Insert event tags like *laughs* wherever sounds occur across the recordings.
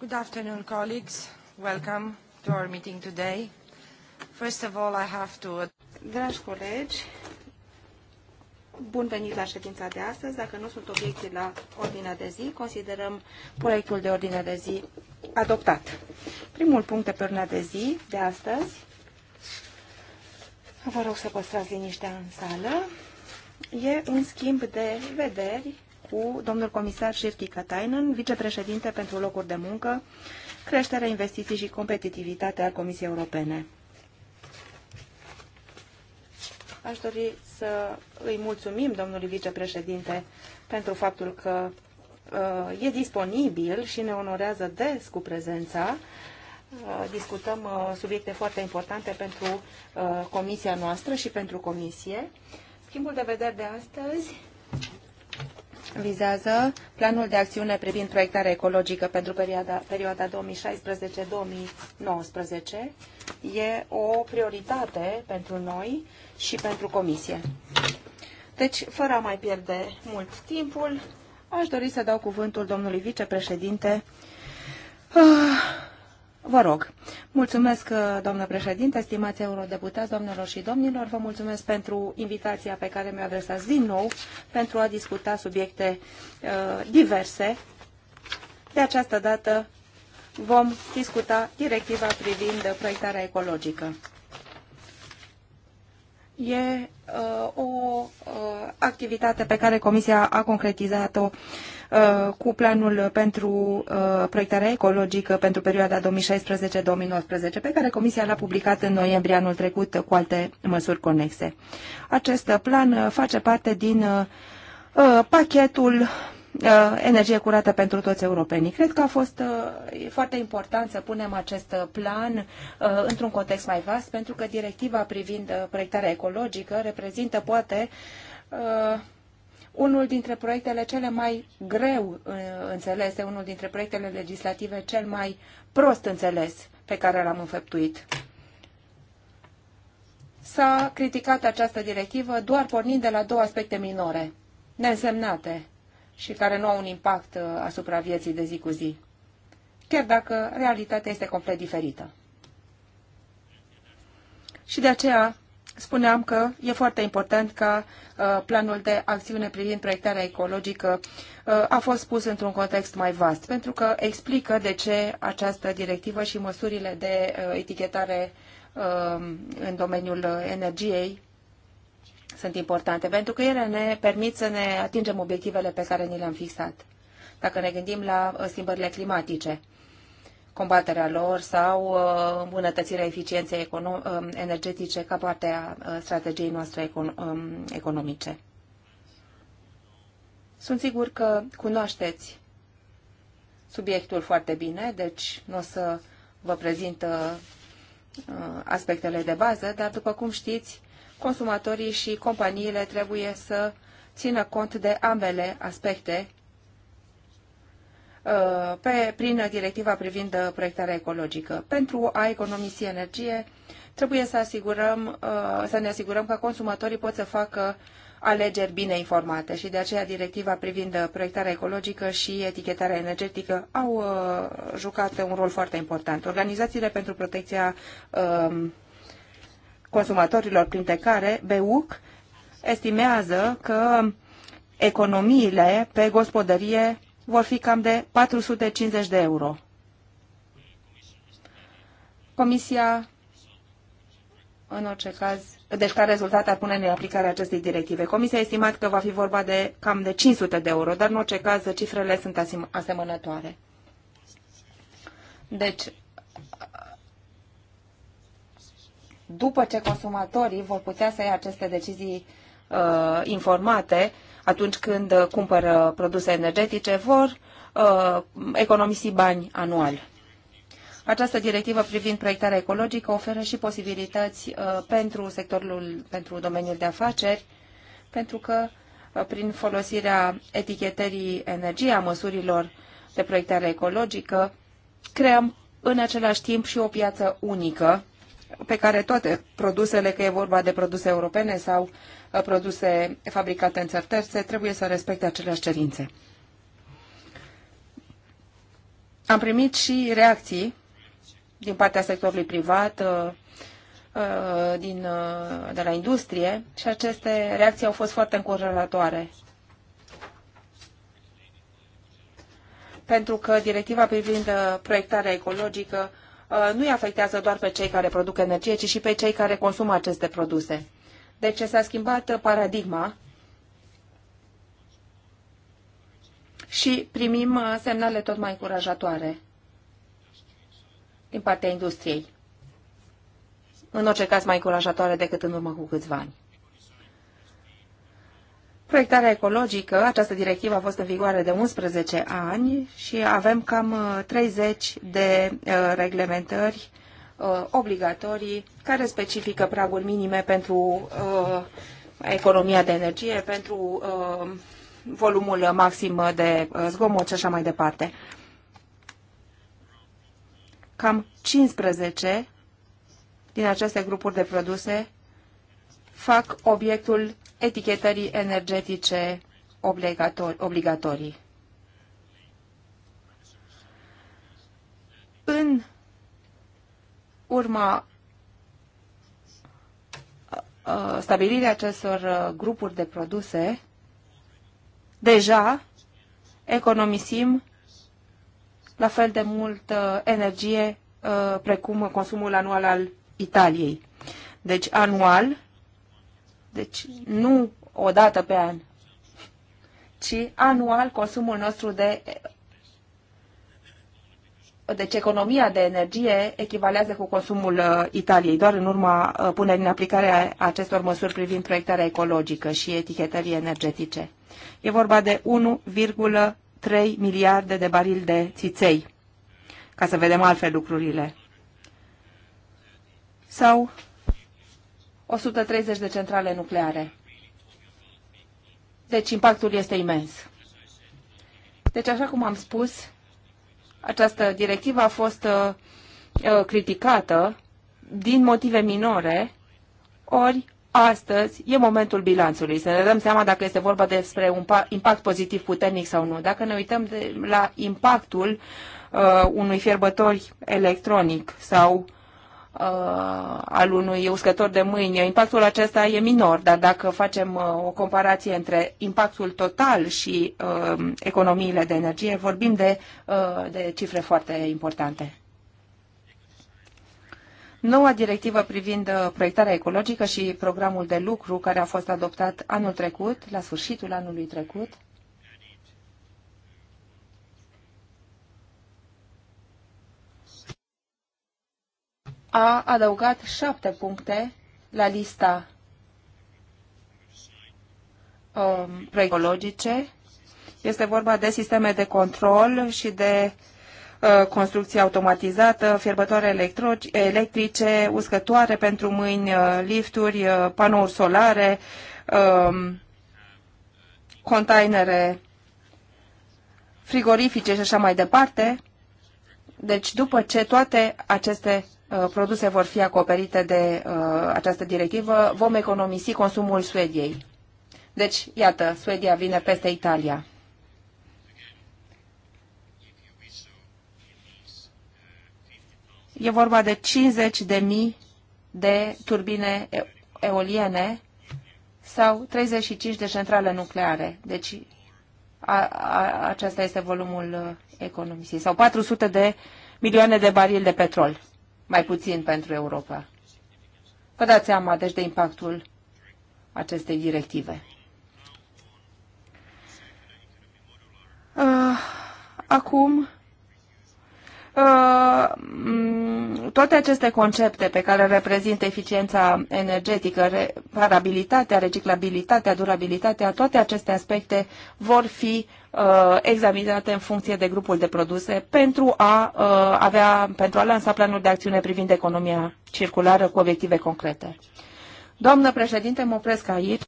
Good afternoon, colleagues. Welcome to our meeting today. First of all, I have to... Dragi colegi, bun venit la ședința de astăzi. Dacă nu sunt obiecții la ordinea de zi, considerăm proiectul de ordine de zi adoptat. Primul punct de pe ordinea de zi de astăzi, vă rog să păstrați liniștea în sală, e un schimb de vederi cu domnul comisar Shirky Katainen, vicepreședinte pentru locuri de muncă, creșterea investiții și competitivitatea al Comisiei Europene. Aș dori să îi mulțumim domnului vicepreședinte pentru faptul că uh, e disponibil și ne onorează des cu prezența. Uh, discutăm uh, subiecte foarte importante pentru uh, comisia noastră și pentru comisie. Schimbul de vedere de astăzi vizează planul de acțiune privind proiectarea ecologică pentru perioada, perioada 2016-2019. E o prioritate pentru noi și pentru Comisie. Deci, fără a mai pierde mult timpul, aș dori să dau cuvântul domnului vicepreședinte ah, Vă rog. Mulțumesc, uh, doamnă președinte, stimați eurodeputați, doamnelor și domnilor. Vă mulțumesc pentru invitația pe care mi-o adresați din nou pentru a discuta subiecte uh, diverse. De această dată vom discuta directiva privind proiectarea ecologică. E uh, o uh, activitate pe care Comisia a concretizat-o uh, Uh, cu planul pentru uh, proiectarea ecologică pentru perioada 2016-2019, pe care Comisia l-a publicat în noiembrie anul trecut cu alte măsuri conexe. Acest plan uh, face parte din pachetul energie curată pentru toți europenii. Cred că a fost foarte important să punem acest plan într-un context mai vast, pentru că directiva privind proiectarea ecologică reprezintă poate unul dintre proiectele cele mai greu uh, înțelese, unul dintre proiectele legislative cel mai prost înțeles pe care l-am înfăptuit. S-a criticat această directivă doar pornind de la două aspecte minore, neînsemnate și care nu au un impact uh, asupra vieții de zi cu zi, chiar dacă realitatea este complet diferită. Și de aceea spuneam că e foarte important ca uh, planul de acțiune privind proiectarea ecologică uh, a fost pus într-un context mai vast, pentru că explică de ce această directivă și măsurile de uh, etichetare um, în domeniul energiei sunt importante, pentru că ele ne permit să ne atingem obiectivele pe care ni le-am fixat, dacă ne gândim la schimbările climatice combaterea lor sau uh, îmbunătățirea eficienței uh, energetice ca parte a uh, strategiei noastre um, economice. Sunt sigur că cunoașteți subiectul foarte bine, deci nu o să vă prezint aspectele de bază, dar după cum știți, consumatorii și companiile trebuie să țină cont de ambele aspecte Uh, pe, prin directiva privind proiectarea ecologică. Pentru a economisi energie, trebuie să, asigurăm, uh, să ne asigurăm că consumatorii pot să facă alegeri bine informate și de aceea directiva privind proiectarea ecologică și etichetarea energetică au uh, jucat un rol foarte important. Organizațiile pentru protecția um, consumatorilor, printre care BEUC, estimează că economiile pe gospodărie vor fi cam de 450 de euro. Comisia, în orice caz, deci ca rezultat ar pune în aplicare acestei directive. Comisia a estimat că va fi vorba de cam de 500 de euro, dar în orice caz cifrele sunt asemănătoare. Deci, după ce consumatorii vor putea să ia aceste decizii uh, informate, uh, atunci când uh, cumpără produse energetice vor uh, economisi bani anual. Această directivă privind proiectarea ecologică oferă și posibilități uh, pentru sectorul, pentru domeniul de afaceri, pentru că uh, prin folosirea etichetării energiei a măsurilor de proiectare ecologică, creăm în același timp și o piață unică pe care toate produsele, că e vorba de produse europene sau uh, produse fabricate în țări terțe, trebuie să respecte aceleași cerințe. Am primit și reacții din partea sectorului privat, uh, uh, din, de la industrie și aceste reacții au fost foarte încurajatoare. Pentru că directiva privind proiectarea ecologică Uh, nu îi afectează doar pe cei care produc energie, ci și pe cei care consumă aceste produse. Deci s-a schimbat paradigma și primim uh, semnale tot mai încurajatoare din partea industriei. În orice caz mai încurajatoare decât în urmă cu câțiva ani. Proiectarea ecologică, această directivă a fost în vigoare de 11 ani și avem cam 30 uh, de uh, reglementări uh, obligatorii care specifică praguri minime pentru economia de energie, pentru volumul maxim de zgomot și așa mai departe. Cam 15 din aceste grupuri de produse fac obiectul etichetării energetice obligatorii. În urma uh, uh, stabilirii acestor uh, grupuri de produse, deja economisim la fel de mult energie precum consumul anual al Italiei. Deci, anual, deci nu o dată pe an, ci anual consumul nostru de deci economia de energie echivalează cu consumul uh, Italiei, doar în urma uh, punerii în aplicare a acestor măsuri privind proiectarea ecologică și etichetării energetice. E vorba de 1,3 miliarde de barili de țiței, ca să vedem altfel lucrurile. Sau 130 de centrale nucleare. Deci impactul este imens. Deci, așa cum am spus, această directivă a fost uh, uh, criticată din motive minore, ori astăzi e momentul bilanțului, să ne dăm seama dacă este vorba despre un impact pozitiv puternic sau nu. Dacă ne uităm de, la impactul uh, unui fierbători electronic sau Uh, al unui uscător de mâini. Impactul acesta e minor, dar dacă facem uh, o comparație între impactul total și uh, economiile de energie, vorbim de, uh, de cifre foarte importante. Noua directivă privind uh, proiectarea ecologică și programul de lucru care a fost adoptat anul trecut, la sfârșitul anului trecut, a adăugat șapte puncte la lista um, Este vorba de sisteme de control și de uh, construcție automatizată, fierbătoare electrice, uscătoare pentru mâini, uh, lifturi, uh, panouri solare, um, containere frigorifice și așa mai departe. Deci după ce toate aceste Uh, produse vor fi acoperite de uh, această directivă, vom economisi consumul Suediei. Deci, iată, Suedia vine peste Italia. E vorba de 50 de mii de turbine eoliene sau 35 de centrale nucleare. Deci a, a, acesta este volumul uh, economisiei. Sau 400 de milioane de barili de petrol mai puțin pentru Europa. Vă dați seama, deci, de impactul acestei directive. Uh, acum, Uh, toate aceste concepte pe care reprezintă eficiența energetică, reparabilitatea, reciclabilitatea, durabilitatea, toate aceste aspecte vor fi uh, examinate în funcție de grupul de produse pentru a uh, avea, pentru a lansa planul de acțiune privind economia circulară cu obiective concrete. Doamnă președinte, mă opresc aici.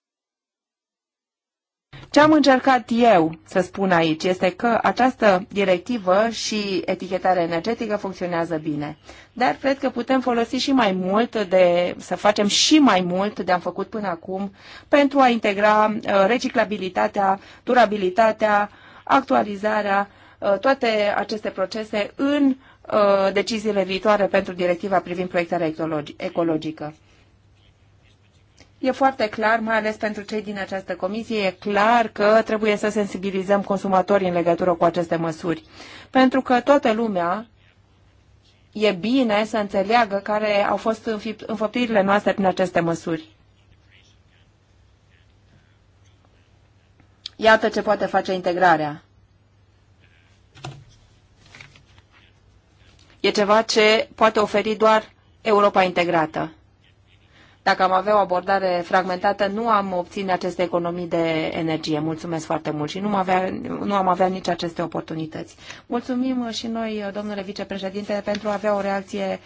Ce am încercat eu să spun aici este că această directivă și etichetarea energetică funcționează bine. Dar cred că putem folosi și mai mult, de, să facem și mai mult de am făcut până acum pentru a integra uh, reciclabilitatea, durabilitatea, actualizarea, uh, toate aceste procese în uh, deciziile viitoare pentru directiva privind proiectarea ecologică. E foarte clar, mai ales pentru cei din această comisie, e clar că trebuie să sensibilizăm consumatorii în legătură cu aceste măsuri. Pentru că toată lumea e bine să înțeleagă care au fost înfăptirile noastre prin aceste măsuri. Iată ce poate face integrarea. E ceva ce poate oferi doar Europa integrată. Dacă am avea o abordare fragmentată, nu am obține aceste economii de energie. Mulțumesc foarte mult și nu am avea, nu am avea nici aceste oportunități. Mulțumim și noi, domnule vicepreședinte, pentru a avea o reacție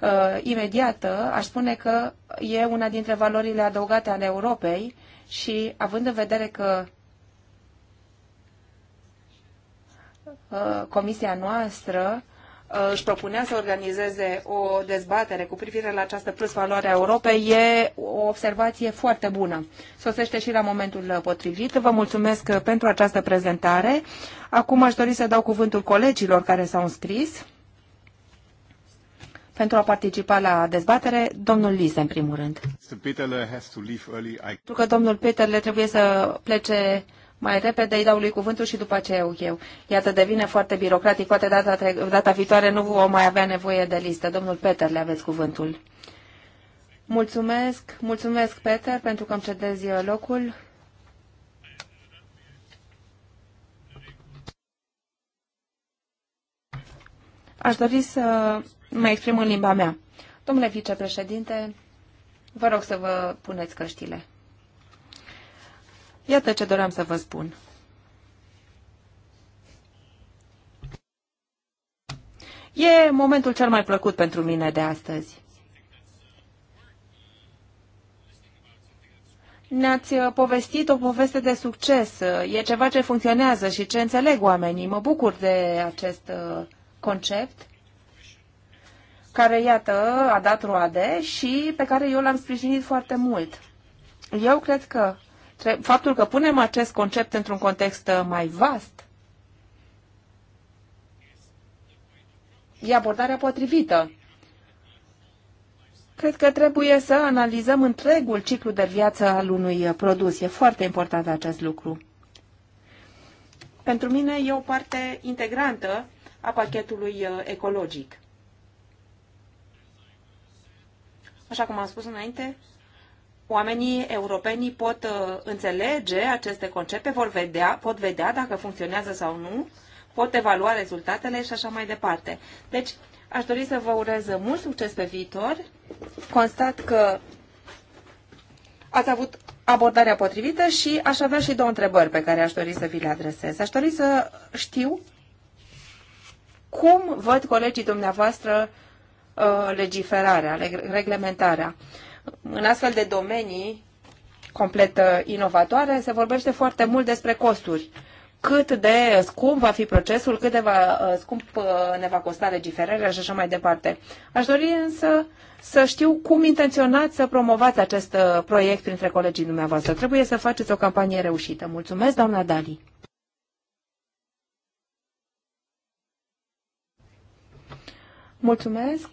uh, imediată. Aș spune că e una dintre valorile adăugate ale Europei și având în vedere că uh, comisia noastră Uh, își propunea să organizeze o dezbatere cu privire la această plusvaloare a Europei e o observație foarte bună. Sosește și la momentul potrivit. Vă mulțumesc pentru această prezentare. Acum aș dori să dau cuvântul colegilor care s-au înscris pentru a participa la dezbatere, domnul Lise, în primul rând. Pentru că domnul Peterle trebuie să plece mai repede îi dau lui cuvântul și după aceea eu. eu. Iată, devine foarte birocratic, poate data, data viitoare nu o mai avea nevoie de listă. Domnul Peter, le aveți cuvântul. Mulțumesc, mulțumesc, Peter, pentru că îmi cedezi uh, locul. Aș dori să mă exprim în limba mea. Domnule vicepreședinte, vă rog să vă puneți căștile. Iată ce doream să vă spun. E momentul cel mai plăcut pentru mine de astăzi. Ne-ați uh, povestit o poveste de succes. Uh, e ceva ce funcționează și ce înțeleg oamenii. Mă bucur de acest uh, concept care, iată, a dat roade și pe care eu l-am sprijinit foarte mult. Eu cred că faptul că punem acest concept într-un context uh, mai vast e abordarea potrivită. Cred că trebuie să analizăm întregul ciclu de viață al unui uh, produs. E foarte important acest lucru. Pentru mine e o parte integrantă a pachetului uh, ecologic. Așa cum am spus înainte, oamenii europeni pot uh, înțelege aceste concepte, vor vedea, pot vedea dacă funcționează sau nu, pot evalua rezultatele și așa mai departe. Deci, aș dori să vă urez mult succes pe viitor. Constat că ați avut abordarea potrivită și aș avea și două întrebări pe care aș dori să vi le adresez. Aș dori să știu cum văd colegii dumneavoastră uh, legiferarea, reglementarea în astfel de domenii complet uh, inovatoare se vorbește foarte mult despre costuri. Cât de scump va fi procesul, cât de va, uh, scump uh, ne va costa legiferarea și așa mai departe. Aș dori însă să știu cum intenționați să promovați acest proiect printre colegii dumneavoastră. Trebuie să faceți o campanie reușită. Mulțumesc, doamna Dali. Mulțumesc.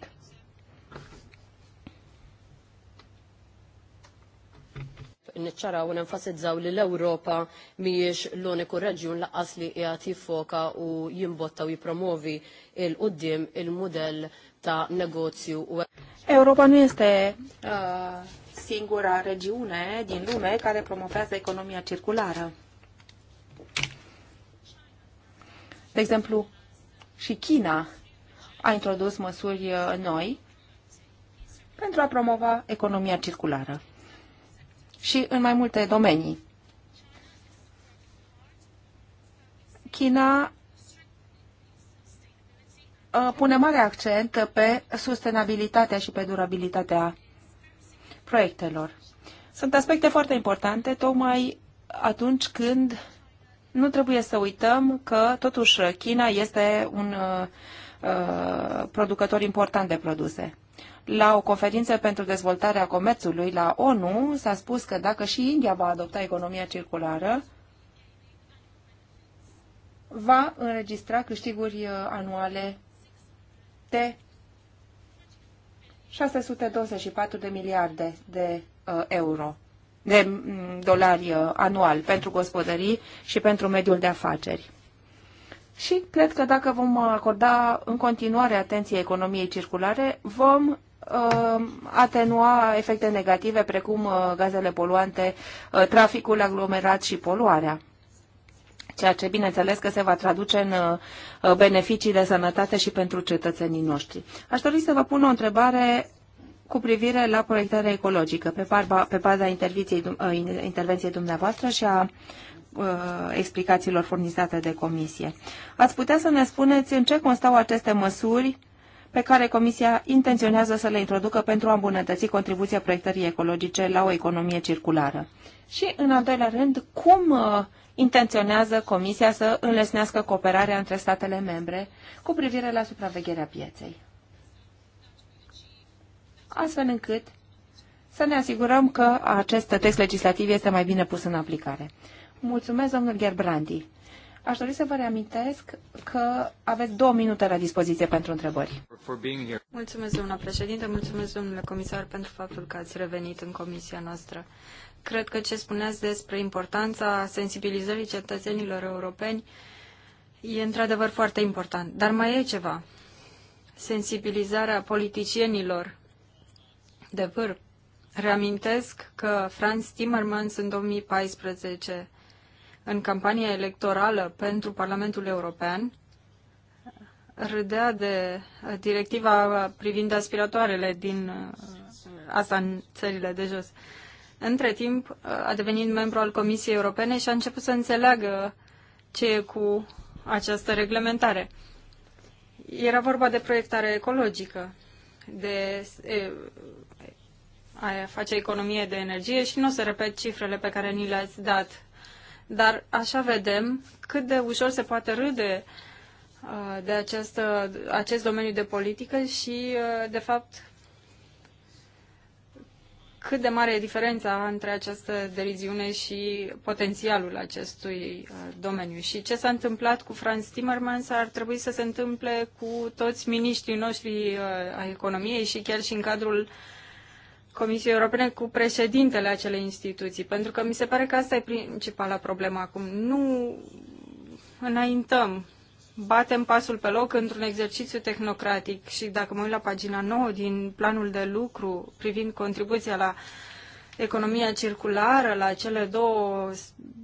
n-ċara u n-enfasizzaw li l europa miex l-uniku reġjun laqas li qiegħed jiffoka u jimbotta u jipromovi il qoddim il model ta' negozju. Europa nu este uh, singura regiune din lume care promovează economia circulară. De exemplu, și China a introdus măsuri uh, noi pentru a promova economia circulară și în mai multe domenii. China uh, pune mare accent pe sustenabilitatea și pe durabilitatea proiectelor. Sunt aspecte foarte importante, tocmai atunci când nu trebuie să uităm că, totuși, China este un uh, uh producător important de produse. La o conferință pentru dezvoltarea comerțului la ONU s-a spus că dacă și India va adopta economia circulară, va înregistra câștiguri uh, anuale de 624 de miliarde de uh, euro, de mm, dolari uh, anual pentru gospodării și pentru mediul de afaceri. Și cred că dacă vom acorda în continuare atenție economiei circulare, vom Uh, atenua efecte negative precum uh, gazele poluante, uh, traficul aglomerat și poluarea ceea ce bineînțeles că se va traduce în beneficii de sănătate și pentru cetățenii noștri. Aș dori să vă pun o întrebare cu privire la proiectarea ecologică pe, parba, pe baza intervenției dumneavoastră și a explicațiilor furnizate de comisie. Ați putea să ne spuneți în ce constau aceste măsuri pe care Comisia intenționează să le introducă pentru a îmbunătăți contribuția proiectării ecologice la o economie circulară. Și, în al doilea rând, cum uh, intenționează Comisia să înlesnească cooperarea între statele membre cu privire la supravegherea pieței. Astfel încât să ne asigurăm că acest text legislativ este mai bine pus în aplicare. Mulțumesc, domnul Gerbrandi. Aș dori să vă reamintesc că aveți două minute la dispoziție pentru întrebări. Mulțumesc, doamna președinte, mulțumesc, domnule comisar, pentru faptul că ați revenit în comisia noastră. Cred că ce spuneați despre importanța sensibilizării cetățenilor europeni e într-adevăr foarte important. Dar mai e ceva. Sensibilizarea politicienilor de vârf. Reamintesc că Franz Timmermans în 2014 în campania electorală pentru Parlamentul European râdea de uh, directiva privind aspiratoarele din uh, asta în țările de jos. Între timp uh, a devenit membru al Comisiei Europene și a început să înțeleagă ce e cu această reglementare. Era vorba de proiectare ecologică, de a face economie de energie și nu o să repet cifrele pe care ni le-ați dat dar așa vedem cât de ușor se poate râde uh, de acest, acest domeniu de politică și, uh, de fapt, cât de mare e diferența între această deriziune și potențialul acestui uh, domeniu. Și ce s-a întâmplat cu Franz Timmermans ar trebui să se întâmple cu toți miniștrii noștri a economiei și chiar și în cadrul Comisiei Europene cu președintele acelei instituții, pentru că mi se pare că asta e principala problemă acum. Nu înaintăm, batem pasul pe loc într-un exercițiu tehnocratic și dacă mă uit la pagina 9 din planul de lucru privind contribuția la economia circulară, la cele două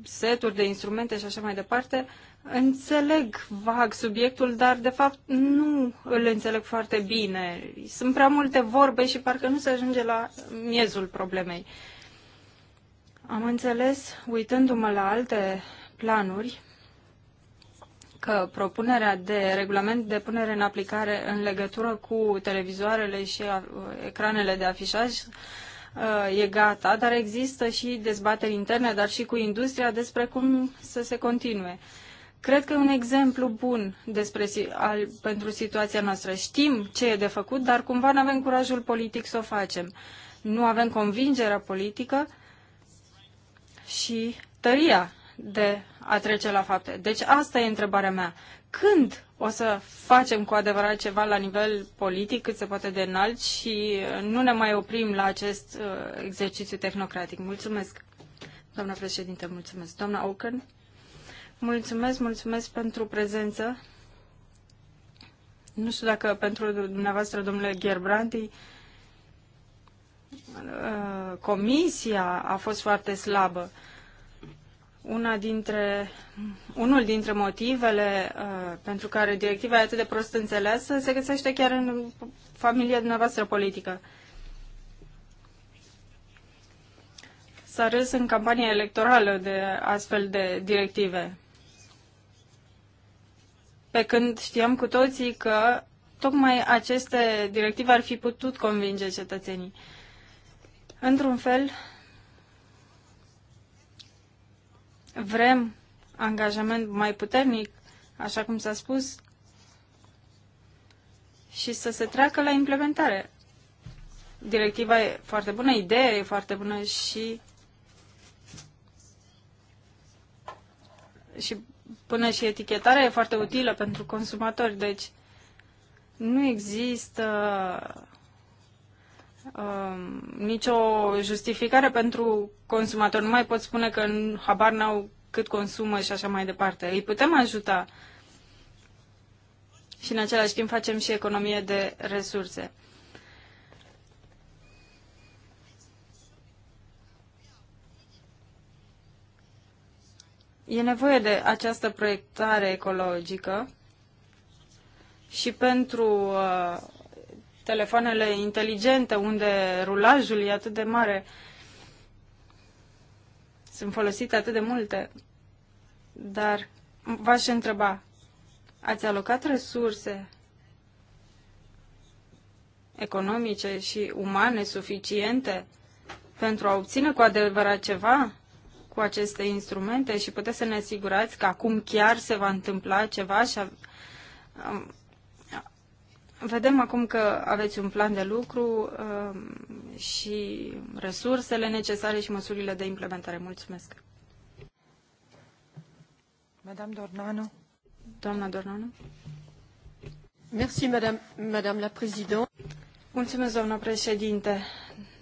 seturi de instrumente și așa mai departe, uh, Înțeleg vag subiectul, dar de fapt nu îl înțeleg foarte bine. Sunt prea multe vorbe și parcă nu se ajunge la miezul problemei. Am înțeles, uitându-mă la alte planuri, că propunerea de regulament de punere în aplicare în legătură cu televizoarele și uh, ecranele de afișaj uh, e gata, dar există și dezbateri interne, dar și cu industria despre cum să se continue. Cred că e un exemplu bun despre, al, pentru situația noastră. Știm ce e de făcut, dar cumva nu avem curajul politic să o facem. Nu avem convingerea politică și tăria de a trece la fapte. Deci asta e întrebarea mea. Când o să facem cu adevărat ceva la nivel politic cât se poate de înalt și uh, nu ne mai oprim la acest uh, exercițiu tehnocratic? Mulțumesc, doamna președinte, mulțumesc. Doamna Oaken? Mulțumesc, mulțumesc pentru prezență. Nu știu dacă pentru dumneavoastră, domnule Gherbrandi, uh, comisia a fost foarte slabă. Una dintre, unul dintre motivele uh, pentru care directiva e atât de prost înțeleasă se găsește chiar în familia dumneavoastră politică. S-a râs în campania electorală de astfel de directive pe când știam cu toții că tocmai aceste directive ar fi putut convinge cetățenii. Într-un fel, vrem angajament mai puternic, așa cum s-a spus, și să se treacă la implementare. Directiva e foarte bună, ideea e foarte bună și și până și etichetarea e foarte utilă pentru consumatori, deci nu există uh, nicio justificare pentru consumatori. Nu mai pot spune că habar n-au cât consumă și așa mai departe. Îi putem ajuta și în același timp facem și economie de resurse. E nevoie de această proiectare ecologică și pentru uh, telefoanele inteligente, unde rulajul e atât de mare, sunt folosite atât de multe. Dar v-aș întreba, ați alocat resurse economice și umane suficiente pentru a obține cu adevărat ceva? cu aceste instrumente și puteți să ne asigurați că acum chiar se va întâmpla ceva și Vedem acum că aveți un plan de lucru uh, și resursele necesare și măsurile de implementare. Mulțumesc. Madame Dornano. Doamna Dornano. Merci, madame, madame la Mulțumesc, doamna președinte.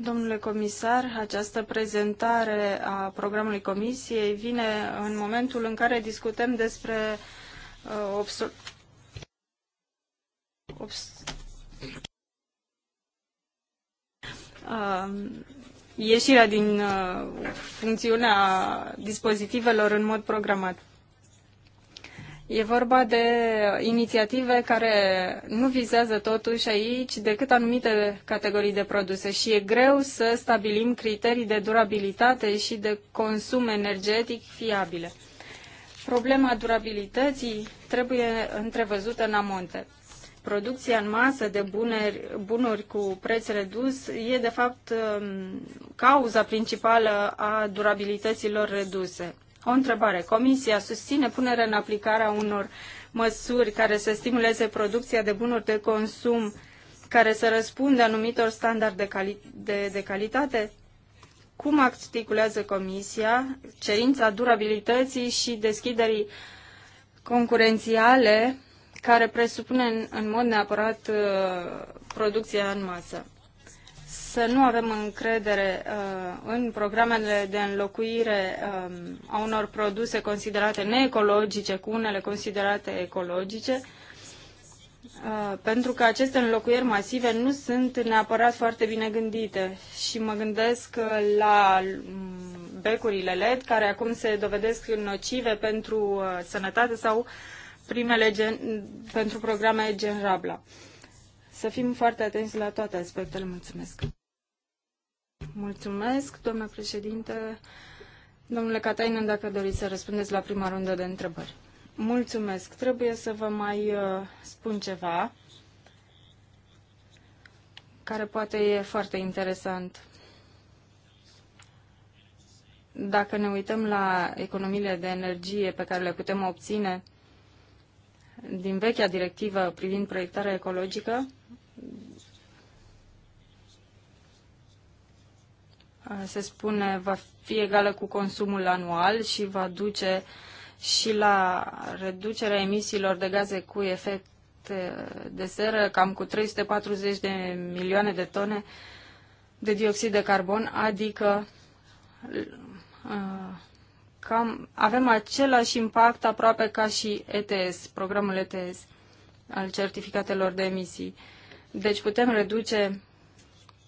Domnule comisar, această prezentare a programului Comisiei vine în momentul în care discutăm despre uh, Uh, ieșirea din uh, funcțiunea dispozitivelor în mod programat. E vorba de inițiative care nu vizează totuși aici decât anumite categorii de produse și e greu să stabilim criterii de durabilitate și de consum energetic fiabile. Problema durabilității trebuie întrevăzută în amonte. Producția în masă de buneri, bunuri cu preț redus e, de fapt, um, cauza principală a durabilităților reduse o întrebare. Comisia susține punerea în aplicare a unor măsuri care să stimuleze producția de bunuri de consum care să răspundă anumitor standarde de, cali- de, de calitate? Cum articulează Comisia cerința durabilității și deschiderii concurențiale care presupune în, în mod neapărat uh, producția în masă? să nu avem încredere uh, în programele de înlocuire uh, a unor produse considerate neecologice cu unele considerate ecologice, uh, pentru că aceste înlocuiri masive nu sunt neapărat foarte bine gândite. Și mă gândesc uh, la mm, becurile LED, care acum se dovedesc nocive pentru uh, sănătate sau primele gen, pentru programe gen Rabla. Să fim foarte atenți la toate aspectele. Mulțumesc! Mulțumesc, doamnă președinte. Domnule Catainen, dacă doriți să răspundeți la prima rundă de întrebări. Mulțumesc. Trebuie să vă mai uh, spun ceva care poate e foarte interesant. Dacă ne uităm la economiile de energie pe care le putem obține din vechea directivă privind proiectarea ecologică, se spune, va fi egală cu consumul anual și va duce și la reducerea emisiilor de gaze cu efect de seră, cam cu 340 de milioane de tone de dioxid de carbon, adică cam, avem același impact aproape ca și ETS, programul ETS al certificatelor de emisii. Deci putem reduce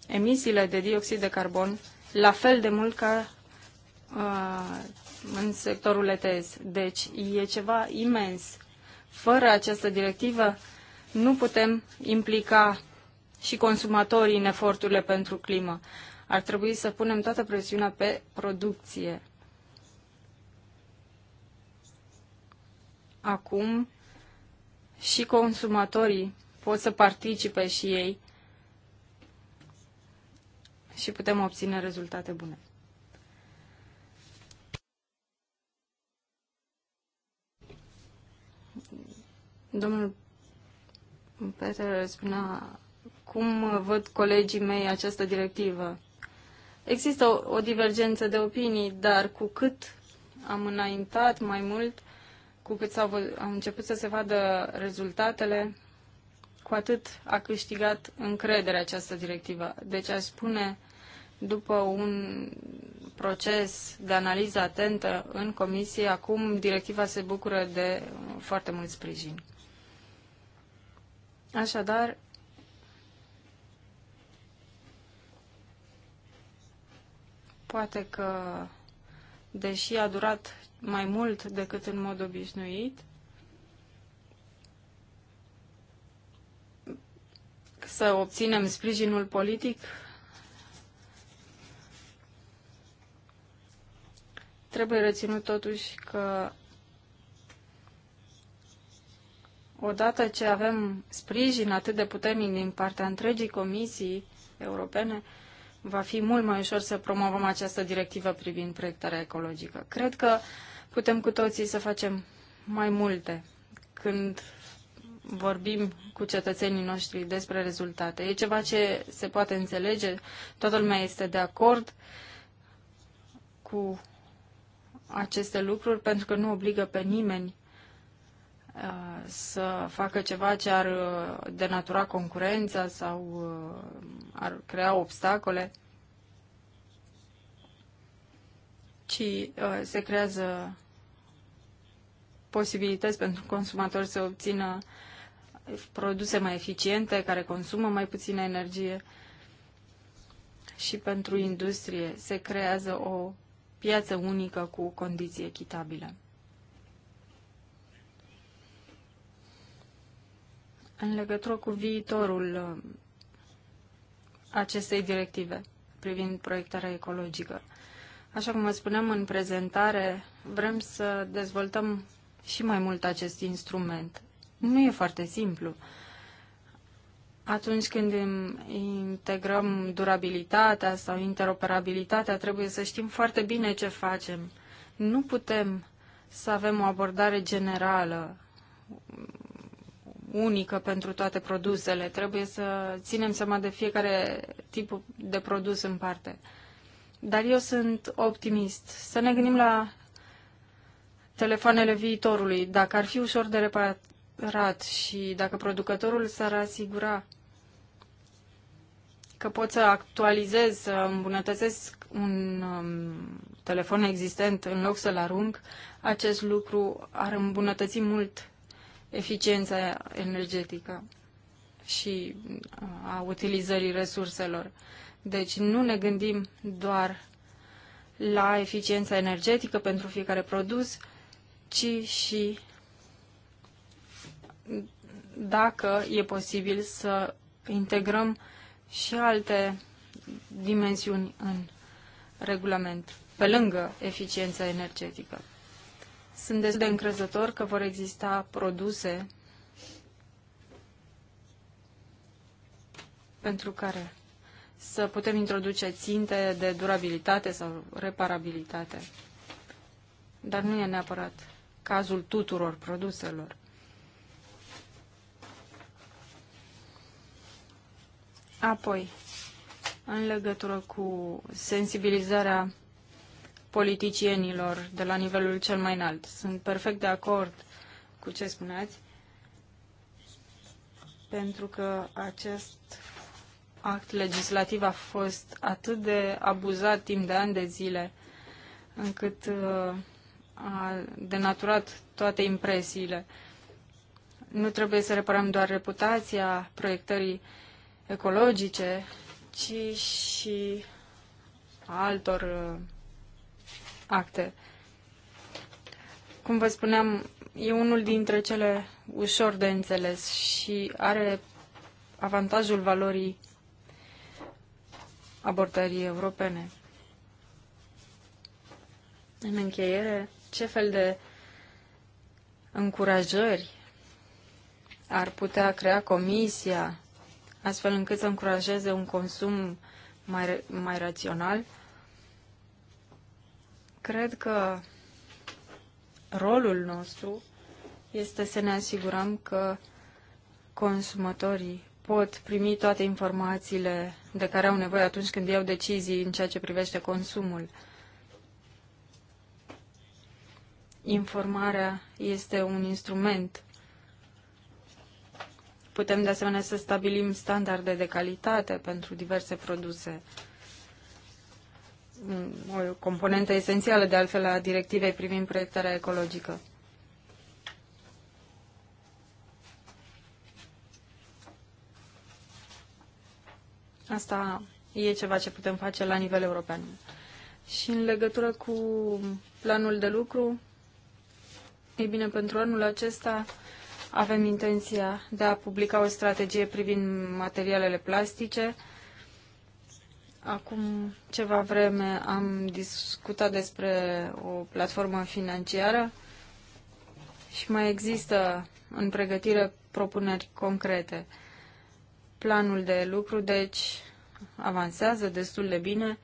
emisiile de dioxid de carbon la fel de mult ca uh, în sectorul ETS. Deci e ceva imens. Fără această directivă nu putem implica și consumatorii în eforturile pentru climă. Ar trebui să punem toată presiunea pe producție. Acum și consumatorii pot să participe și ei și putem obține rezultate bune. Domnul Peter spunea cum văd colegii mei această directivă. Există o, o divergență de opinii, dar cu cât am înaintat mai mult, cu cât s-au, început să se vadă rezultatele, cu atât a câștigat încredere această directivă. Deci aș spune, după un proces de analiză atentă în comisie, acum directiva se bucură de foarte mult sprijin. Așadar, poate că, deși a durat mai mult decât în mod obișnuit, să obținem sprijinul politic, trebuie reținut totuși că odată ce avem sprijin atât de puternic din partea întregii comisii europene, va fi mult mai ușor să promovăm această directivă privind proiectarea ecologică. Cred că putem cu toții să facem mai multe când vorbim cu cetățenii noștri despre rezultate. E ceva ce se poate înțelege, toată lumea este de acord cu aceste lucruri pentru că nu obligă pe nimeni uh, să facă ceva ce ar uh, denatura concurența sau uh, ar crea obstacole, ci se creează posibilități pentru consumatori să obțină produse mai eficiente, care consumă mai puțină energie și pentru industrie se creează o piață unică cu condiții echitabile. În legătură cu viitorul uh, acestei directive privind proiectarea ecologică. Așa cum vă spuneam în prezentare, vrem să dezvoltăm și mai mult acest instrument nu e foarte simplu. Atunci când integrăm durabilitatea sau interoperabilitatea, trebuie să știm foarte bine ce facem. Nu putem să avem o abordare generală unică pentru toate produsele. Trebuie să ținem seama de fiecare tip de produs în parte. Dar eu sunt optimist. Să ne gândim la telefoanele viitorului. Dacă ar fi ușor de reparat, rat și dacă producătorul s-ar asigura că pot să actualizez, să îmbunătățesc un um, telefon existent în loc să-l arunc, acest lucru ar îmbunătăți mult eficiența energetică și uh, a utilizării resurselor. Deci nu ne gândim doar la eficiența energetică pentru fiecare produs, ci și dacă e posibil să integrăm și alte dimensiuni în regulament, pe lângă eficiența energetică. Sunt destul de încrezător că vor exista produse pentru care să putem introduce ținte de durabilitate sau reparabilitate. Dar nu e neapărat cazul tuturor produselor. Apoi, în legătură cu sensibilizarea politicienilor de la nivelul cel mai înalt, sunt perfect de acord cu ce spuneați, pentru că acest act legislativ a fost atât de abuzat timp de ani de zile, încât uh, a denaturat toate impresiile. Nu trebuie să reparăm doar reputația proiectării ecologice, ci și altor uh, acte. Cum vă spuneam, e unul dintre cele ușor de înțeles și are avantajul valorii abordării europene. În încheiere, ce fel de încurajări ar putea crea Comisia astfel încât să încurajeze un consum mai, mai rațional. Cred că rolul nostru este să ne asigurăm că consumatorii pot primi toate informațiile de care au nevoie atunci când iau decizii în ceea ce privește consumul. Informarea este un instrument Putem de asemenea să stabilim standarde de calitate pentru diverse produse. O componentă esențială, de altfel, a directivei privind proiectarea ecologică. Asta e ceva ce putem face la nivel european. Și în legătură cu planul de lucru, e bine, pentru anul acesta avem intenția de a publica o strategie privind materialele plastice. Acum ceva vreme am discutat despre o platformă financiară și mai există în pregătire propuneri concrete. Planul de lucru, deci, avansează destul de bine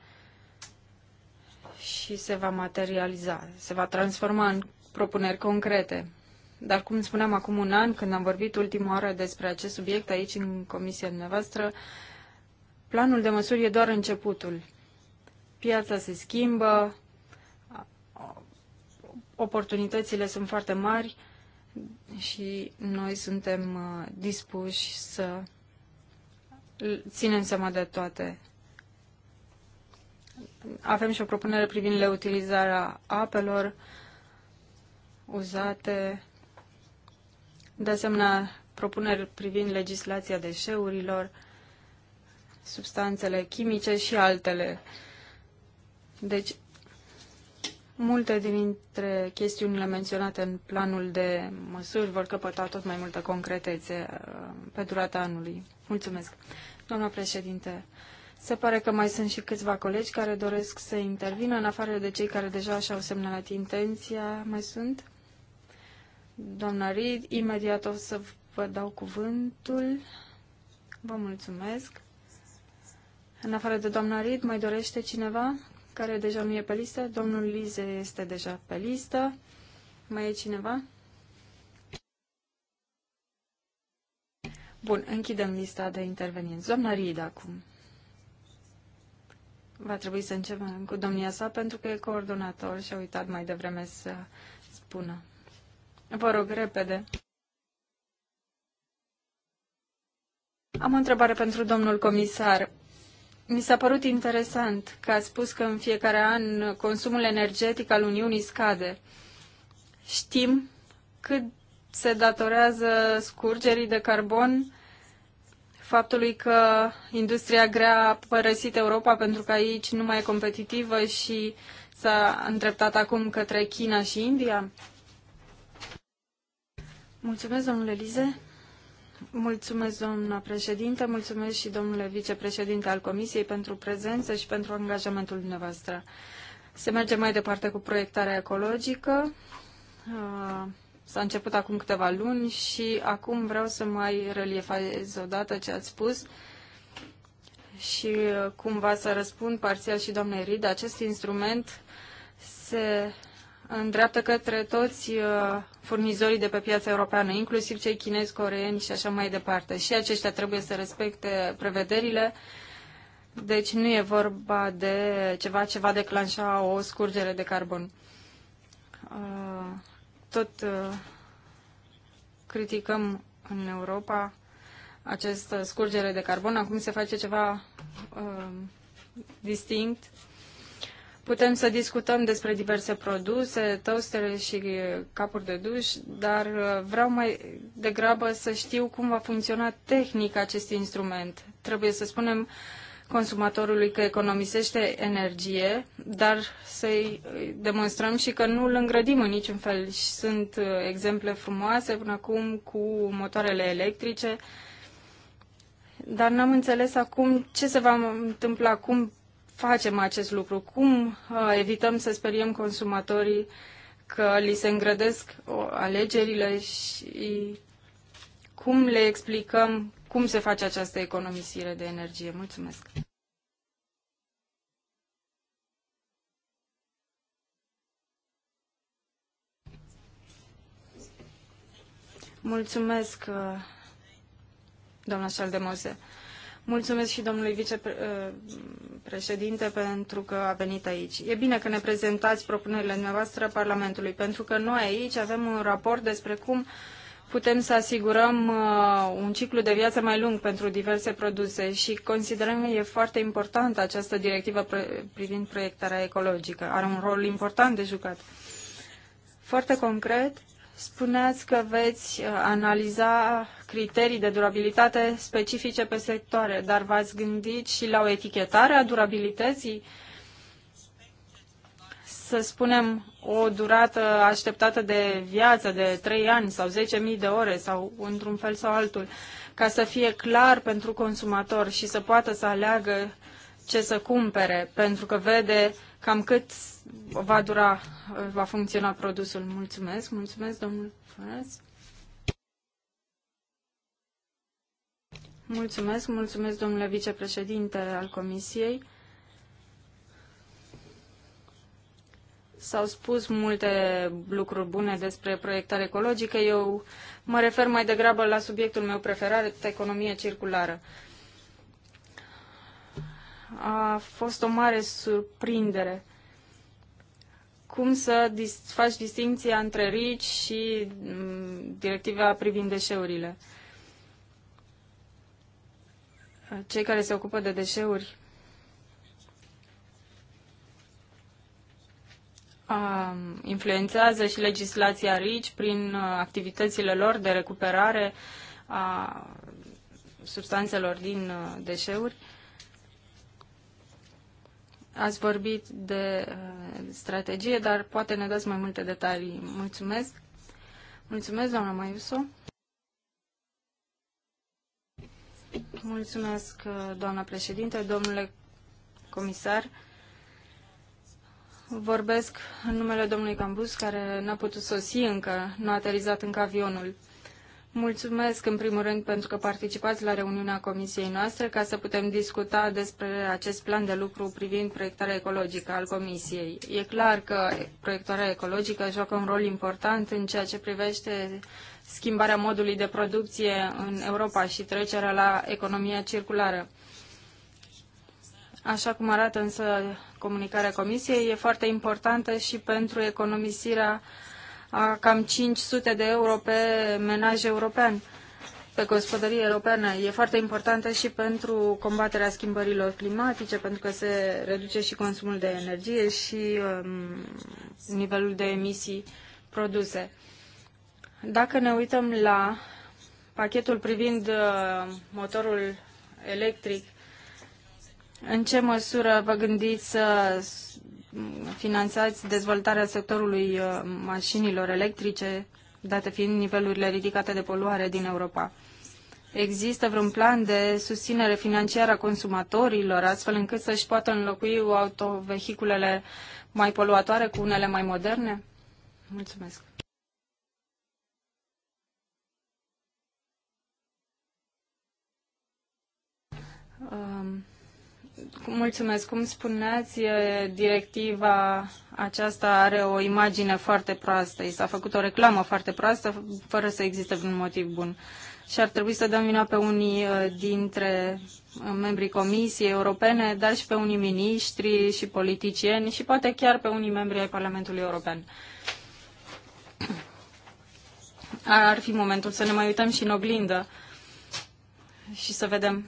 și se va materializa, se va transforma în propuneri concrete. Dar, cum spuneam acum un an, când am vorbit ultima oară despre acest subiect aici, în comisia dumneavoastră, planul de măsuri e doar începutul. Piața se schimbă, oportunitățile sunt foarte mari și noi suntem uh, dispuși să ținem seama de toate. Avem și o propunere privind utilizarea apelor uzate de asemenea propuneri privind legislația deșeurilor, substanțele chimice și altele. Deci, multe dintre chestiunile menționate în planul de măsuri vor căpăta tot mai multă concretețe uh, pe durata anului. Mulțumesc. Doamna președinte, se pare că mai sunt și câțiva colegi care doresc să intervină, în afară de cei care deja și-au semnalat intenția. Mai sunt? Doamna Reed, imediat o să vă dau cuvântul. Vă mulțumesc. În afară de doamna Reed, mai dorește cineva care deja nu e pe listă? Domnul Lize este deja pe listă. Mai e cineva? Bun, închidem lista de intervenienți. Doamna Reed acum. Va trebui să începem cu domnia sa pentru că e coordonator și a uitat mai devreme să spună. Vă rog, repede. Am o întrebare pentru domnul comisar. Mi s-a părut interesant că a spus că în fiecare an consumul energetic al Uniunii scade. Știm cât se datorează scurgerii de carbon faptului că industria grea a părăsit Europa pentru că aici nu mai e competitivă și s-a îndreptat acum către China și India? Mulțumesc, domnule Lize. Mulțumesc, doamna președinte, mulțumesc și domnule vicepreședinte al Comisiei pentru prezență și pentru angajamentul dumneavoastră. Se merge mai departe cu proiectarea ecologică. Ah, s-a început acum câteva luni și acum vreau să mai reliefez odată ce ați spus și cumva să răspund parțial și doamnei Rida. Acest instrument se îndreaptă către toți uh, furnizorii de pe piața europeană, inclusiv cei chinezi, coreeni și așa mai departe. Și aceștia trebuie să respecte prevederile. Deci nu e vorba de ceva ce va declanșa o scurgere de carbon. Uh, tot uh, criticăm în Europa această scurgere de carbon. Acum se face ceva distinct Putem să discutăm despre diverse produse, toastere și capuri de duș, dar uh, vreau mai degrabă să știu cum va funcționa tehnic acest instrument. Trebuie să spunem consumatorului că economisește energie, dar să-i uh, demonstrăm și că nu îl îngrădim în niciun fel. Și sunt uh, exemple frumoase până acum cu motoarele electrice, dar n-am înțeles acum ce se va întâmpla, cum facem acest lucru? Cum uh, evităm să speriem consumatorii că li se îngrădesc alegerile și cum le explicăm cum se face această economisire de energie? Mulțumesc! Mulțumesc, uh, doamna Șaldemose. Mulțumesc și domnului vicepreședinte uh, pentru că a venit aici. E bine că ne prezentați propunerile noastre Parlamentului, pentru că noi aici avem un raport despre cum putem să asigurăm uh, un ciclu de viață mai lung pentru diverse produse și considerăm că e foarte importantă această directivă privind proiectarea ecologică. Are un rol important de jucat. Foarte concret, spuneați că veți uh, analiza criterii de durabilitate specifice pe sectoare, dar v-ați gândit și la o etichetare a durabilității? Să spunem o durată așteptată de viață de 3 ani sau 10.000 de ore sau într-un fel sau altul, ca să fie clar pentru consumator și să poată să aleagă ce să cumpere, pentru că vede cam cât va dura, va funcționa produsul. Mulțumesc, mulțumesc, domnul Fărăs. Mulțumesc, mulțumesc domnule vicepreședinte al Comisiei. S-au spus multe lucruri bune despre proiectare ecologică. Eu mă refer mai degrabă la subiectul meu preferat, economie circulară. A fost o mare surprindere. Cum să faci distinția între RICI și mm, directiva privind deșeurile? cei care se ocupă de deșeuri influențează și legislația RICI prin uh, activitățile lor de recuperare a substanțelor din uh, deșeuri. Ați vorbit de uh, strategie, dar poate ne dați mai multe detalii. Mulțumesc. Mulțumesc, doamna Maiuso. Mulțumesc, uh, doamna președinte, domnule comisar. Vorbesc în numele domnului Cambus, care n-a putut sosi încă, nu a aterizat încă avionul. Mulțumesc în primul rând pentru că participați la reuniunea comisiei noastre ca să putem discuta despre acest plan de lucru privind proiectarea ecologică al comisiei. E clar că proiectarea ecologică joacă un rol important în ceea ce privește schimbarea modului de producție în Europa și trecerea la economia circulară. Așa cum arată însă comunicarea Comisiei, e foarte importantă și pentru economisirea a cam 500 de euro pe menaj european, pe gospodărie europeană. E foarte importantă și pentru combaterea schimbărilor climatice, pentru că se reduce și consumul de energie și um, nivelul de emisii produse. Dacă ne uităm la pachetul privind uh, motorul electric, în ce măsură vă gândiți să finanțați dezvoltarea sectorului uh, mașinilor electrice, date fiind nivelurile ridicate de poluare din Europa? Există vreun plan de susținere financiară a consumatorilor, astfel încât să-și poată înlocui autovehiculele mai poluatoare cu unele mai moderne? Mulțumesc. Um, mulțumesc. Cum spuneați, directiva aceasta are o imagine foarte proastă. I s-a făcut o reclamă foarte proastă, fără să existe un motiv bun. Și ar trebui să dăm vina pe unii uh, dintre uh, membrii Comisiei Europene, dar și pe unii miniștri și politicieni și poate chiar pe unii membri ai Parlamentului European. Ar fi momentul să ne mai uităm și în oglindă și să vedem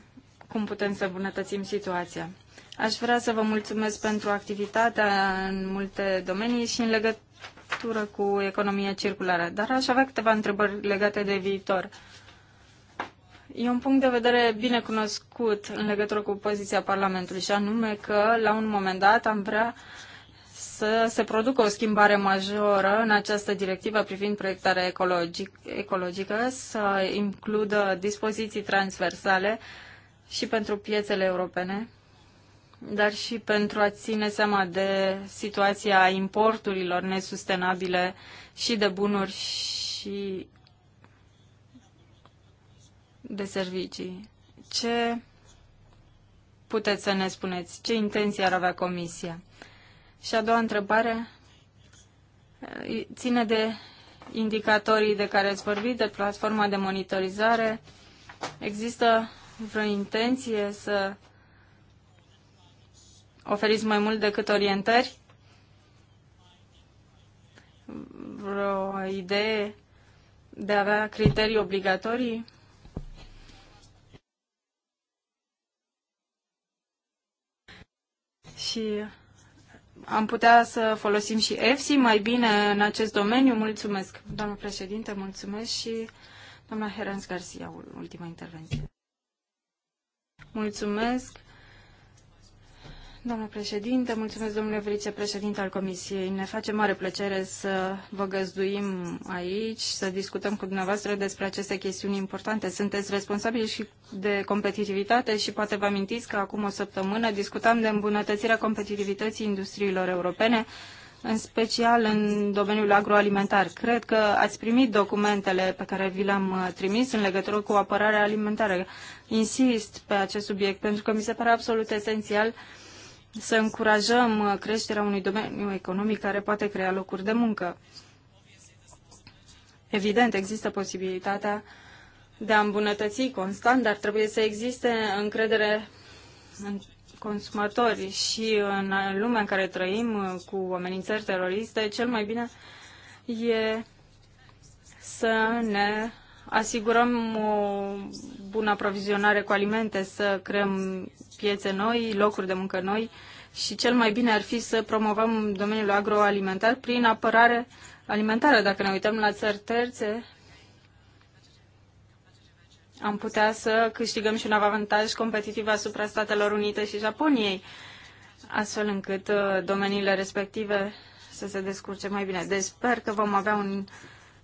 cum putem să îmbunătățim situația. Aș vrea să vă mulțumesc pentru activitatea în multe domenii și în legătură cu economia circulară, dar aș avea câteva întrebări legate de viitor. E un punct de vedere bine cunoscut în legătură cu poziția Parlamentului și anume că la un moment dat am vrea să se producă o schimbare majoră în această directivă privind proiectarea ecologic, ecologică, să includă dispoziții transversale uh, și pentru piețele europene, dar și pentru a ține seama de situația importurilor nesustenabile și de bunuri și de servicii. Ce puteți să ne spuneți? Ce intenție ar avea Comisia? Și a doua întrebare ține de indicatorii de care ați vorbit, de platforma de monitorizare. Există vreo intenție să oferiți mai mult decât orientări? Vreo idee de a avea criterii obligatorii? Și am putea să folosim și EFSI mai bine în acest domeniu? Mulțumesc, doamnă președinte, mulțumesc și doamna Herens Garcia, ultima intervenție. Mulțumesc. Doamnă președinte, mulțumesc domnule vicepreședinte al Comisiei. Ne face mare plăcere să vă găzduim aici, să discutăm cu dumneavoastră despre aceste chestiuni importante. Sunteți responsabili și de competitivitate și poate vă amintiți că acum o săptămână discutam de îmbunătățirea competitivității industriilor europene în special în domeniul agroalimentar. Cred că ați primit documentele pe care vi le-am uh, trimis în legătură cu apărarea alimentară. Insist pe acest subiect pentru că mi se pare absolut esențial să încurajăm uh, creșterea unui domeniu economic care poate crea locuri de muncă. Evident, există posibilitatea de a îmbunătăți constant, dar trebuie să existe încredere consumatori și în lumea în care trăim cu amenințări teroriste, cel mai bine e să ne asigurăm o bună aprovizionare cu alimente, să creăm piețe noi, locuri de muncă noi și cel mai bine ar fi să promovăm domeniul agroalimentar prin apărare alimentară. Dacă ne uităm la țări terțe, am putea să câștigăm și un avantaj competitiv asupra Statelor Unite și Japoniei, astfel încât uh, domeniile respective să se descurce mai bine. Deci sper că vom avea un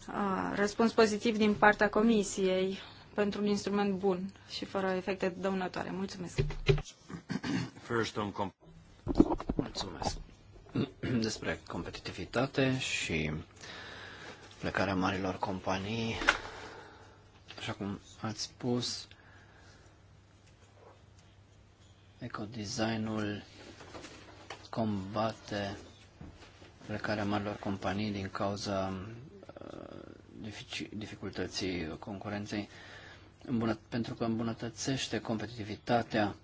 uh, răspuns pozitiv din partea Comisiei pentru un instrument bun și fără efecte dăunătoare. Mulțumesc! First on Mulțumesc! *clears throat* Despre competitivitate și plecarea marilor companii Așa cum ați spus, ecodesignul combate plecarea marilor companii din cauza uh, dificultății concurenței, pentru că îmbunătățește competitivitatea,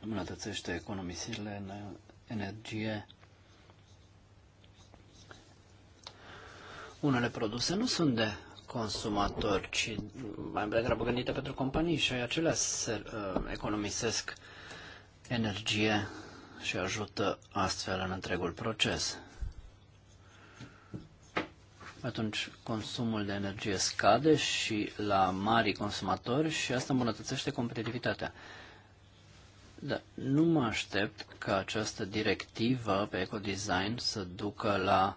îmbunătățește economisirile în energie, Unele produse nu sunt de consumatori, ci mai degrabă gândite pentru companii și acelea se, uh, economisesc energie și ajută astfel în întregul proces. Atunci consumul de energie scade și la mari consumatori și asta îmbunătățește competitivitatea. Da, nu mă aștept ca această directivă pe ecodesign să ducă la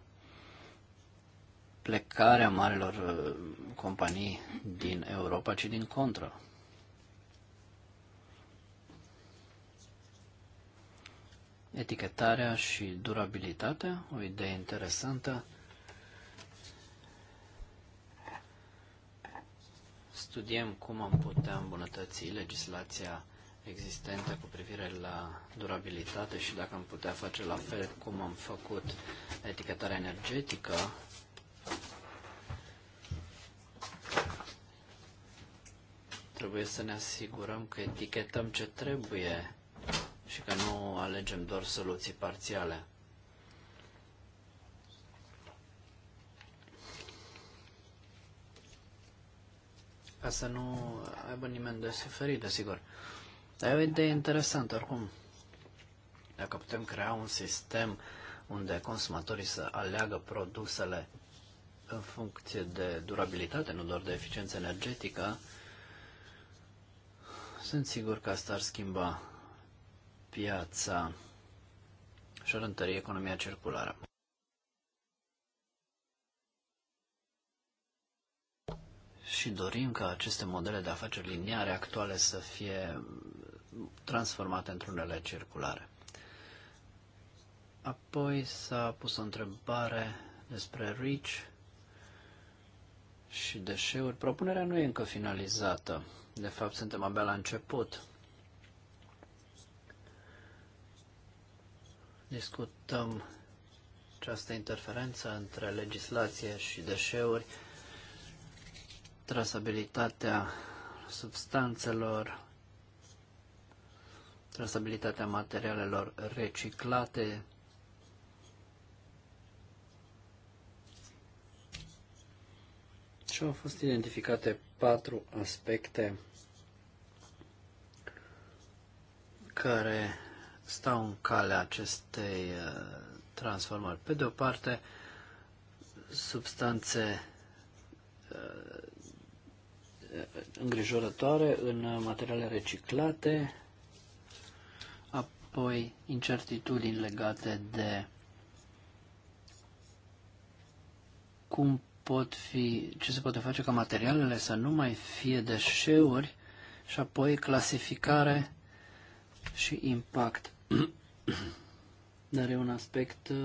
plecarea marilor uh, companii din Europa, ci din contră. Etichetarea și durabilitatea, o idee interesantă. Studiem cum am putea îmbunătăți legislația existente cu privire la durabilitate și dacă am putea face la fel cum am făcut etichetarea energetică Trebuie să ne asigurăm că etichetăm ce trebuie și că nu alegem doar soluții parțiale. Ca să nu aibă nimeni de suferit, desigur. Dar e o idee interesantă, oricum. Dacă putem crea un sistem unde consumatorii să aleagă produsele în funcție de durabilitate, nu doar de eficiență energetică, sunt sigur că asta ar schimba piața și ar întări economia circulară. Și dorim ca aceste modele de afaceri liniare actuale să fie transformate într-unele circulare. Apoi s-a pus o întrebare despre REACH și deșeuri, propunerea nu e încă finalizată. De fapt, suntem abia la început. Discutăm această interferență între legislație și deșeuri, trasabilitatea substanțelor, trasabilitatea materialelor reciclate, Deci au fost identificate patru aspecte care stau în calea acestei uh, transformări. Pe de o parte, substanțe uh, îngrijorătoare în materiale reciclate, apoi incertitudini legate de cum pot fi, ce se poate face ca materialele să nu mai fie deșeuri și apoi clasificare și impact. *clears throat* Dar e un aspect uh,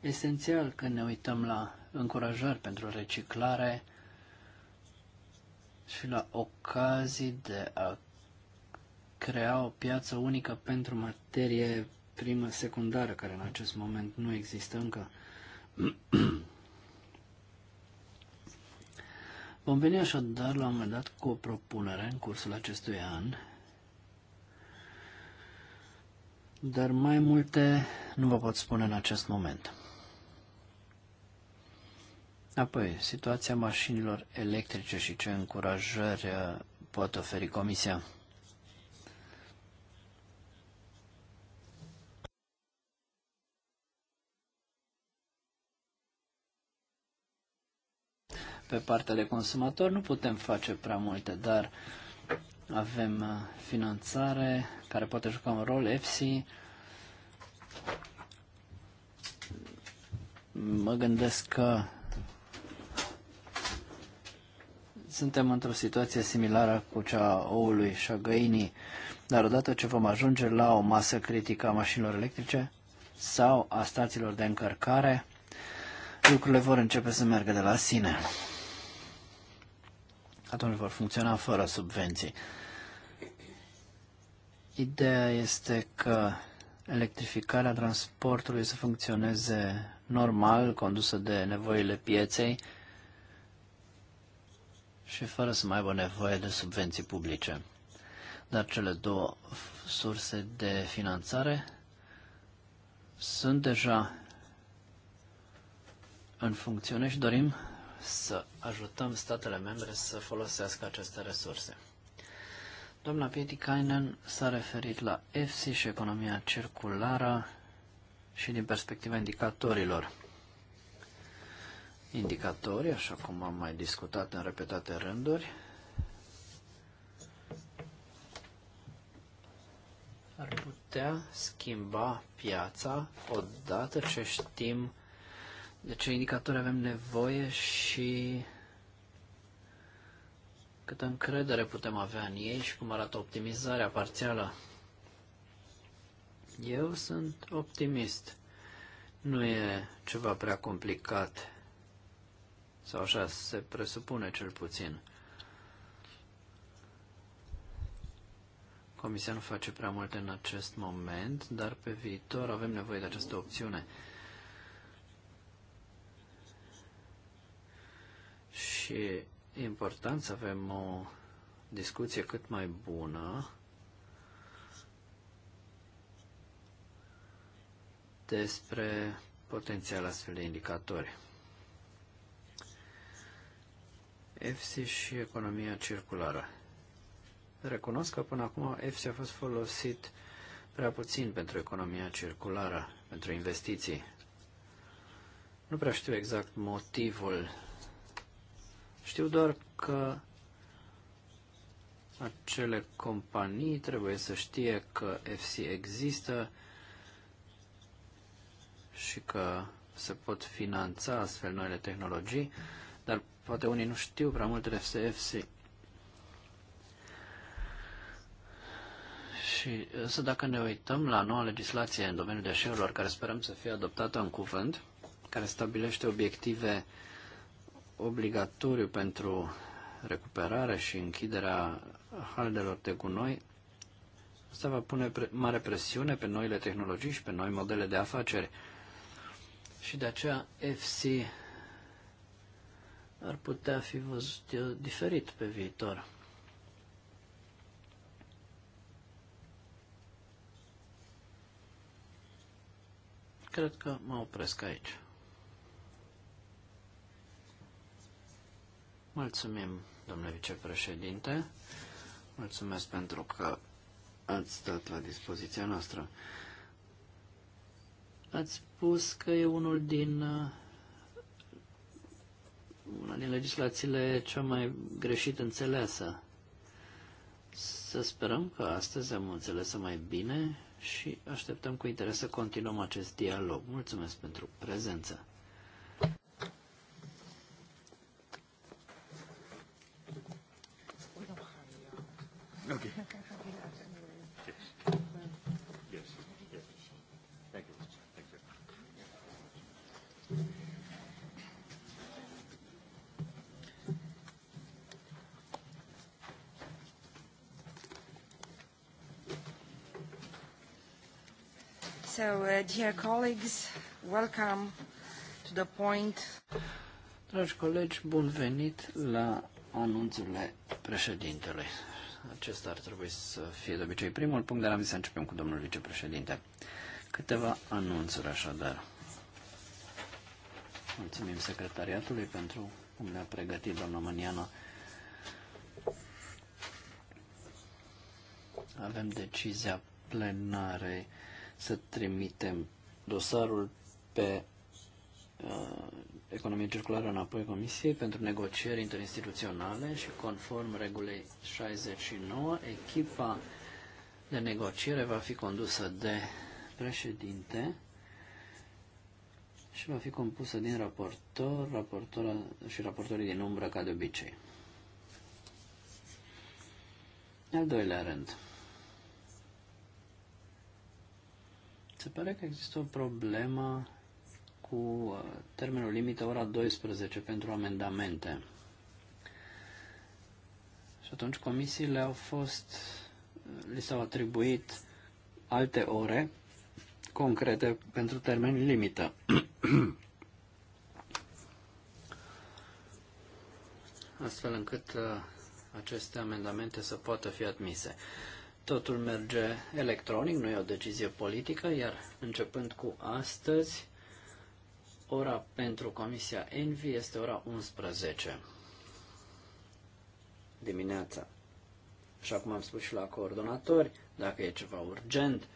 esențial când ne uităm la încurajări pentru reciclare și la ocazii de a crea o piață unică pentru materie primă secundară, care în acest moment nu există încă. *clears throat* Vom veni așadar la un moment dat cu o propunere în cursul acestui an, dar mai multe nu vă pot spune în acest moment. Apoi, situația mașinilor electrice și ce încurajări uh, poate oferi Comisia. pe partea de consumator nu putem face prea multe, dar avem uh, finanțare care poate juca un rol, EFSI. Mă gândesc că suntem într-o situație similară cu cea a oului și a găinii, dar odată ce vom ajunge la o masă critică a mașinilor electrice sau a stațiilor de încărcare, lucrurile vor începe să meargă de la sine atunci vor funcționa fără subvenții. Ideea este că electrificarea transportului să funcționeze normal, condusă de nevoile pieței și fără să mai aibă nevoie de subvenții publice. Dar cele două surse de finanțare sunt deja în funcțiune și dorim să ajutăm statele membre să folosească aceste resurse. Doamna Pietikainen s-a referit la EFSI și economia circulară și din perspectiva indicatorilor. Indicatorii, așa cum am mai discutat în repetate rânduri, ar putea schimba piața odată ce știm de ce indicatori avem nevoie și câtă încredere putem avea în ei și cum arată optimizarea parțială. Eu sunt optimist. Nu e ceva prea complicat. Sau așa se presupune cel puțin. Comisia nu face prea multe în acest moment, dar pe viitor avem nevoie de această opțiune. și e important să avem o discuție cât mai bună despre potențial astfel de indicatori. EFSI și economia circulară. Recunosc că până acum EFSI a fost folosit prea puțin pentru economia circulară, pentru investiții. Nu prea știu exact motivul știu doar că acele companii trebuie să știe că FC există și că se pot finanța astfel noile tehnologii, dar poate unii nu știu prea multe de FC. Și să dacă ne uităm la noua legislație în domeniul deșeurilor, care sperăm să fie adoptată în cuvânt, care stabilește obiective uh, obligatoriu pentru recuperare și închiderea haldelor de gunoi, asta va pune mare presiune pe noile tehnologii și pe noi modele de afaceri. Și de aceea FC ar putea fi văzut diferit pe viitor. Cred că mă opresc aici. Mulțumim, domnule vicepreședinte. Mulțumesc pentru că ați stat la dispoziția noastră. Ați spus că e unul din uh, una din legislațiile cea mai greșit înțeleasă. Să sperăm că astăzi am înțeles mai bine și așteptăm cu interes să continuăm acest dialog. Mulțumesc pentru prezență. So, uh, dear colleagues, welcome to the point. Dragi colegi, bun venit la anunțurile președintelui. Acesta ar trebui să fie de obicei primul punct, dar am zis să începem cu domnul vicepreședinte. Câteva anunțuri așadar. Mulțumim secretariatului pentru cum ne-a pregătit doamna Maniana. Avem decizia plenarei să trimitem dosarul pe uh, economie circulară înapoi Comisiei pentru negocieri interinstituționale și conform regulii 69, echipa de negociere va fi condusă de președinte și va fi compusă din raportor, raportora și raportorii din umbră, ca de obicei. Al doilea rând, se pare că există o problemă cu uh, termenul limită ora 12 pentru amendamente. Și atunci comisiile au fost, uh, li s-au atribuit alte ore concrete pentru termen limită. *clears throat* Astfel încât uh, aceste amendamente să poată fi admise. Totul merge electronic, nu e o decizie politică, iar începând cu astăzi, ora pentru Comisia Envi este ora 11 dimineața. Așa cum am spus și la coordonatori, dacă e ceva urgent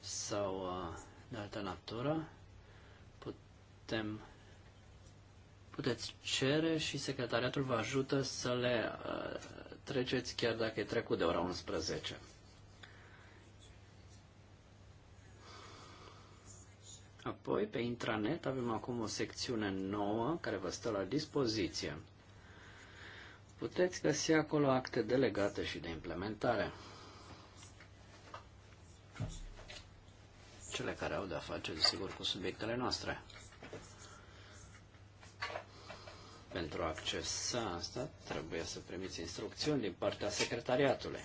sau uh, de altă natură, putem, puteți cere și secretariatul vă ajută să le uh, treceți chiar dacă e trecut de ora 11. Apoi, pe intranet avem acum o secțiune nouă care vă stă la dispoziție. Puteți găsi acolo acte delegate și de implementare. Cele care au de-a face, desigur, cu subiectele noastre. Pentru a accesa asta, trebuie să primiți instrucțiuni din partea secretariatului.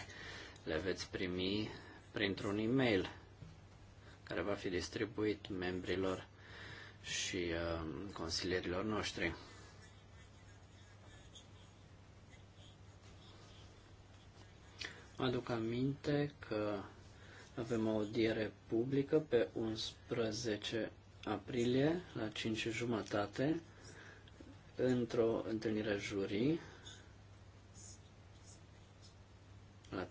Le veți primi printr-un e-mail care va fi distribuit membrilor și uh, consilierilor noștri. Mă aduc aminte că avem o audiere publică pe 11 aprilie la 5 jumătate într-o întâlnire jurii la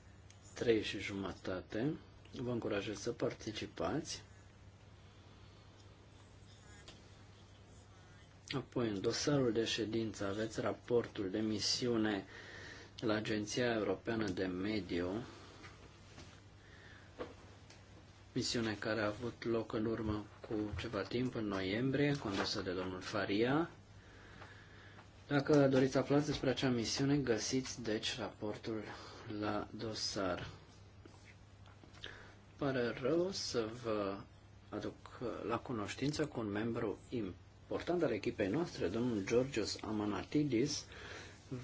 3 și jumătate. Vă încurajez să participați. Apoi, în dosarul de ședință aveți raportul de misiune la Agenția Europeană de Mediu, misiune care a avut loc în urmă cu ceva timp, în noiembrie, condusă de domnul Faria. Dacă doriți aflați despre acea misiune, găsiți deci raportul la dosar pare rău să vă aduc la cunoștință cu un membru important al echipei noastre, domnul Georgios Amanatidis,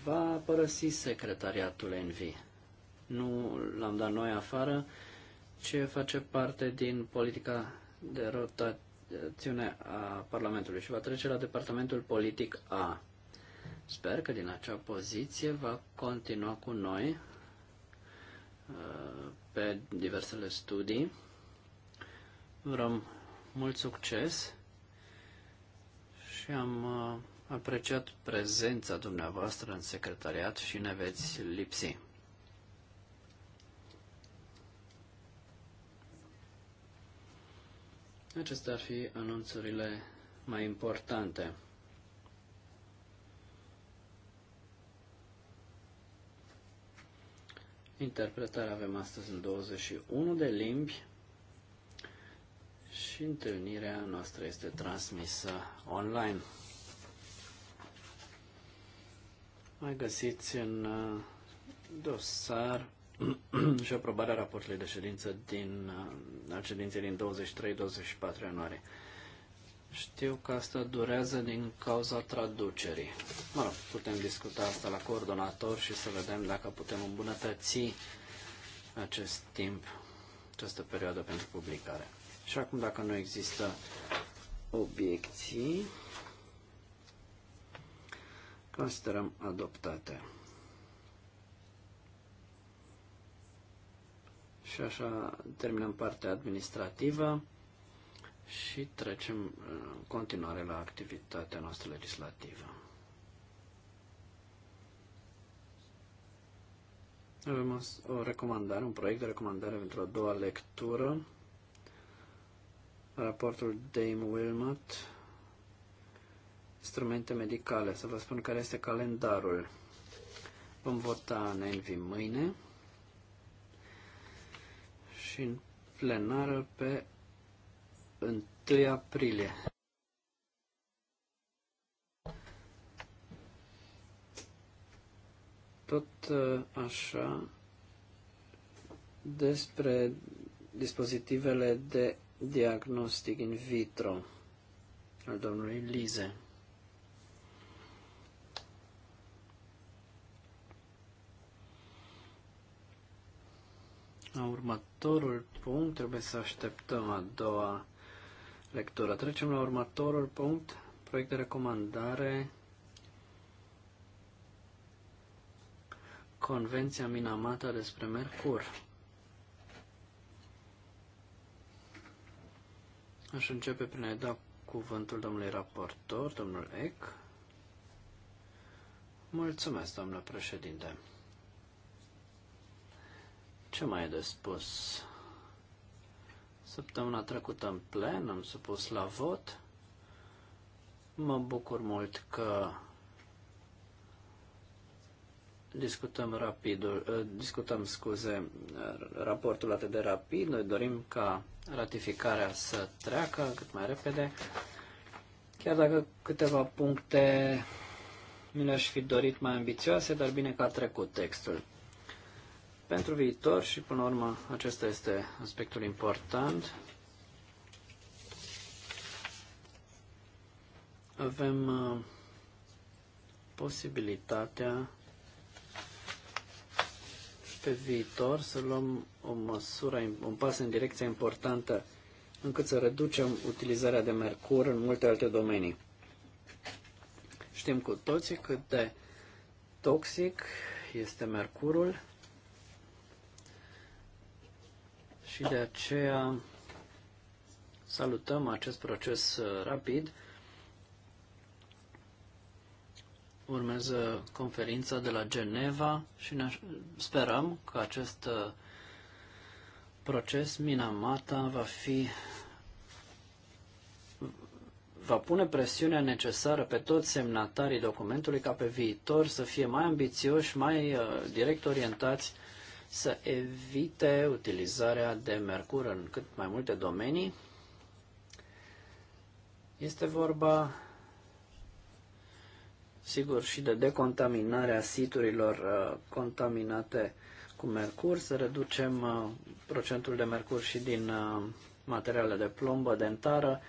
va părăsi secretariatul Envi. Nu l-am dat noi afară, ce face parte din politica de rotațiune a Parlamentului și va trece la Departamentul Politic A. Sper că din acea poziție va continua cu noi uh, pe diversele studii. Urăm mult succes și am uh, apreciat prezența dumneavoastră în secretariat și ne veți lipsi. Acestea ar fi anunțurile mai importante. Interpretarea avem astăzi în 21 de limbi și întâlnirea noastră este transmisă online. Mai găsiți în uh, dosar *clears throat* și aprobarea raportului de ședință din, uh, al ședinței din 23-24 ianuarie. Știu că asta durează din cauza traducerii. Mă rog, putem discuta asta la coordonator și să vedem dacă putem îmbunătăți acest timp, această perioadă pentru publicare. Și acum, dacă nu există obiecții, considerăm adoptate. Și așa terminăm partea administrativă și trecem uh, în continuare la activitatea noastră legislativă. Avem o recomandare, un proiect de recomandare pentru a doua lectură. Raportul Dame Wilmot, instrumente medicale. Să vă spun care este calendarul. Vom vota în Envi mâine și în plenară pe 1 aprilie. Tot uh, așa despre dispozitivele de diagnostic in vitro al domnului Lize. La următorul punct trebuie să așteptăm a doua lectură. Trecem la următorul punct, proiect de recomandare Convenția Minamata despre Mercur. Aș începe prin a-i da cuvântul domnului raportor, domnul Eck. Mulțumesc, domnule președinte. Ce mai e de spus? Săptămâna trecută în plen am supus la vot. Mă bucur mult că discutăm rapid, ă, discutăm, scuze, raportul atât de rapid. Noi dorim ca ratificarea să treacă cât mai repede. Chiar dacă câteva puncte mi le-aș fi dorit mai ambițioase, dar bine că a trecut textul pentru viitor și, până la urmă, acesta este aspectul important. Avem uh, posibilitatea pe viitor să luăm o măsură, un pas în direcția importantă încât să reducem utilizarea de mercur în multe alte domenii. Știm cu toții cât de toxic este mercurul și de aceea salutăm acest proces uh, rapid. Urmează conferința de la Geneva și ne sperăm că acest uh, proces Minamata va fi va pune presiunea necesară pe toți semnatarii documentului ca pe viitor să fie mai ambițioși, mai uh, direct orientați să evite utilizarea de mercur în cât mai multe domenii. Este vorba, sigur, și de decontaminarea siturilor uh, contaminate cu mercur, să reducem uh, procentul de mercur și din uh, materiale de plombă dentară.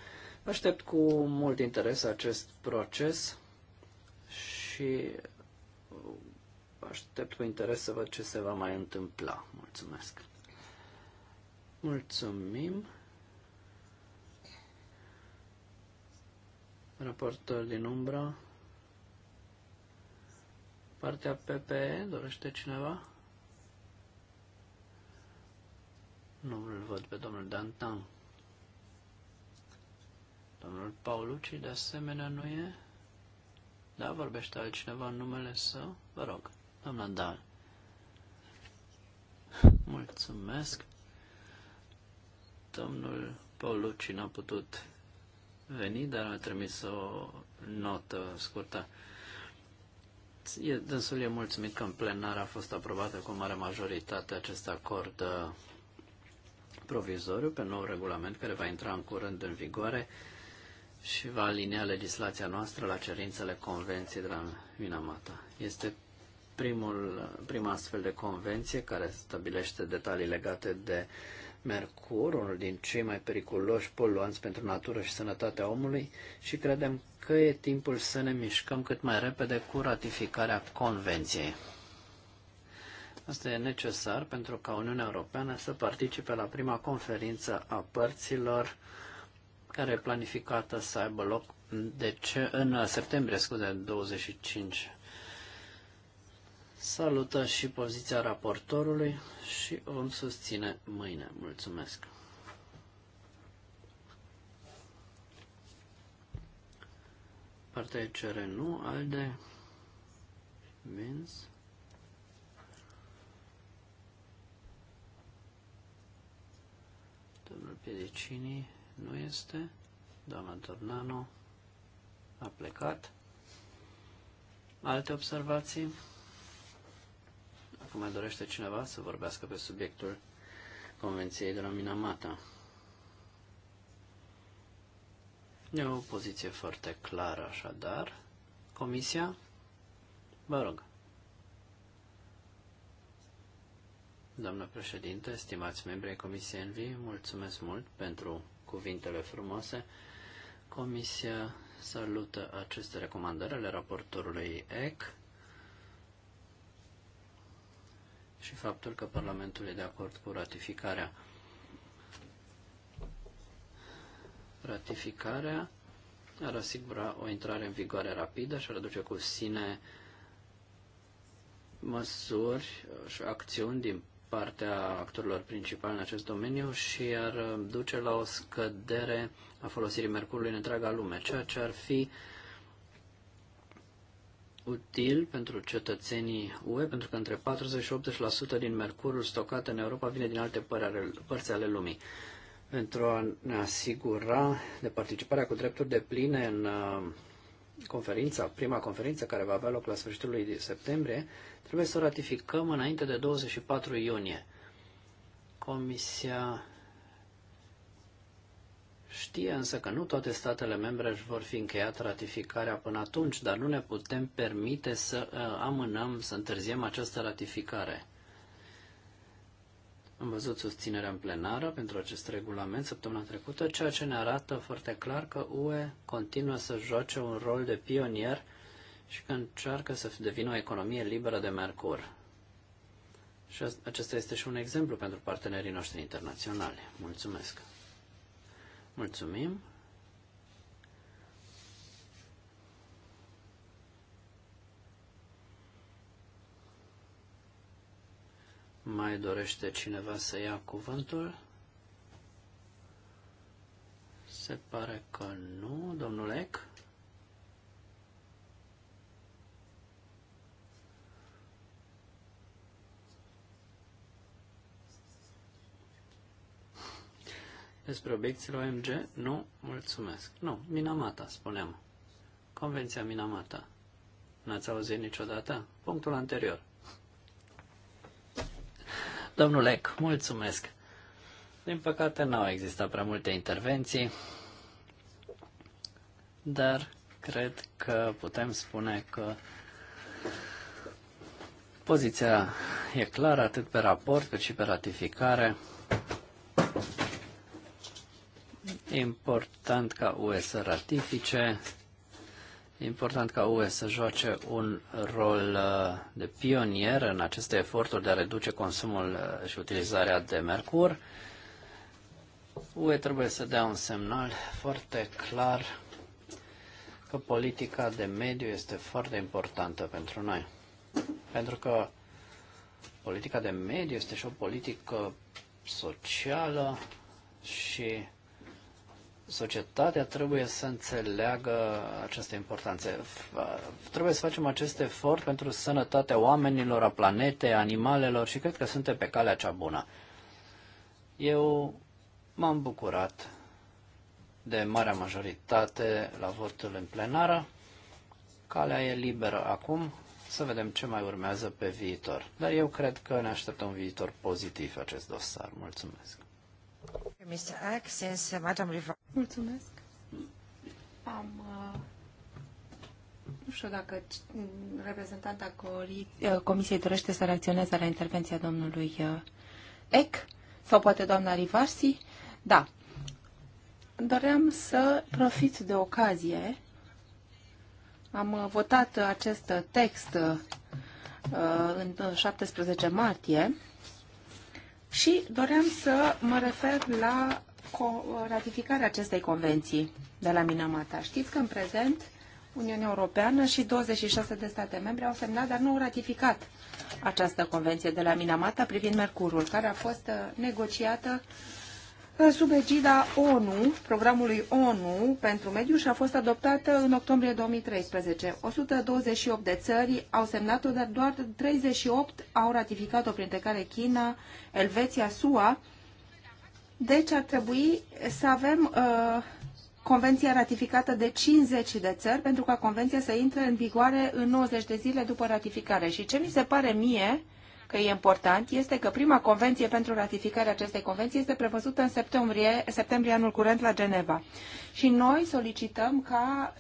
Aștept cu mult interes acest proces și aștept cu interes să văd ce se va mai întâmpla. Mulțumesc. Mulțumim. Raportor din umbra. Partea PPE, dorește cineva? Nu îl văd pe domnul Dantan. Domnul Paulucci de asemenea nu e? Da, vorbește altcineva în numele său? Vă rog. Doamna Dal. Mulțumesc. Domnul Paulucci n-a putut veni, dar a trimis o notă scurtă. E, dânsul e mulțumit că în plenar a fost aprobată cu mare majoritate acest acord uh, provizoriu pe nou regulament care va intra în curând în vigoare și va alinea legislația noastră la cerințele Convenției de la Minamata. Este primul, prima astfel de convenție care stabilește detalii legate de mercur, unul din cei mai periculoși poluanți pentru natură și sănătatea omului și credem că e timpul să ne mișcăm cât mai repede cu ratificarea convenției. Asta e necesar pentru ca Uniunea Europeană să participe la prima conferință a părților care e planificată să aibă loc de ce, în septembrie, scuze, 25 salută și poziția raportorului și o îmi susține mâine. Mulțumesc! Partea cere nu, ALDE, Vince. Domnul Piedicini nu este. Doamna Tornano a plecat. Alte observații? Acum mai dorește cineva să vorbească pe subiectul Convenției de la Minamata. E o poziție foarte clară, așadar. Comisia, vă rog. Doamnă președinte, stimați membri ai Comisiei Envi, mulțumesc mult pentru cuvintele frumoase. Comisia salută aceste recomandări ale raportorului EC și faptul că Parlamentul e de acord cu ratificarea. Ratificarea ar asigura o intrare în vigoare rapidă și ar aduce cu sine măsuri și acțiuni din partea actorilor principali în acest domeniu și ar duce la o scădere a folosirii mercurului în întreaga lume, ceea ce ar fi uh, util pentru cetățenii UE, pentru că între 40 și 80% din mercurul stocat în Europa vine din alte părți ale lumii. Pentru a ne asigura de participarea cu drepturi de pline în uh, conferința, prima conferință care va avea loc la sfârșitul lui septembrie, trebuie să o ratificăm înainte de 24 iunie. Comisia Știe însă că nu toate statele membre își vor fi încheiat ratificarea până atunci, dar nu ne putem permite să uh, amânăm, să întârziem această ratificare. Am văzut susținerea în plenară pentru acest regulament săptămâna trecută, ceea ce ne arată foarte clar că UE continuă să joace un rol de pionier și că încearcă să devină o economie liberă de mercur. Și acesta este și un exemplu pentru partenerii noștri internaționali. Mulțumesc! Mulțumim. Mai dorește cineva să ia cuvântul? Se pare că nu, domnule Eck. despre obiecțiile OMG? Nu, mulțumesc. Nu, Minamata, spuneam. Convenția Minamata. N-ați auzit niciodată? Punctul anterior. Domnul Ec, mulțumesc. Din păcate n-au existat prea multe intervenții, dar cred că putem spune că poziția e clară atât pe raport cât și pe ratificare important ca UE să ratifice, important ca UE să joace un rol uh, de pionier în aceste eforturi de a reduce consumul uh, și utilizarea de mercur. UE trebuie să dea un semnal foarte clar că politica de mediu este foarte importantă pentru noi. Pentru că politica de mediu este și o politică socială și societatea trebuie să înțeleagă aceste importanțe. Trebuie să facem acest efort pentru sănătatea oamenilor, a planetei, animalelor și cred că suntem pe calea cea bună. Eu m-am bucurat de marea majoritate la votul în plenară. Calea e liberă acum, să vedem ce mai urmează pe viitor. Dar eu cred că ne așteptăm un viitor pozitiv acest dosar. Mulțumesc! Uh, Mulțumesc. Am uh, nu știu dacă reprezentanta uh, Comisiei dorește să reacționeze la intervenția domnului uh, Eck sau poate doamna Rivarsi. Da. Doream să profit de ocazie. Am votat acest text în 17 martie și doream să mă refer la ratificarea acestei convenții de la Minamata. Știți că în prezent Uniunea Europeană și 26 de state membre au semnat, dar nu au ratificat această convenție de la Minamata privind Mercurul, care a fost uh, negociată sub egida ONU, programului ONU pentru mediu și a fost adoptată în octombrie 2013. 128 de țări au semnat-o, dar doar 38 au ratificat-o, printre care China, Elveția, SUA. Deci ar trebui să avem uh, convenția ratificată de 50 de țări pentru ca convenția să intre în vigoare în 90 de zile după ratificare. Și ce mi se pare mie că e important este că prima convenție pentru ratificarea acestei convenții este prevăzută în septembrie, septembrie anul curent la Geneva. Și noi solicităm ca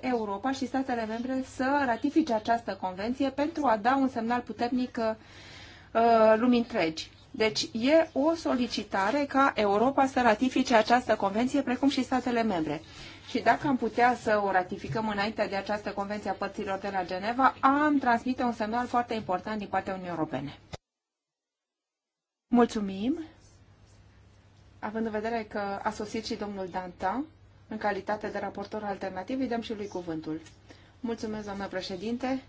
Europa și statele membre să ratifice această convenție pentru a da un semnal puternic uh, lumii întregi. Deci e o solicitare ca Europa să ratifice această convenție, precum și statele membre și dacă am putea să o ratificăm înainte de această convenție a părților de la Geneva, am transmite un semnal foarte important din partea Uniunii Europene. Mulțumim, având în vedere că a sosit și domnul Danta, în calitate de raportor alternativ, îi dăm și lui cuvântul. Mulțumesc, doamnă președinte.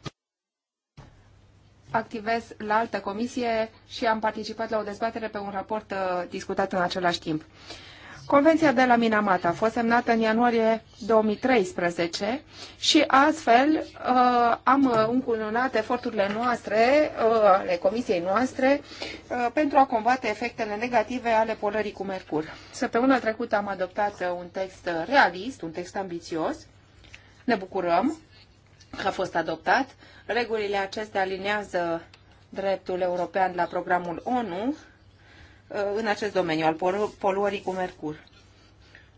Activez la altă comisie și am participat la o dezbatere pe un raport uh, discutat în același timp. Convenția de la Minamata a fost semnată în ianuarie 2013 și astfel uh, am încununat eforturile noastre, uh, ale comisiei noastre, uh, pentru a combate efectele negative ale polării cu mercur. Săptămâna trecută am adoptat un text realist, un text ambițios. Ne bucurăm că a fost adoptat. Regulile acestea alinează dreptul european la programul ONU Uh, în acest domeniu al poluării cu mercur.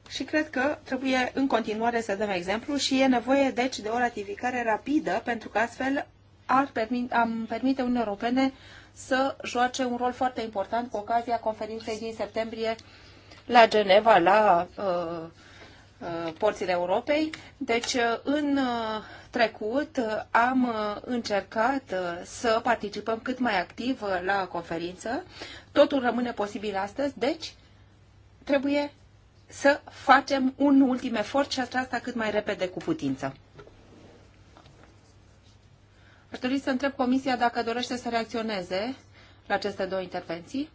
Și cred că trebuie în continuare să dăm exemplu și e nevoie deci de o ratificare rapidă pentru că astfel ar permit, am permite Uniunii Europene să joace un rol foarte important cu ocazia conferinței din septembrie la Geneva, la uh, uh, porțile Europei. Deci, uh, în uh, trecut uh, am încercat să participăm cât mai activ la conferință. Totul rămâne posibil astăzi, deci trebuie să facem un ultim efort și asta cât mai repede cu putință. Aș dori să întreb Comisia dacă dorește să reacționeze la aceste două intervenții.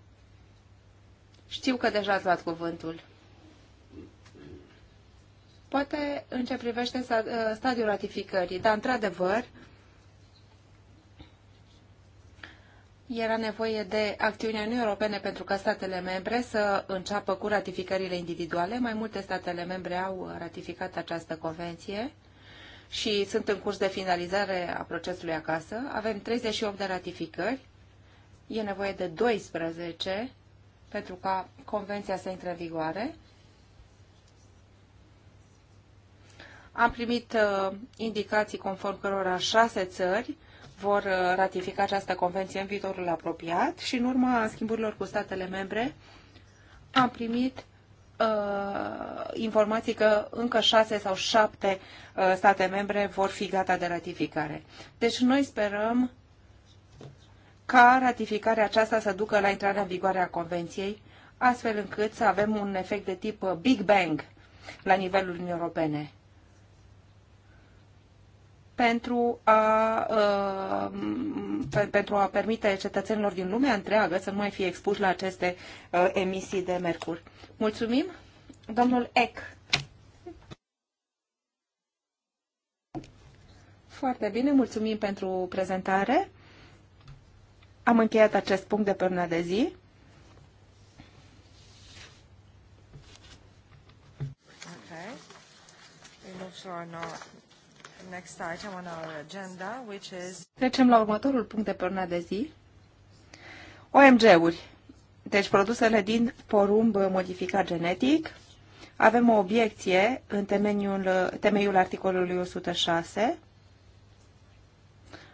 Știu că deja ați luat cuvântul. Poate în ce privește stadiul ratificării, dar într-adevăr, era nevoie de acțiunea Uniunii Europene pentru ca statele membre să înceapă cu ratificările individuale. Mai multe statele membre au ratificat această convenție și sunt în curs de finalizare a procesului acasă. Avem 38 de ratificări. E nevoie de 12 pentru ca convenția să intre în vigoare. Am primit uh, indicații conform cărora șase țări vor uh, ratifica această convenție în viitorul apropiat și în urma schimburilor cu statele membre am primit uh, informații că încă șase sau șapte uh, state membre vor fi gata de ratificare. Deci noi sperăm ca ratificarea aceasta să ducă la intrarea în vigoare a Convenției, astfel încât să avem un efect de tip uh, Big Bang la nivelul Uniunii Europene pentru a, uh, pentru a permite cetățenilor din lumea întreagă să nu mai fie expuși la aceste uh, emisii de mercur. Mulțumim. Domnul Eck. Foarte bine, mulțumim pentru prezentare. Am încheiat acest punct de pe urmă de zi. Okay. Trecem la următorul punct de pe de zi. OMG-uri, deci produsele din porumb modificat genetic. Avem o obiecție în temeiul, temeiul articolului 106.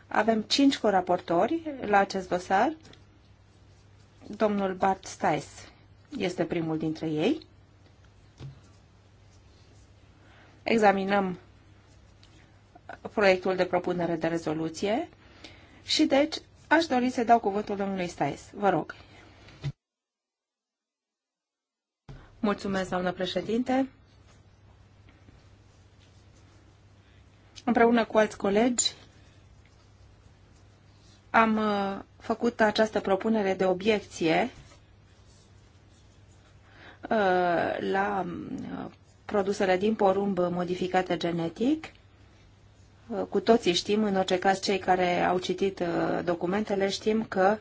Avem cinci coraportori la acest dosar. Domnul Bart Stais este primul dintre ei. Examinăm proiectul de propunere de rezoluție și deci aș dori să dau cuvântul domnului Stais. Vă rog. Mulțumesc, doamnă președinte. Împreună cu alți colegi am uh, făcut această propunere de obiecție uh, la uh, produsele din porumb modificate genetic cu toții știm, în orice caz cei care au citit uh, documentele știm că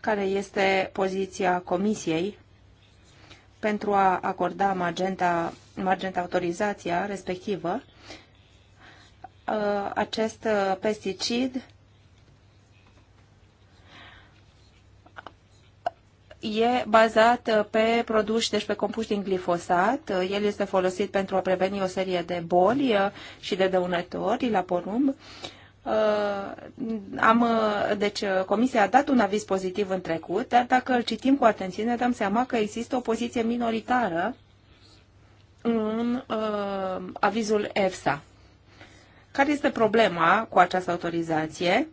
care este poziția Comisiei pentru a acorda magenta, magenta autorizația respectivă. Uh, acest uh, pesticid e bazat uh, pe produși, deci pe compuși din glifosat. Uh, el este folosit pentru a preveni o serie de boli uh, și de dăunători la porumb. Am, deci, Comisia a dat un aviz pozitiv în trecut, dar dacă îl citim cu atenție, ne dăm seama că există o poziție minoritară în uh, avizul EFSA. Care este problema cu această autorizație?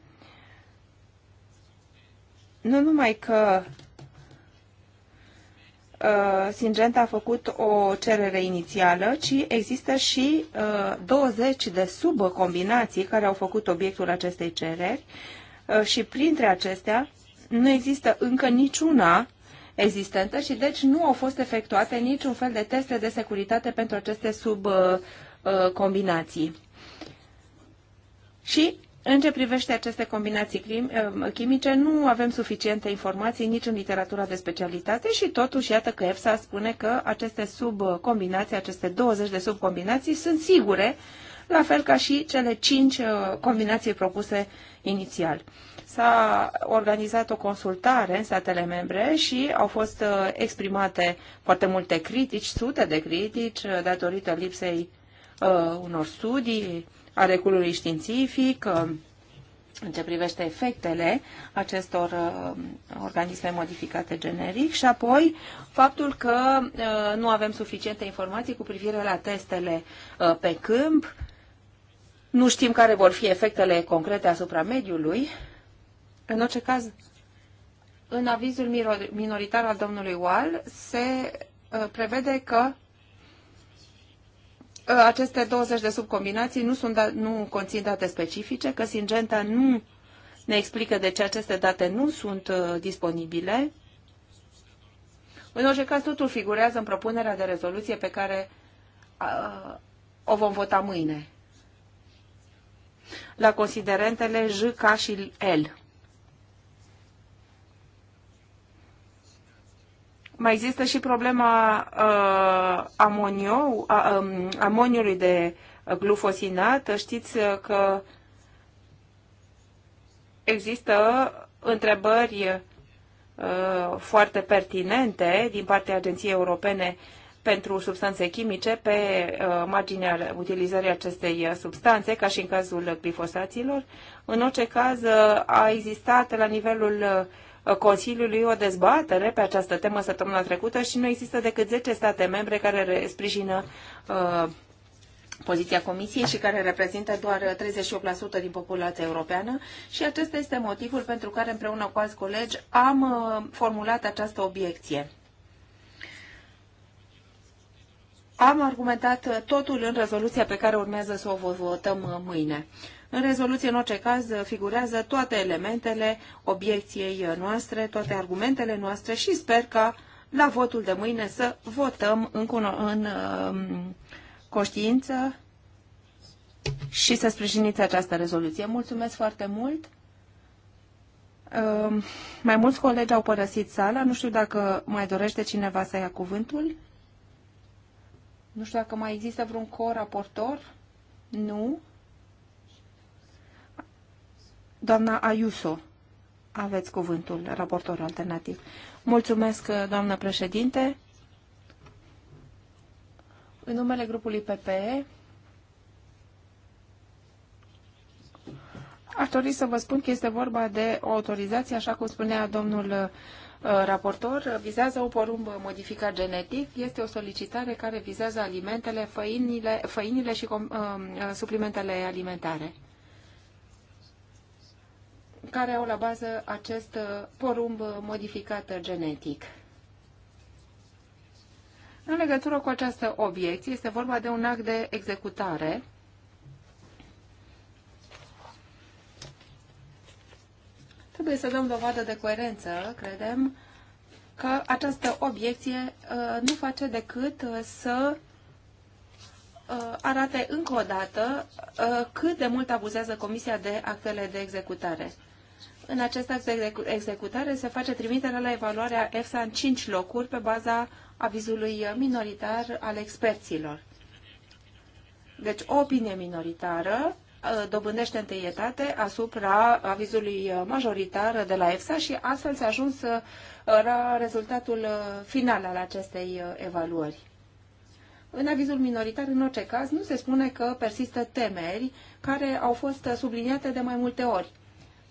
Nu numai că Uh, Singenta a făcut o cerere inițială, ci există și 20 uh, de subcombinații care au făcut obiectul acestei cereri uh, și printre acestea nu există încă niciuna existentă și deci nu au fost efectuate niciun fel de teste de securitate pentru aceste subcombinații. Și în ce privește aceste combinații eh, chimice, nu avem suficiente informații nici în literatura de specialitate și totuși iată că EFSA spune că aceste subcombinații, aceste 20 de subcombinații sunt sigure, la fel ca și cele 5 eh, combinații propuse inițial. S-a organizat o consultare în statele membre și au fost eh, exprimate foarte multe critici, sute de critici, datorită lipsei uh, unor studii, a reculului științific, uh, în ce privește efectele acestor uh, organisme modificate generic și apoi faptul că uh, nu avem suficiente informații cu privire la testele uh, pe câmp, nu știm care vor fi efectele concrete asupra mediului. În orice caz, în avizul minoritar al domnului Wall se uh, prevede că aceste 20 de subcombinații nu, sunt, da, nu conțin date specifice, că Singenta nu ne explică de ce aceste date nu sunt uh, disponibile. În orice caz, totul figurează în propunerea de rezoluție pe care uh, o vom vota mâine. La considerentele J, K și L. Mai există și problema uh, amonio, uh, um, amoniului de glufosinat. Știți uh, că există întrebări uh, foarte pertinente din partea Agenției Europene pentru substanțe chimice pe uh, marginea utilizării acestei uh, substanțe, ca și în cazul glifosaților. În orice caz, uh, a existat la nivelul uh, Consiliului o dezbatere pe această temă săptămâna trecută și nu există decât 10 state membre care sprijină uh, poziția Comisiei și care reprezintă doar 38% din populația europeană și acesta este motivul pentru care împreună cu alți colegi am uh, formulat această obiecție. Am argumentat totul în rezoluția pe care urmează să o votăm uh, mâine. În rezoluție, în orice caz, figurează toate elementele obiecției noastre, toate argumentele noastre și sper ca la votul de mâine să votăm în, în, în um, conștiință și să sprijiniți această rezoluție. Mulțumesc foarte mult! Um, mai mulți colegi au părăsit sala. Nu știu dacă mai dorește cineva să ia cuvântul. Nu știu dacă mai există vreun coraportor. Nu. Doamna Ayuso, aveți cuvântul, raportor alternativ. Mulțumesc, doamnă președinte. În numele grupului PPE, aș dori să vă spun că este vorba de o autorizație, așa cum spunea domnul uh, raportor, vizează o porumb modificat genetic. Este o solicitare care vizează alimentele, făinile, făinile și uh, uh, suplimentele alimentare care au la bază acest uh, porumb uh, modificat uh, genetic. În legătură cu această obiecție, este vorba de un act de executare Trebuie să dăm dovadă de coerență, credem, că această obiecție nu face decât să arate încă o dată cât de mult abuzează Comisia de actele de executare. În acest act de executare se face trimiterea la evaluarea EFSA în cinci locuri pe baza avizului minoritar al experților. Deci o opinie minoritară ă, dobândește întâietate asupra avizului majoritar de la EFSA și astfel s-a ajuns ă, la rezultatul ă, final al acestei evaluări. În avizul minoritar, în orice caz, nu se spune că persistă temeri care au fost subliniate de mai multe ori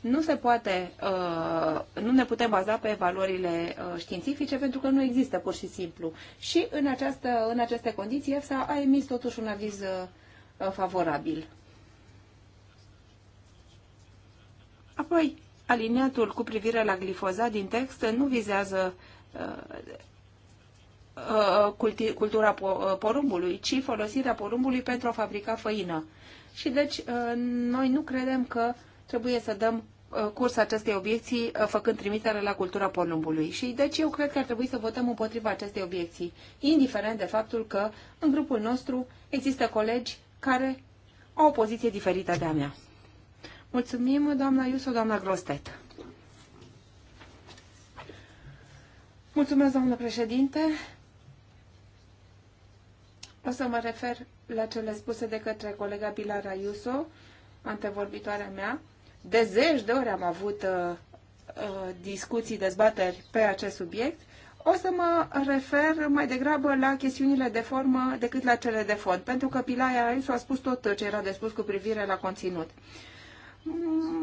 nu se poate, uh, nu ne putem baza pe valorile uh, științifice pentru că nu există pur și simplu. Și în, această, în aceste condiții EFSA a emis totuși un aviz uh, favorabil. Apoi, aliniatul cu privire la glifozat din text nu vizează cultura porumbului, ci folosirea porumbului pentru a fabrica făină. Și deci noi nu credem că uh, trebuie să dăm uh, curs acestei obiecții uh, făcând trimitere la cultura porumbului. Și deci eu cred că ar trebui să votăm împotriva acestei obiecții, indiferent de faptul că în grupul nostru există colegi care au o poziție diferită de a mea. Mulțumim, doamna Iuso, doamna Grostet. Mulțumesc, doamnă președinte. O să mă refer la cele spuse de către colega Pilar Iuso, antevorbitoarea mea, de zeci de ori am avut uh, uh, discuții, dezbateri pe acest subiect. O să mă refer mai degrabă la chestiunile de formă decât la cele de fond, pentru că Pilaia Aisu a spus tot ce era de spus cu privire la conținut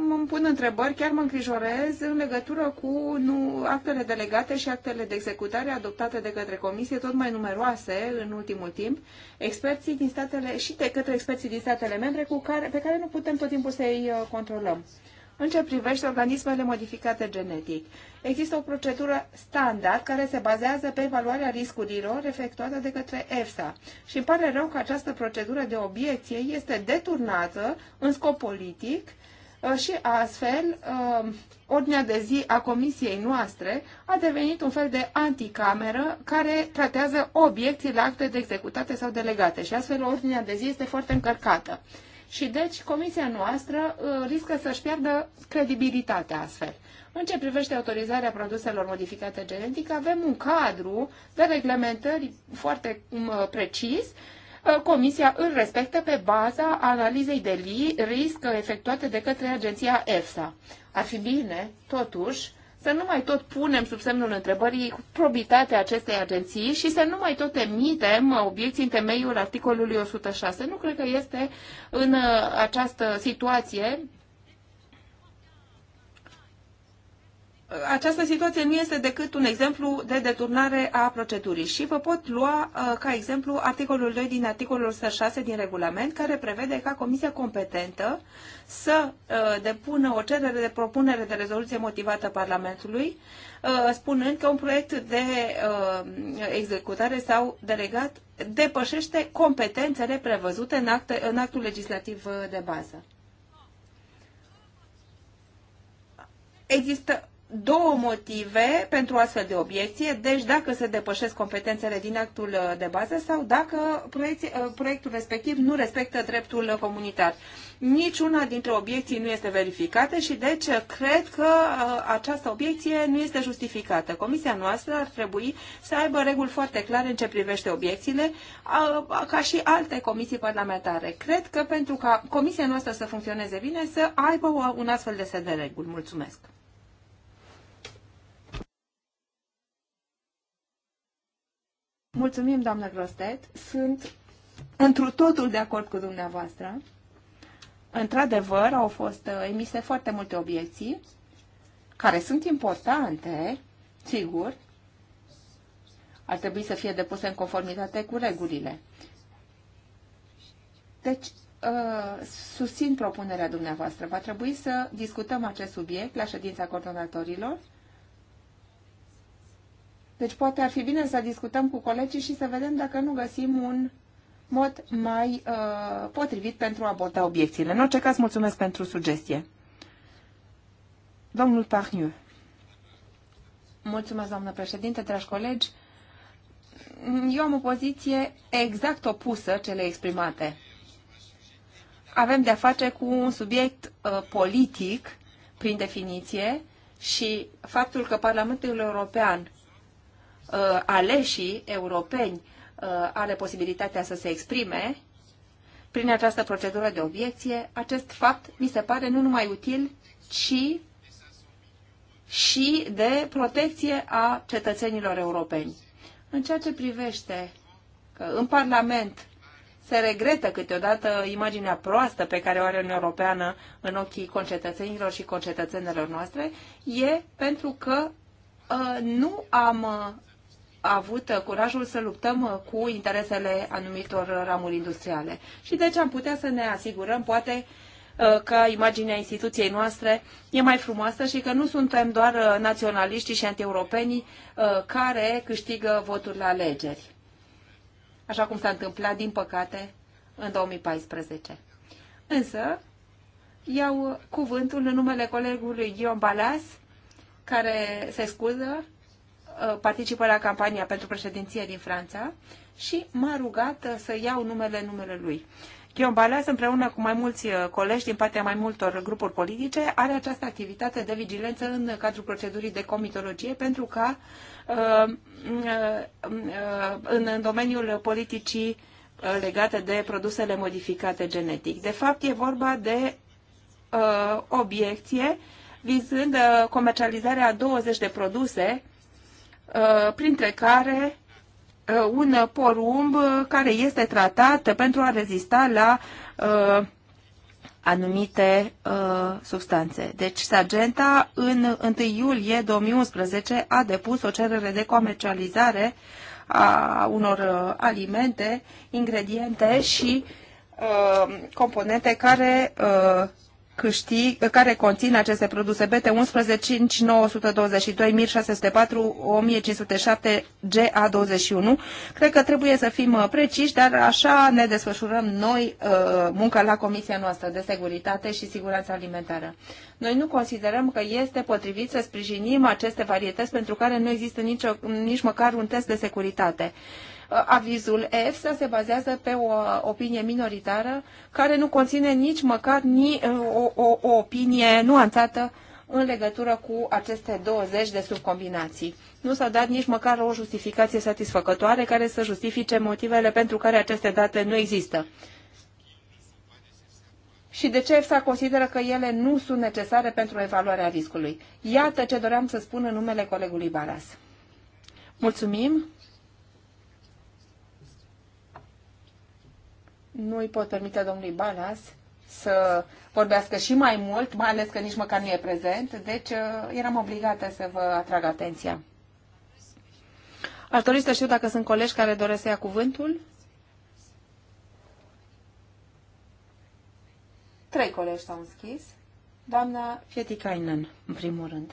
îmi pun întrebări, chiar mă îngrijorez în legătură cu nu, actele delegate și actele de executare adoptate de către comisie, tot mai numeroase în ultimul timp, experții din statele și de către experții din statele membre cu care, pe care nu putem tot timpul să-i uh, controlăm. Uh, în ce privește organismele modificate genetic. Există o procedură standard care se bazează pe evaluarea riscurilor efectuată de către EFSA și îmi pare rău că această procedură de obiecție este deturnată în scop politic uh, și astfel uh, ordinea de zi a comisiei noastre a devenit un fel de anticameră care tratează obiecții la acte de executate sau delegate și astfel ordinea de zi este foarte încărcată. Și deci comisia noastră uh, riscă să-și piardă credibilitatea astfel. În ce privește autorizarea produselor modificate genetic, avem un cadru de reglementări foarte um, uh, precis. Uh, comisia îl respectă pe baza analizei de risc efectuate de către agenția EFSA. Ar fi bine, totuși, să nu mai tot punem sub semnul întrebării probitatea acestei agenții și să nu mai tot emitem obiecții în temeiul articolului 106. Nu cred că este în uh, această situație această situație nu este decât un exemplu de deturnare a procedurii și vă pot lua uh, ca exemplu articolul 2 din articolul 106 din regulament care prevede ca comisia competentă să uh, depună o cerere de propunere de rezoluție motivată Parlamentului uh, spunând că un proiect de executare sau delegat depășește competențele prevăzute în, acte, în actul legislativ de bază. Există două motive pentru astfel de obiecție, deci dacă se depășesc competențele din actul uh, de bază sau dacă uh, proiectul respectiv nu respectă dreptul comunitar. Niciuna dintre obiecții nu este verificată și deci cred că uh, această obiecție nu este justificată. Comisia noastră ar trebui să aibă reguli foarte clare în ce privește obiecțiile, ca și alte comisii parlamentare. Cred că pentru ca comisia noastră să funcționeze bine, să aibă un astfel de set de reguli. Mulțumesc! Mulțumim, doamnă Grostet. Sunt întru totul de acord cu dumneavoastră. Într-adevăr, au fost uh, emise foarte multe obiecții, care sunt importante, sigur, ar trebui să fie depuse în conformitate cu regulile. Deci, uh, susțin propunerea dumneavoastră. Va trebui să discutăm acest subiect la ședința coordonatorilor deci poate ar fi bine să discutăm cu colegii și să vedem dacă nu găsim un mod mai uh, potrivit pentru a aborda obiecțiile. În orice caz, mulțumesc pentru sugestie. Domnul Parniu. Mulțumesc, doamnă președinte, dragi colegi. Eu am o poziție exact opusă cele exprimate. Avem de-a face cu un subiect uh, politic, prin definiție, și faptul că Parlamentul European uh, aleșii europeni uh, are posibilitatea să se exprime prin această procedură de obiecție, acest fapt mi se pare nu numai util, ci și de protecție a cetățenilor europeni. În ceea ce privește că în Parlament se regretă câteodată imaginea proastă pe care o are Uniunea Europeană în ochii concetățenilor și concetățenilor noastre, e pentru că uh, nu am avut uh, curajul să luptăm uh, cu interesele anumitor ramuri industriale. Și deci am putea să ne asigurăm, poate, uh, că imaginea instituției noastre e mai frumoasă și că nu suntem doar naționaliștii și antieuropenii care câștigă voturi la alegeri, așa cum s-a întâmplat, din păcate, în 2014. Însă, iau cuvântul în numele colegului Ion Balas, care se scuză Uh, participă la campania pentru președinție din Franța și m-a rugat uh, să iau numele numele lui. Ghion Balas, împreună cu mai mulți uh, colegi din partea mai multor grupuri politice, are această activitate de vigilență în cadrul procedurii de comitologie pentru ca în domeniul politicii legate de produsele modificate genetic. De fapt, e vorba de obiecție vizând comercializarea a 20 de produse Uh, printre care uh, un porumb care este tratat pentru a rezista la uh, anumite substanțe. Deci, Sargenta, în 1 iulie 2011, a depus o cerere de comercializare a unor alimente, ingrediente și componente care uh, câștig, care conțin aceste produse BT11, 5922, 1604, 1507, GA21. Cred că trebuie să fim uh, preciși, dar așa ne desfășurăm noi uh, munca la Comisia noastră de Securitate și Siguranță Alimentară. Noi nu considerăm că este potrivit să sprijinim aceste varietăți pentru care nu există nicio, nici măcar un test de securitate. Uh, avizul EFSA se bazează pe o uh, opinie minoritară care nu conține nici măcar ni uh, o, o, o opinie nuanțată în legătură cu aceste 20 de subcombinații. Nu s-a dat nici măcar o justificație satisfăcătoare care să justifice motivele pentru care aceste date nu există. Și de ce EFSA consideră că ele nu sunt necesare pentru evaluarea riscului? Iată ce doream să spun în numele colegului Baras. Mulțumim! nu îi pot permite domnului Balas să vorbească și mai mult, mai ales că nici măcar nu e prezent, deci uh, eram obligată să vă atrag atenția. Aș dori să știu dacă sunt colegi care doresc să ia cuvântul. Trei colegi s-au înschis. Doamna Fietikainen, în primul rând.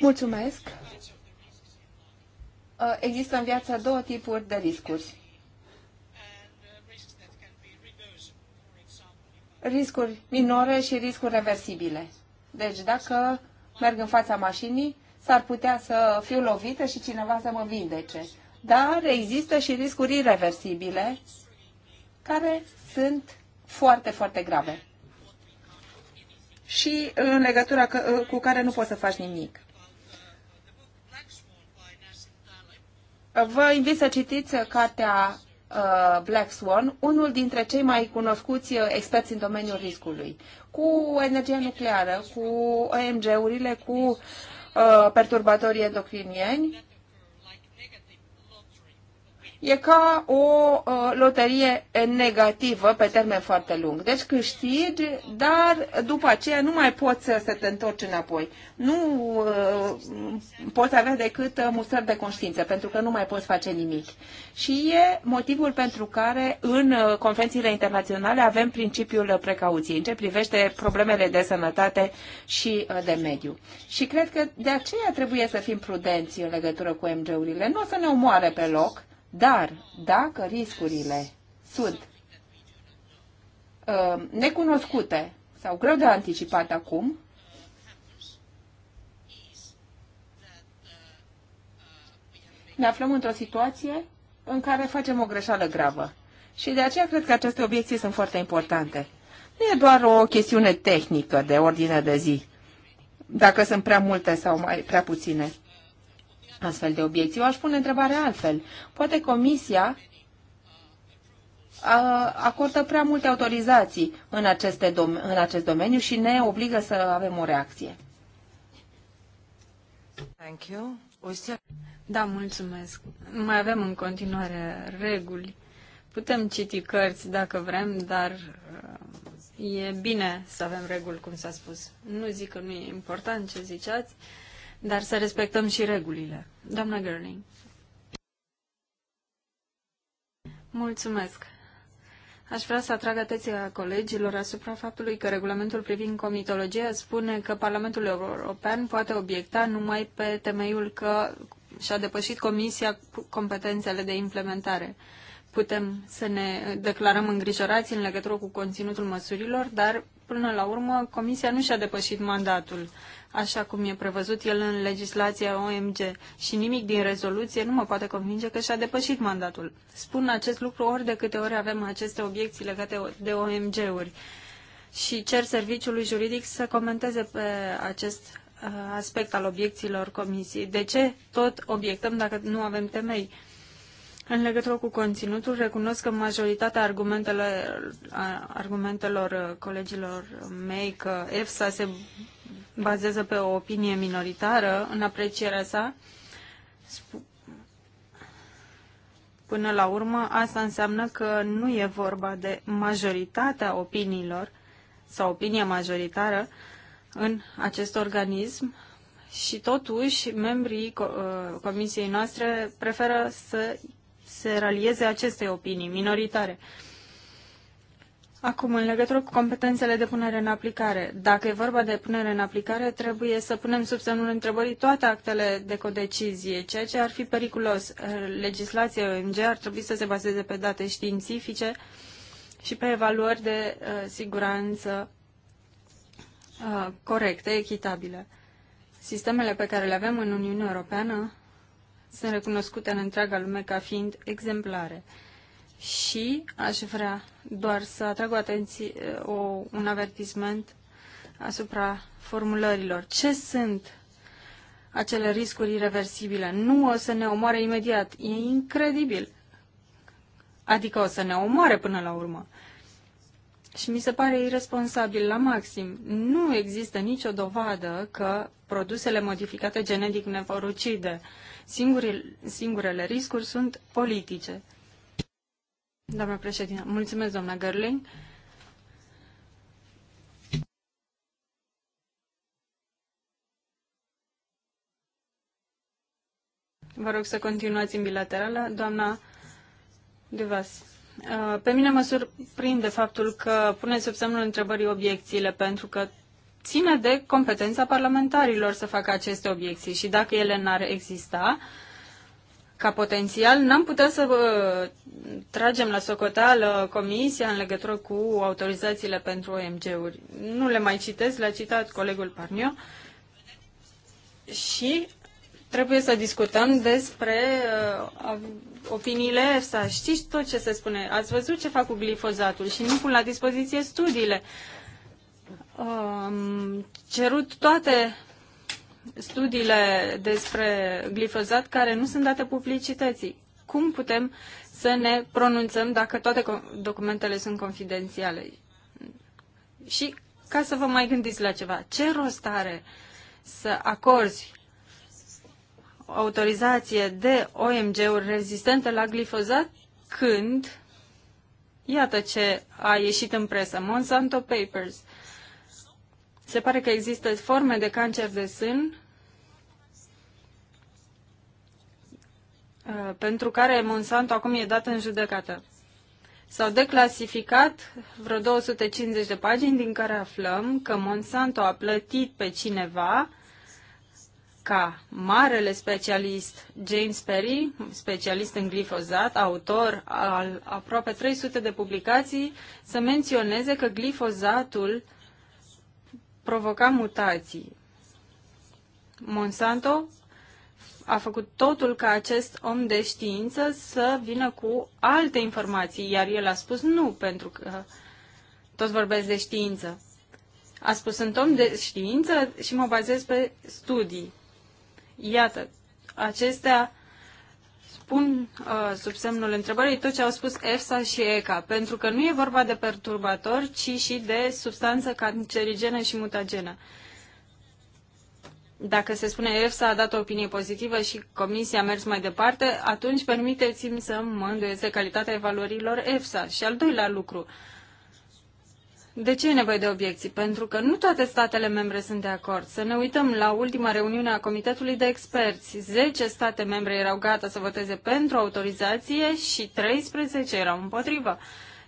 Mulțumesc. Uh, există în viață două tipuri de riscuri riscuri minore și riscuri reversibile. Deci dacă merg în fața mașinii, s-ar putea să fiu lovită și cineva să mă vindece. Dar există și riscuri irreversibile care sunt foarte, foarte grave și în legătura cu care nu poți să faci nimic. Vă invit să citiți cartea Uh, Black Swan, unul dintre cei mai cunoscuți uh, experți în domeniul riscului, cu energia nucleară, cu OMG-urile, cu uh, perturbatorii endocrinieni, e ca o uh, loterie negativă pe termen foarte lung. Deci câștigi, dar după aceea nu mai poți să, te întorci înapoi. Nu uh, poți avea decât uh, mustări de conștiință, pentru că nu mai poți face nimic. Și e motivul pentru care în uh, convențiile internaționale avem principiul precauției în ce privește problemele de sănătate și uh, de mediu. Și cred că de aceea trebuie să fim prudenți în legătură cu MG-urile. Nu o să ne omoare pe loc, dar dacă riscurile sunt uh, necunoscute sau greu de anticipat acum, ne aflăm într-o situație în care facem o greșeală gravă. Și de aceea cred că aceste obiecții sunt foarte importante. Nu e doar o chestiune tehnică de ordine de zi, dacă sunt prea multe sau mai prea puține astfel de obiecții. Eu aș pune întrebarea altfel. Poate Comisia acordă prea multe autorizații în, aceste dom- în acest domeniu și ne obligă să avem o reacție. Thank you. Da, mulțumesc. Mai avem în continuare reguli. Putem citi cărți dacă vrem, dar uh, e bine să avem reguli, cum s-a spus. Nu zic că nu e important ce ziceați, dar să respectăm și regulile. Doamna Gerling. Mulțumesc. Aș vrea să atrag atenția colegilor asupra faptului că regulamentul privind comitologia spune că Parlamentul European poate obiecta numai pe temeiul că și-a depășit Comisia competențele de implementare. Putem să ne declarăm îngrijorați în legătură cu conținutul măsurilor, dar până la urmă Comisia nu și-a depășit mandatul așa cum e prevăzut el în legislația OMG și nimic din rezoluție nu mă poate convinge că și-a depășit mandatul. Spun acest lucru ori de câte ori avem aceste obiecții legate de OMG-uri și cer serviciului juridic să comenteze pe acest uh, aspect al obiecțiilor comisiei. De ce tot obiectăm dacă nu avem temei? În legătură cu conținutul, recunosc că majoritatea argumentelor, uh, argumentelor uh, colegilor mei că EFSA se bazează pe o opinie minoritară în aprecierea sa, până la urmă asta înseamnă că nu e vorba de majoritatea opiniilor sau opinia majoritară în acest organism și totuși membrii uh, comisiei noastre preferă să se ralieze aceste opinii minoritare. Acum, în legătură cu competențele de punere în aplicare, dacă e vorba de punere în aplicare, trebuie să punem sub semnul întrebării toate actele de codecizie, ceea ce ar fi periculos. Legislația ONG ar trebui să se bazeze pe date științifice și pe evaluări de uh, siguranță uh, corecte, echitabile. Sistemele pe care le avem în Uniunea Europeană sunt recunoscute în întreaga lume ca fiind exemplare. Uh, și aș vrea doar să atrag o atenție, o, un avertisment asupra formulărilor. Ce sunt acele riscuri irreversibile? Nu o să ne omoare imediat. E incredibil. Adică o să ne omoare până la urmă. Și mi se pare irresponsabil la maxim. Nu există nicio dovadă că produsele modificate genetic ne vor ucide. Singurile, singurele riscuri sunt politice Doamna președinte, mulțumesc, doamna Gerling. Vă rog să continuați în bilaterală. Doamna Devas, uh, pe mine mă surprinde faptul că puneți sub semnul întrebării obiecțiile, pentru că ține de competența parlamentarilor să facă aceste obiecții și dacă ele n-ar exista, uh, ca potențial, n-am putea să uh, tragem la socoteală comisia în legătură cu autorizațiile pentru OMG-uri. Nu le mai citesc, le-a citat colegul Parnio. Și trebuie să discutăm despre uh, opiniile EFSA. Știți tot ce se spune. Ați văzut ce fac cu glifozatul și nu pun la dispoziție studiile. Um, cerut toate studiile despre glifozat care nu sunt date publicității. Cum putem să ne pronunțăm dacă toate documentele sunt confidențiale? Și ca să vă mai gândiți la ceva, ce rost are să acorzi autorizație de OMG-uri rezistente la glifozat când, iată ce a ieșit în presă, Monsanto Papers, se pare că există forme de cancer de sân uh, pentru care Monsanto acum e dat în judecată. S-au declasificat vreo 250 de pagini din care aflăm că Monsanto a plătit pe cineva ca marele specialist James Perry, specialist în glifozat, autor al aproape 300 de publicații, să menționeze că glifozatul uh, provoca mutații. Monsanto a făcut totul ca acest om de știință să vină cu alte informații, iar el a spus nu, pentru că toți vorbesc de știință. A spus, sunt om de știință și mă bazez pe studii. Iată, acestea pun uh, sub semnul întrebării tot ce au spus EFSA și ECA, pentru că nu e vorba de perturbator, ci și de substanță cancerigenă și mutagenă. Dacă se spune EFSA a dat o opinie pozitivă și comisia a mers mai departe, atunci permiteți-mi să mă îndoiesc de calitatea evaluărilor EFSA. Și al doilea lucru, uh, de ce e nevoie de obiecții? Pentru că nu toate statele membre sunt de acord. Să ne uităm la ultima reuniune a Comitetului de Experți. 10 state membre erau gata să voteze pentru autorizație și 13 erau împotrivă.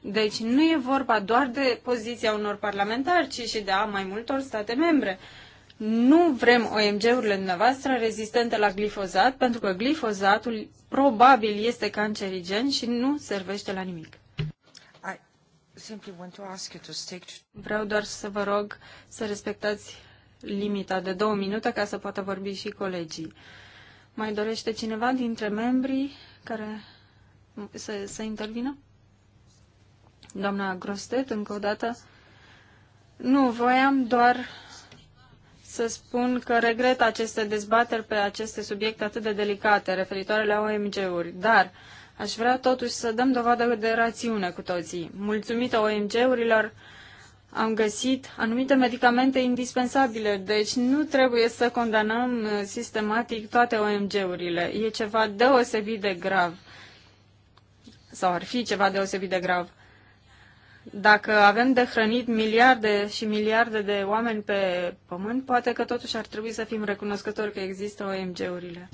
Deci nu e vorba doar de poziția unor parlamentari, ci și de a mai multor state membre. Nu vrem OMG-urile dumneavoastră rezistente la glifozat, pentru că glifozatul probabil este cancerigen și nu servește la nimic. Vreau doar să vă rog să respectați limita de două minute ca să poată vorbi și colegii. Mai dorește cineva dintre membrii care să, să intervină? Doamna Grostet, încă o dată. Nu, voiam doar să spun că regret aceste dezbateri pe aceste subiecte atât de delicate referitoare la OMG-uri, dar uh, Aș vrea totuși să dăm dovadă de rațiune cu toții. Mulțumită OMG-urilor, am găsit anumite medicamente indispensabile, deci nu trebuie să condamnăm uh, sistematic toate OMG-urile. E ceva deosebit de grav. Sau ar fi ceva deosebit de grav. Dacă avem de hrănit miliarde și miliarde de oameni pe pământ, poate că totuși ar trebui să fim recunoscători că există OMG-urile.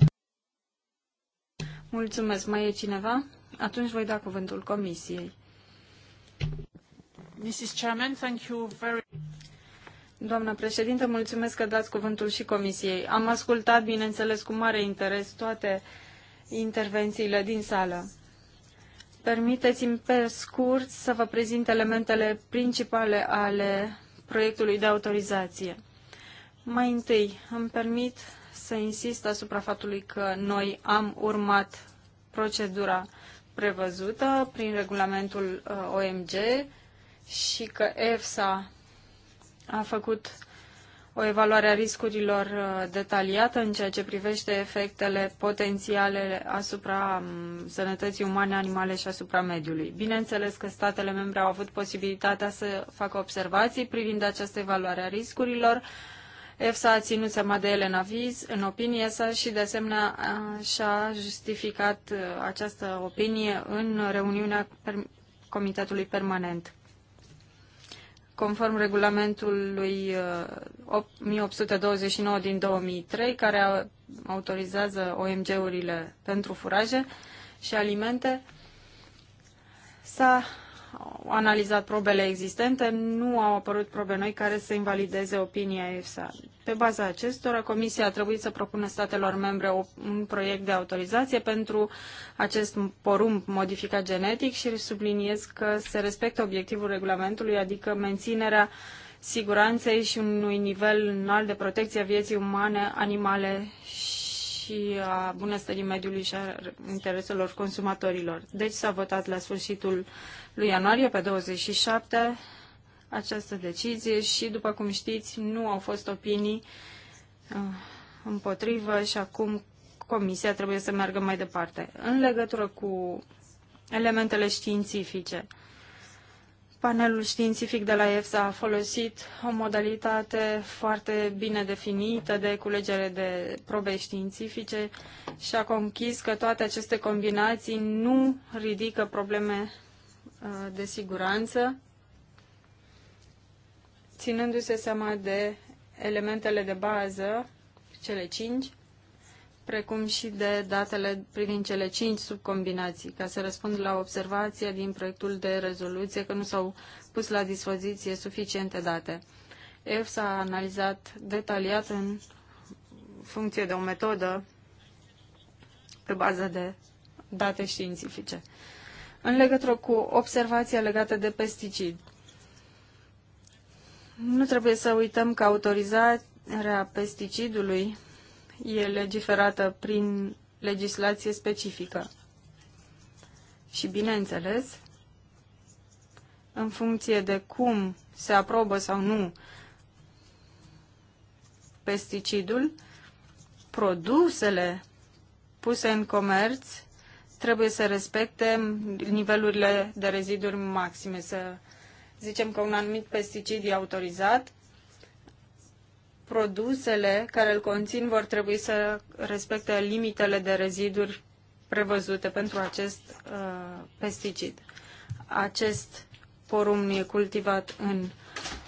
Mulțumesc. Mai e cineva? Atunci voi da cuvântul Comisiei. Mrs. Chairman, thank you very... Doamna președintă, mulțumesc că dați cuvântul și Comisiei. Am ascultat, bineînțeles, cu mare interes toate intervențiile din sală. Permiteți-mi pe scurt să vă prezint elementele principale ale proiectului de autorizație. Mai întâi, îmi permit să insist asupra faptului că noi am urmat procedura prevăzută prin regulamentul uh, OMG și că EFSA a făcut o evaluare a riscurilor uh, detaliată în ceea ce privește efectele potențiale asupra um, sănătății umane, animale și asupra mediului. Bineînțeles că statele membre au avut posibilitatea să facă observații privind această evaluare a riscurilor, EFSA a ținut seama de ele în aviz, în opinie sa și de asemenea și-a justificat uh, această opinie în reuniunea Comitetului Permanent. Conform regulamentului 1829 uh, din 2003, care autorizează OMG-urile pentru furaje și alimente, s-a analizat probele existente, nu au apărut probe noi care să invalideze opinia EFSA. Pe baza acestora, Comisia a trebuit să propună statelor membre un proiect de autorizație pentru acest porumb modificat genetic și subliniez că se respectă obiectivul regulamentului, adică menținerea siguranței și unui nivel înalt de protecție a vieții umane, animale și și a bunăstării mediului și a intereselor consumatorilor. Deci s-a votat la sfârșitul lui ianuarie, pe 27, această decizie și, după cum știți, nu au fost opinii uh, împotrivă și acum Comisia trebuie să meargă mai departe. În legătură cu elementele științifice, Panelul științific de la EFSA a folosit o modalitate foarte bine definită de culegere de probe științifice și a conchis că toate aceste combinații nu ridică probleme uh, de siguranță, ținându-se seama de elementele de bază, cele cinci, precum și de datele privind cele cinci subcombinații, ca să răspund la observația din proiectul de rezoluție că nu s-au pus la dispoziție suficiente date. EFSA a analizat detaliat în funcție de o metodă pe bază de date științifice. În legătură cu observația legată de pesticid, nu trebuie să uităm că autorizarea pesticidului e legiferată prin legislație specifică. Și, bineînțeles, în funcție de cum se aprobă sau nu pesticidul, produsele puse în comerț trebuie să respecte nivelurile de reziduri maxime. Să zicem că un anumit pesticid e autorizat, produsele care îl conțin vor trebui să respecte limitele de reziduri prevăzute pentru acest uh, pesticid. Acest porum nu e cultivat în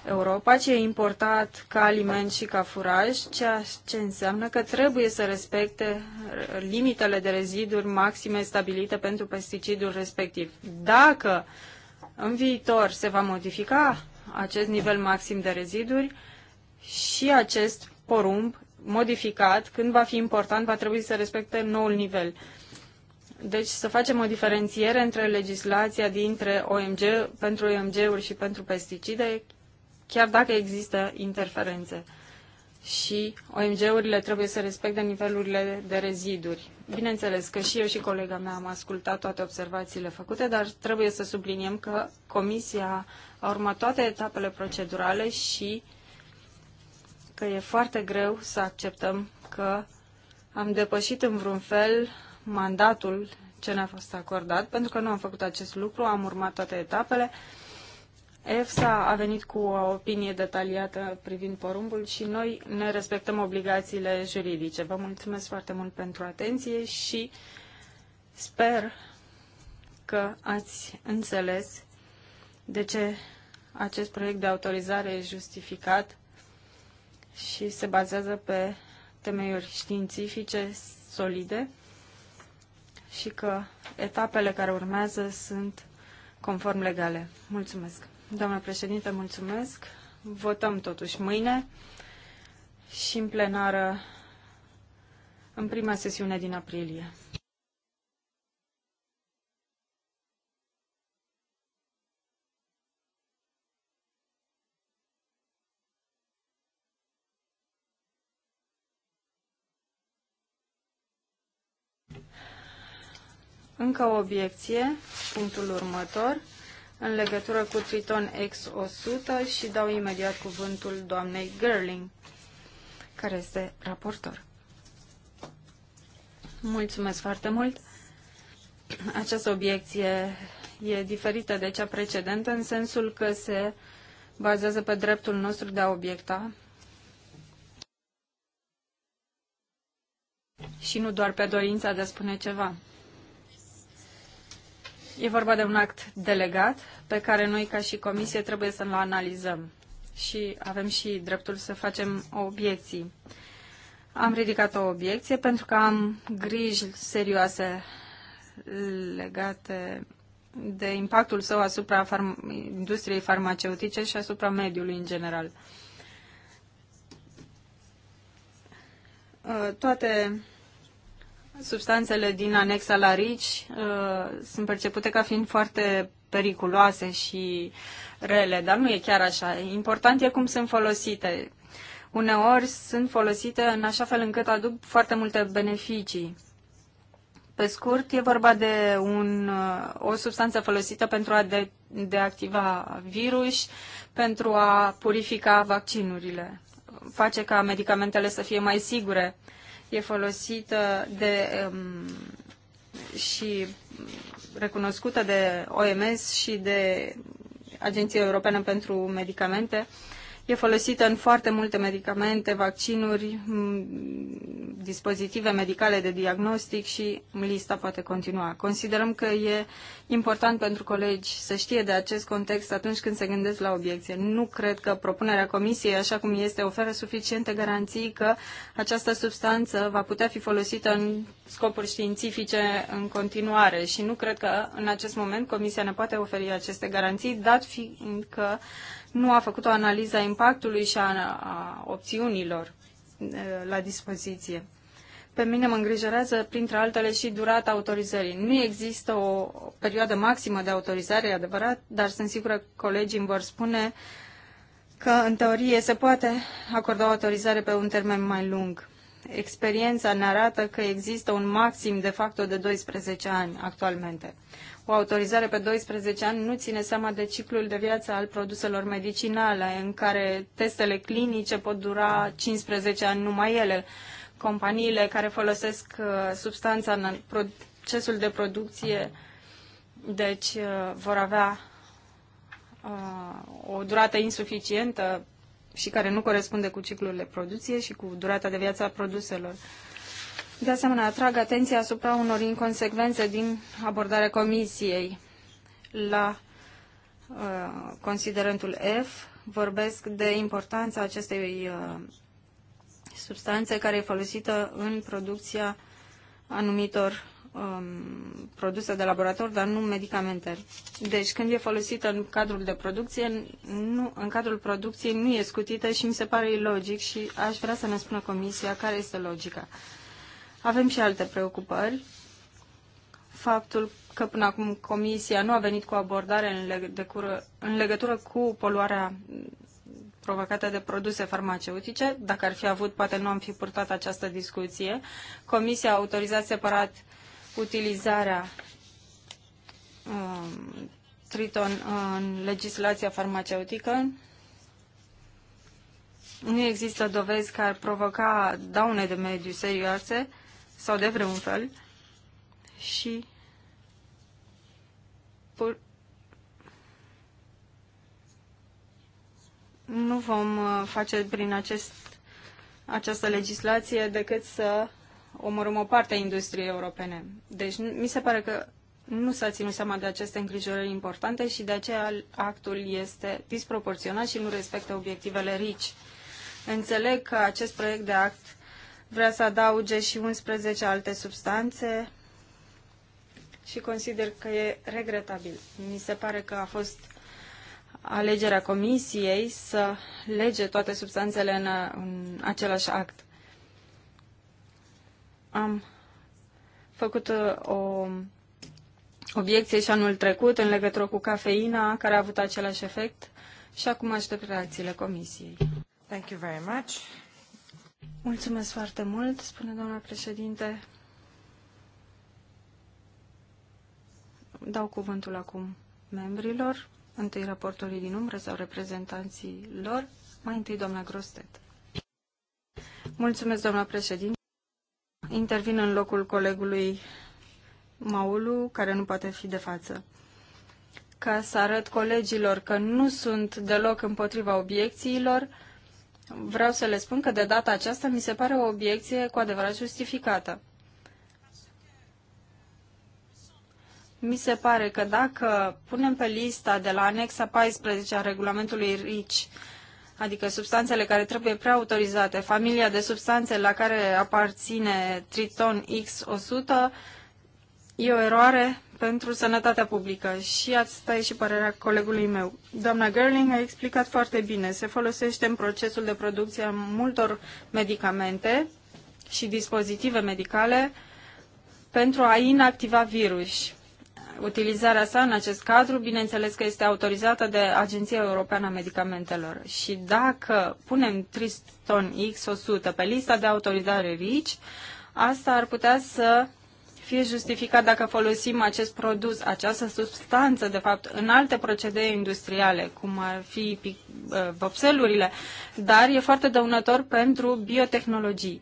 Europa, ci e importat ca aliment și ca furaj, ceea ce înseamnă că trebuie să respecte uh, limitele de reziduri maxime stabilite pentru pesticidul respectiv. Dacă în viitor se va modifica acest nivel maxim de reziduri, și acest porumb modificat, când va fi important, va trebui să respecte noul nivel. Deci să facem o diferențiere între legislația dintre OMG, pentru OMG-uri și pentru pesticide, chiar dacă există interferențe. Și OMG-urile trebuie să respecte nivelurile de reziduri. Bineînțeles că și eu și colega mea am ascultat toate observațiile făcute, dar trebuie să subliniem că Comisia a urmat toate etapele procedurale și uh, că e foarte greu să acceptăm că am depășit în vreun fel mandatul ce ne-a fost acordat, pentru că nu am făcut acest lucru, am urmat toate etapele. EFSA a venit cu o opinie detaliată privind porumbul și noi ne respectăm obligațiile juridice. Vă mulțumesc foarte mult pentru atenție și sper că ați înțeles de ce acest proiect de autorizare e justificat și se bazează pe temeiuri științifice solide și că etapele care urmează sunt conform legale. Mulțumesc. Doamna președinte, mulțumesc. Votăm totuși mâine și în plenară în prima sesiune din aprilie. Încă o obiecție, punctul următor, în legătură cu Triton X100 și dau imediat cuvântul doamnei Gerling, care este raportor. Mulțumesc foarte mult! Această obiecție e diferită de cea precedentă în sensul că se bazează pe dreptul nostru de a obiecta și nu doar pe dorința de a spune ceva. E vorba de un act delegat pe care noi, ca și comisie, trebuie să-l analizăm și avem și dreptul să facem obiecții. Am ridicat o obiecție pentru că am griji serioase legate de impactul său asupra farm- industriei farmaceutice și asupra mediului în general. Toate substanțele din anexa la RICI uh, sunt percepute ca fiind foarte periculoase și rele, dar nu e chiar așa. Important e cum sunt folosite. Uneori sunt folosite în așa fel încât aduc foarte multe beneficii. Pe scurt, e vorba de un, uh, o substanță folosită pentru a de, deactiva virus, pentru a purifica vaccinurile. Face ca medicamentele să fie mai sigure. Uh, e folosită de um, și recunoscută de OMS și de Agenția Europeană pentru Medicamente. Uh, E folosită în foarte multe medicamente, vaccinuri, dispozitive medicale de diagnostic și lista poate continua. Considerăm că e important pentru colegi să știe de acest context atunci când se gândesc la obiecție. Nu cred că propunerea comisiei, așa cum este, oferă suficiente garanții că această substanță va putea fi folosită în scopuri științifice în continuare și nu cred că în acest moment comisia ne poate oferi aceste garanții, dat fiind că nu a făcut o analiză a impactului și a, a opțiunilor la dispoziție. Pe mine mă îngrijorează, printre altele, și durata autorizării. Nu există o perioadă maximă de autorizare, e adevărat, dar sunt sigură că colegii îmi vor spune că, în teorie, se poate acorda o autorizare pe un termen mai lung. Experiența ne arată că există un maxim de facto de 12 ani actualmente. O autorizare pe 12 ani nu ține seama de ciclul de viață al produselor medicinale, în care testele clinice pot dura 15 ani numai ele. Companiile care folosesc uh, substanța în procesul de producție, deci uh, vor avea uh, o durată insuficientă și care nu corespunde cu ciclul de producție și cu durata de viață a produselor. De asemenea, atrag atenția asupra unor inconsecvențe din abordarea comisiei. La uh, considerentul F vorbesc de importanța acestei uh, substanțe care e folosită în producția anumitor um, produse de laborator, dar nu medicamente. Deci când e folosită în cadrul de producție, nu, în cadrul producției nu e scutită și mi se pare ilogic și aș vrea să ne spună comisia care este logica. Avem și alte preocupări. Faptul că până acum comisia nu a venit cu abordare în, leg- de cură, în legătură cu poluarea provocate de produse farmaceutice. Dacă ar fi avut, poate nu am fi purtat această discuție. Comisia a autorizat separat utilizarea um, Triton în legislația farmaceutică. Nu există dovezi care ar provoca daune de mediu serioase sau de vreun fel și nu vom uh, face prin acest, această legislație decât să omorâm o parte a industriei europene. Deci mi se pare că nu s-a ținut seama de aceste îngrijorări importante și de aceea actul este disproporționat și nu respectă obiectivele RICI. Înțeleg că acest proiect de act vrea să adauge și 11 alte substanțe și consider că e regretabil. Mi se pare că a fost alegerea comisiei să lege toate substanțele în, în același act. Am făcut uh, o obiecție și anul trecut în legătură cu cafeina, care a avut același efect și acum aștept reacțiile comisiei. Thank you very much. Mulțumesc foarte mult, spune doamna președinte. Dau cuvântul acum membrilor, întâi raportorii din umbră sau reprezentanții lor, mai întâi doamna Grostet. Mulțumesc, doamna președinte intervin în locul colegului Maulu, care nu poate fi de față. Ca să arăt colegilor că nu sunt deloc împotriva obiecțiilor, vreau să le spun că de data aceasta mi se pare o obiecție cu adevărat justificată. Mi se pare că dacă punem pe lista de la anexa 14 a regulamentului RICI adică substanțele care trebuie preautorizate, familia de substanțe la care aparține Triton X100, e o eroare pentru sănătatea publică și asta e și părerea colegului meu. Doamna Gerling a explicat foarte bine. Se folosește în procesul de producție a multor medicamente și dispozitive medicale pentru a inactiva virus utilizarea sa în acest cadru, bineînțeles că este autorizată de Agenția Europeană a Medicamentelor. Și dacă punem Triston X100 pe lista de autorizare RICI, asta ar putea să fie justificat dacă folosim acest produs, această substanță, de fapt, în alte procedee industriale, cum ar fi uh, vopselurile, dar e foarte dăunător pentru biotehnologii.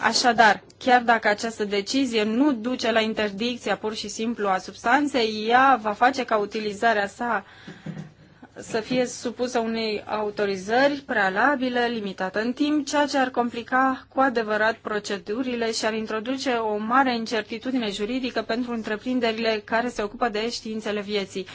Așadar, chiar dacă această decizie nu duce la interdicția pur și simplu a substanței, ea va face ca utilizarea sa să fie supusă unei autorizări prealabile, limitată în timp, ceea ce ar complica cu adevărat procedurile și ar introduce o mare incertitudine juridică pentru întreprinderile care se ocupă de științele vieții.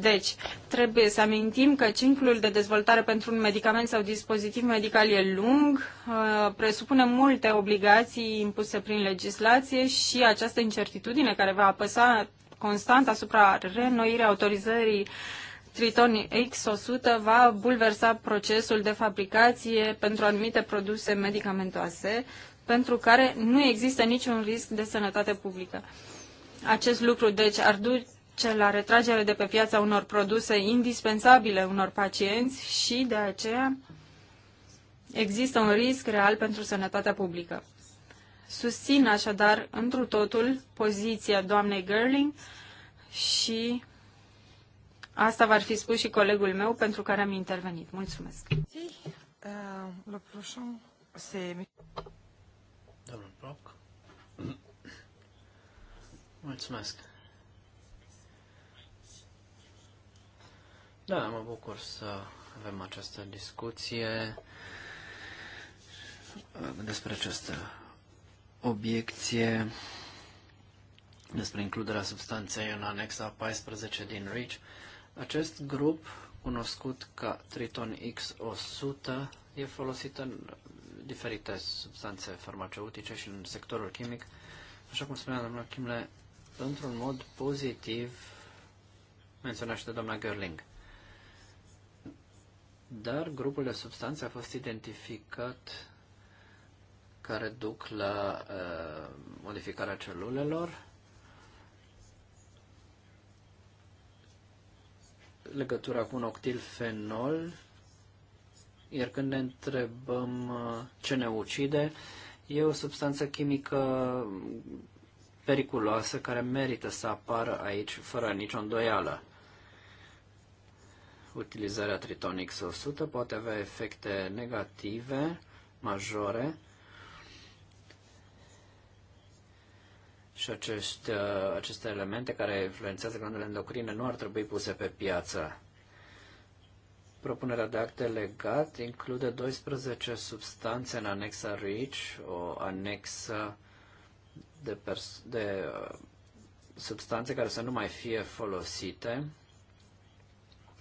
Deci, trebuie să amintim că ciclul de dezvoltare pentru un medicament sau dispozitiv medical e lung, uh, presupune multe obligații impuse prin legislație și această incertitudine care va apăsa constant asupra renoirii autorizării Triton X100 va bulversa procesul de fabricație pentru anumite produse medicamentoase, pentru care nu există niciun risc de sănătate publică. Acest lucru, deci, ar duce duce la retragere de pe piața unor produse indispensabile unor pacienți și de aceea există un risc real pentru sănătatea publică. Susțin așadar întru totul poziția doamnei Gerling și asta v-ar fi spus și colegul meu pentru care am intervenit. Mulțumesc. Eh, Domnul Mulțumesc. Da, mă bucur să avem această discuție uh, despre această obiecție, despre includerea substanței în anexa 14 din RICH. Acest grup, cunoscut ca Triton X100, e folosit în diferite substanțe farmaceutice și în sectorul chimic, așa cum spunea domnul Chimle, într-un mod pozitiv menționat și de doamna Gerling dar grupul de substanțe a fost identificat care duc la uh, modificarea celulelor. Legătura cu un octilfenol, iar când ne întrebăm uh, ce ne ucide, e o substanță chimică periculoasă care merită să apară aici fără nicio îndoială utilizarea Triton X100 poate avea efecte negative, majore, și acești, uh, aceste elemente care influențează glandele endocrine nu ar trebui puse pe piață. Propunerea de acte legat include 12 substanțe în anexa RICH, o anexă de, de uh, substanțe care să nu mai fie folosite,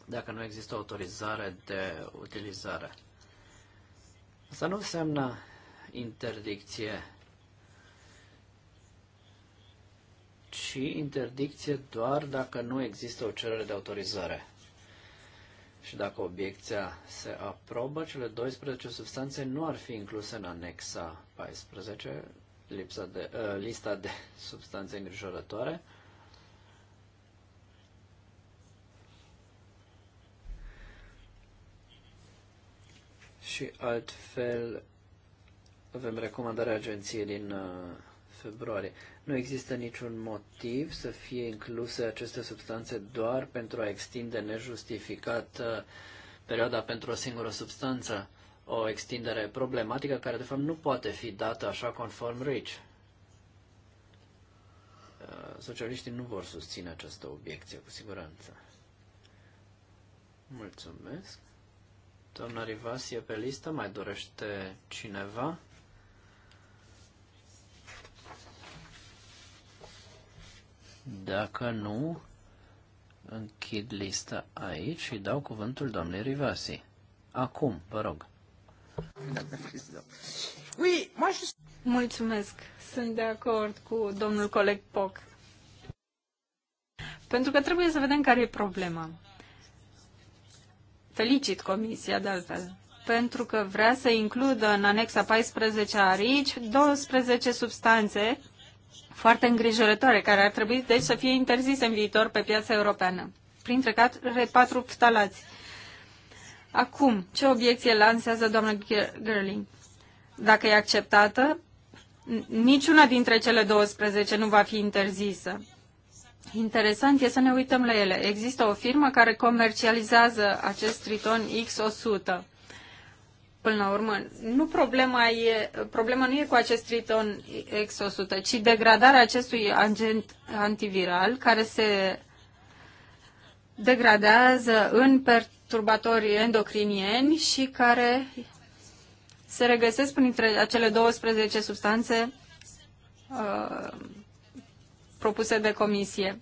dacă nu există autorizare de utilizare. Asta nu înseamnă interdicție, ci interdicție doar dacă nu există o cerere de autorizare. Și dacă obiecția se aprobă, cele 12 substanțe nu ar fi incluse în anexa 14, lipsa de, uh, lista de *laughs* substanțe îngrijorătoare, și altfel avem recomandarea agenției din uh, februarie. Nu există niciun motiv să fie incluse aceste substanțe doar pentru a extinde nejustificat uh, perioada pentru o singură substanță, o extindere problematică care de fapt nu poate fi dată așa conform RICH. Uh, socialiștii nu vor susține această obiecție, cu siguranță. Mulțumesc. Doamna Rivas e pe listă, mai dorește cineva? Dacă nu, închid lista aici și dau cuvântul doamnei Rivasi. Acum, vă rog. Mulțumesc. Sunt de acord cu domnul coleg Poc. Pentru că trebuie să vedem care e problema. Felicit Comisia de altfel pentru că vrea să includă în anexa 14 a 12 substanțe foarte îngrijorătoare, care ar trebui deci să fie interzise în viitor pe piața europeană, printre care patru phtalați. Acum, ce obiecție lansează doamna Gerling? Dacă e acceptată, niciuna dintre cele 12 nu va fi interzisă interesant e să ne uităm la ele. Există o firmă care comercializează acest Triton X100. Până la urmă, nu problema, e, problema nu e cu acest Triton X100, ci degradarea acestui agent antiviral care se degradează în perturbatori endocrinieni și care se regăsesc printre acele 12 substanțe uh, propuse de comisie.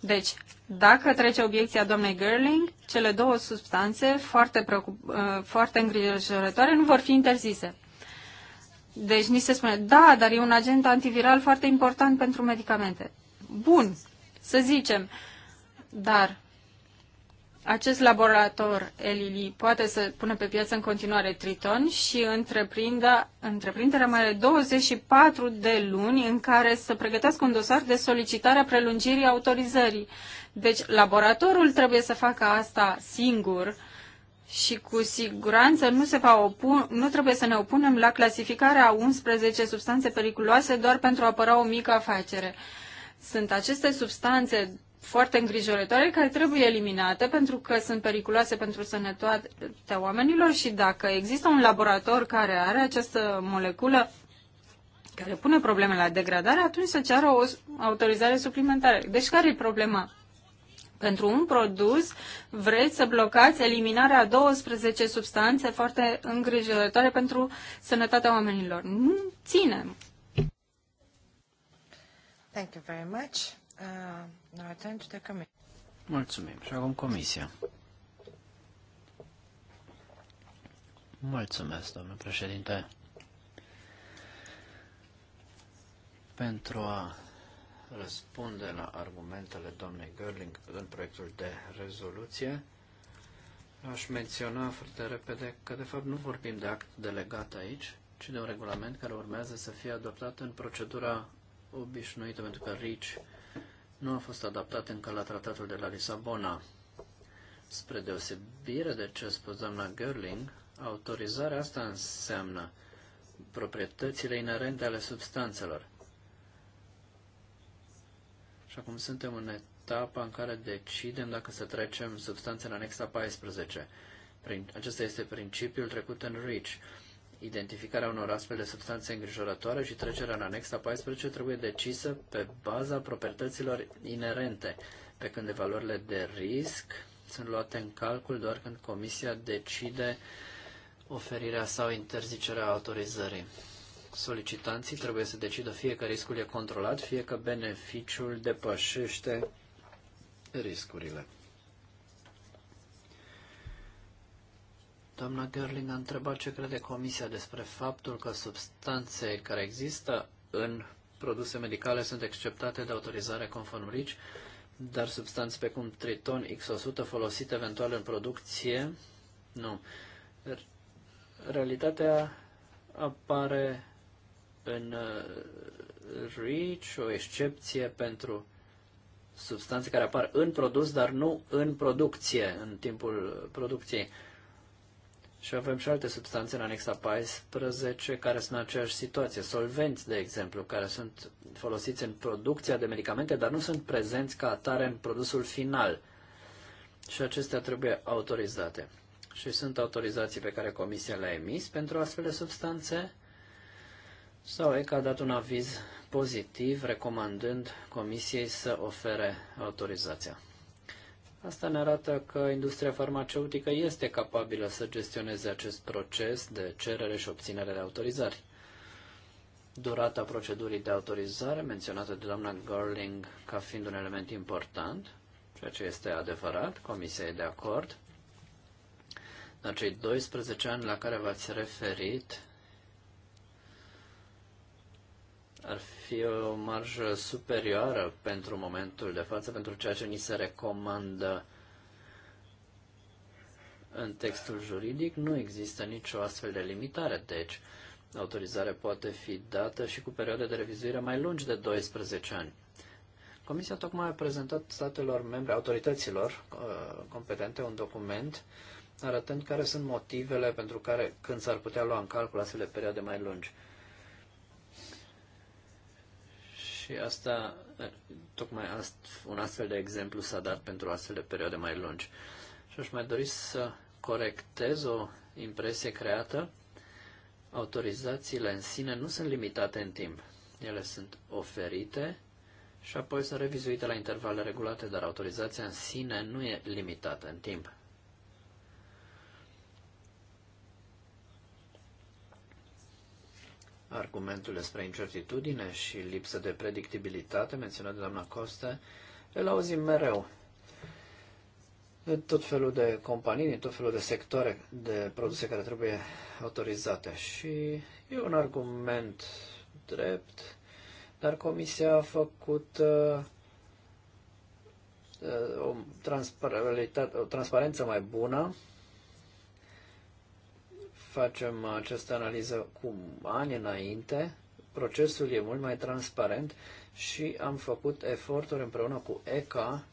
Deci, dacă trece obiecția doamnei Gerling, cele două substanțe foarte, uh, foarte îngrijorătoare nu vor fi interzise. Deci ni se spune, da, dar e un agent antiviral foarte important pentru medicamente. Bun, să zicem, dar acest laborator Elili poate să pună pe piață în continuare Triton și întreprinderea mai are 24 de luni în care să pregătească un dosar de solicitare a prelungirii autorizării. Deci laboratorul trebuie să facă asta singur și cu siguranță nu, se va opun, nu trebuie să ne opunem la clasificarea 11 substanțe periculoase doar pentru a apăra o mică afacere. Sunt aceste substanțe foarte îngrijorătoare care trebuie eliminate pentru că sunt periculoase pentru sănătatea oamenilor și dacă există un laborator care are această moleculă care pune probleme la degradare, atunci să ceară o autorizare suplimentară. Deci care e problema? Pentru un produs vreți să blocați eliminarea 12 substanțe foarte îngrijorătoare pentru sănătatea oamenilor. Nu ținem. Thank you very much. Uh, Mulțumim. Și acum comisia. Mulțumesc, domnule președinte, pentru a răspunde la argumentele domnului Görling în proiectul de rezoluție. Aș menționa foarte repede că, de fapt, nu vorbim de act delegat aici, ci de un regulament care urmează să fie adoptat în procedura obișnuită, pentru că RICI nu a fost adaptat încă la tratatul de la Lisabona. Spre deosebire de ce a spus doamna Gerling, autorizarea asta înseamnă proprietățile inerente ale substanțelor. Și acum suntem în etapa în care decidem dacă să trecem substanțele în anexa 14. Prin, acesta este principiul trecut în RICH identificarea unor astfel de substanțe îngrijorătoare și trecerea în anexa 14 trebuie decisă pe baza proprietăților inerente, pe când evaluările de risc sunt luate în calcul doar când comisia decide oferirea sau interzicerea autorizării. Solicitanții trebuie să decidă fie că riscul e controlat, fie că beneficiul depășește riscurile. Doamna Gerling a întrebat ce crede Comisia despre faptul că substanțe care există în produse medicale sunt acceptate de autorizare conform RICI, dar substanțe pe cum Triton X100 folosite eventual în producție, nu. Realitatea apare în uh, RICI o excepție pentru substanțe care apar în produs, dar nu în producție, în timpul producției. Și avem și alte substanțe în anexa 14 care sunt în aceeași situație. Solvenți, de exemplu, care sunt folosiți în producția de medicamente, dar nu sunt prezenți ca atare în produsul final. Și acestea trebuie autorizate. Și sunt autorizații pe care Comisia le-a emis pentru astfel de substanțe sau e că a dat un aviz pozitiv recomandând Comisiei să ofere autorizația. Asta ne arată că industria farmaceutică este capabilă să gestioneze acest proces de cerere și obținere de autorizări. Durata procedurii de autorizare, menționată de doamna Garling ca fiind un element important, ceea ce este adevărat, Comisia e de acord, dar cei 12 ani la care v-ați referit ar fi o marjă superioară pentru momentul de față, pentru ceea ce ni se recomandă în textul juridic. Nu există nicio astfel de limitare, deci autorizarea poate fi dată și cu perioade de revizuire mai lungi de 12 ani. Comisia tocmai a prezentat statelor membre, autorităților uh, competente, un document arătând care sunt motivele pentru care când s-ar putea lua în calcul astfel de perioade mai lungi. Și asta, tocmai ast, un astfel de exemplu s-a dat pentru astfel de perioade mai lungi. Și aș mai dori să corectez o impresie creată. Autorizațiile în sine nu sunt limitate în timp. Ele sunt oferite și apoi sunt revizuite la intervale regulate, dar autorizația în sine nu e limitată în timp. argumentul despre incertitudine și lipsă de predictibilitate menționat de doamna Coste, îl auzim mereu. În tot felul de companii, în tot felul de sectoare de produse care trebuie autorizate. Și e un argument drept, dar Comisia a făcut uh, uh o, o transparență mai bună facem această analiză cu ani înainte, procesul e mult mai transparent și am făcut eforturi împreună cu ECA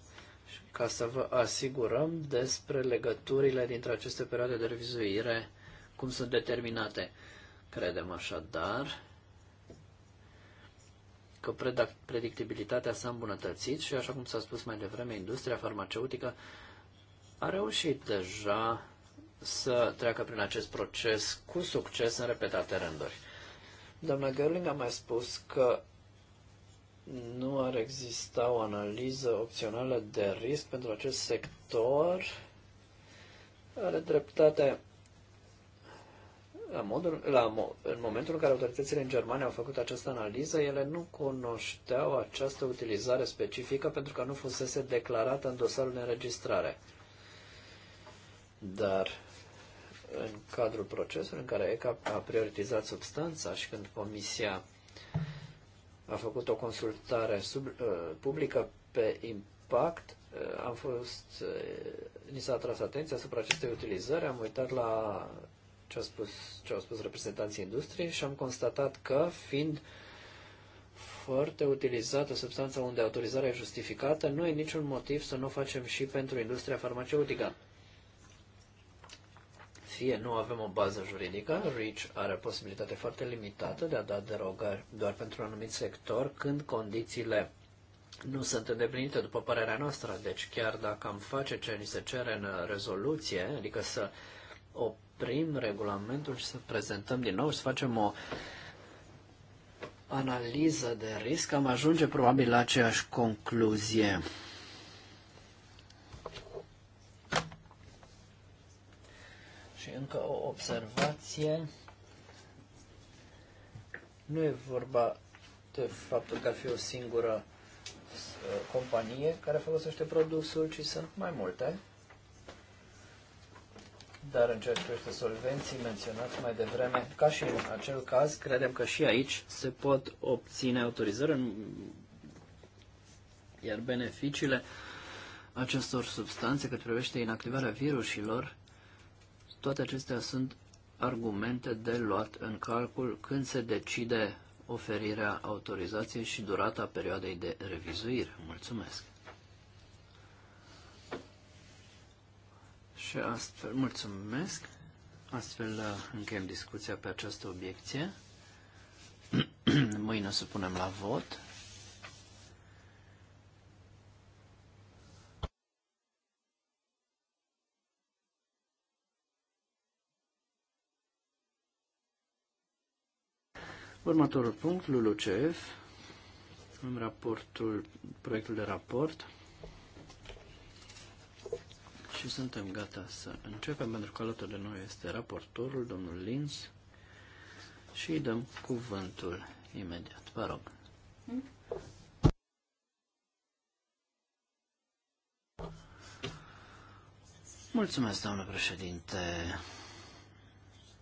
ca să vă asigurăm despre legăturile dintre aceste perioade de revizuire, cum sunt determinate. Credem așadar că predictibilitatea s-a îmbunătățit și, așa cum s-a spus mai devreme, industria farmaceutică a reușit deja să treacă prin acest proces cu succes în repetate rânduri. Doamna Gerling a mai spus că nu ar exista o analiză opțională de risc pentru acest sector. Are dreptate la modul, la, în momentul în care autoritățile în Germania au făcut această analiză, ele nu cunoșteau această utilizare specifică pentru că nu fusese declarată în dosarul de înregistrare. Dar în cadrul procesului în care ECA a prioritizat substanța și când Comisia a făcut o consultare sub, uh, publică pe impact, uh, am fost, uh, ni s-a atras atenția asupra acestei utilizări, am uitat la ce au spus, ce au spus reprezentanții industriei și am constatat că, fiind foarte utilizată substanța unde autorizarea e justificată, nu e niciun motiv să nu o facem și pentru industria farmaceutică fie nu avem o bază juridică, REACH are posibilitate foarte limitată de a da derogări doar pentru un anumit sector când condițiile nu sunt îndeplinite, după părerea noastră. Deci chiar dacă am face ce ni se cere în rezoluție, adică să oprim regulamentul și să prezentăm din nou și să facem o analiză de risc, am ajunge probabil la aceeași concluzie. încă o observație. Nu e vorba de faptul că ar fi o singură uh, companie care folosește produsul, ci sunt mai multe. Dar în ceea ce privește solvenții menționați mai devreme, ca și în acel caz, credem că și aici se pot obține autorizări, iar beneficiile acestor substanțe cât privește inactivarea virusilor toate acestea sunt argumente de luat în calcul când se decide oferirea autorizației și durata perioadei de revizuire. Mulțumesc! Și astfel, mulțumesc! Astfel uh, încheiem discuția pe această obiecție. *clears throat* Mâine o să punem la vot. Următorul punct, LULUCF, în raportul, proiectul de raport. Și suntem gata să începem, pentru că alături de noi este raportorul, domnul Linz, și îi dăm cuvântul imediat. Vă rog. Mulțumesc, doamnă președinte.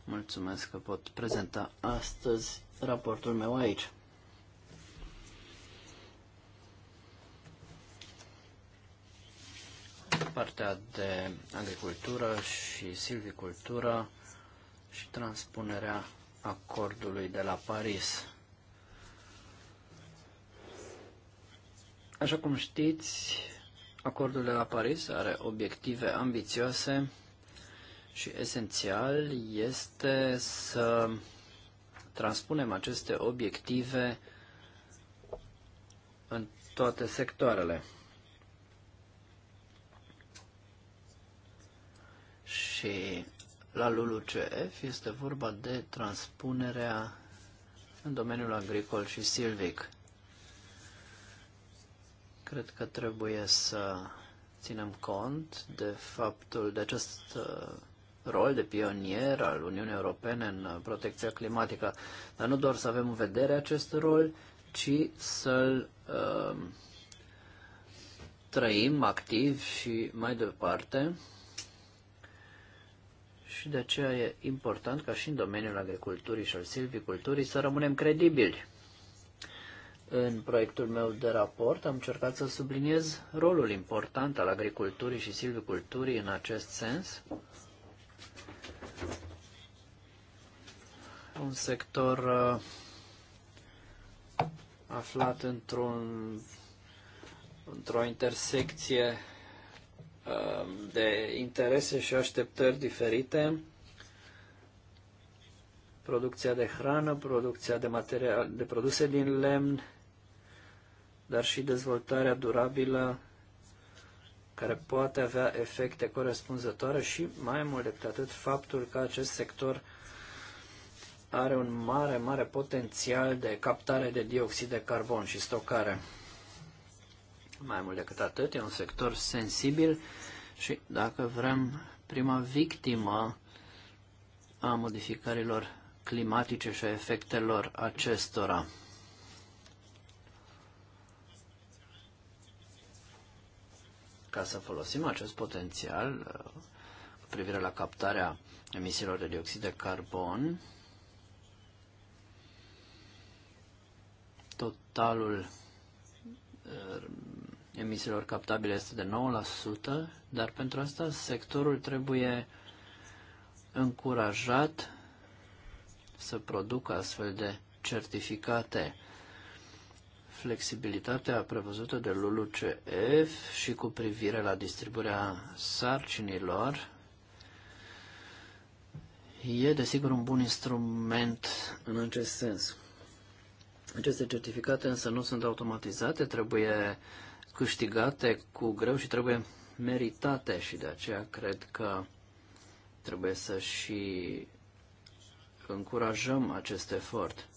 Mulțumesc că pot prezenta astăzi raportul meu aici. Partea de agricultură și silvicultură și transpunerea acordului de la Paris. Așa cum știți, acordul de la Paris are obiective ambițioase și esențial este să transpunem aceste obiective în toate sectoarele. Și la LULUCF este vorba de transpunerea în domeniul agricol și silvic. Cred că trebuie să ținem cont de faptul, de această rol de pionier al Uniunii Europene în protecția climatică, dar nu doar să avem în vedere acest rol, ci să-l uh, trăim activ și mai departe. Și de aceea e important ca și în domeniul agriculturii și al silviculturii să rămânem credibili. În proiectul meu de raport am încercat să subliniez rolul important al agriculturii și silviculturii în acest sens un sector uh, aflat într-un, într-o intersecție uh, de interese și așteptări diferite, producția de hrană, producția de, material, de produse din lemn, dar și dezvoltarea durabilă care poate avea efecte corespunzătoare și mai mult decât atât faptul că acest sector are un mare, mare potențial de captare de dioxid de carbon și stocare. Mai mult decât atât, e un sector sensibil și, dacă vrem, prima victimă a modificărilor climatice și a efectelor acestora. Ca să folosim acest potențial uh, cu privire la captarea emisiilor de dioxid de carbon, totalul uh, emisiilor captabile este de 9%, dar pentru asta sectorul trebuie încurajat să producă astfel de certificate. Flexibilitatea prevăzută de LULUCF și cu privire la distribuirea sarcinilor e desigur un bun instrument în acest sens. Aceste certificate însă nu sunt automatizate, trebuie câștigate cu greu și trebuie meritate și de aceea cred că trebuie să și încurajăm acest efort.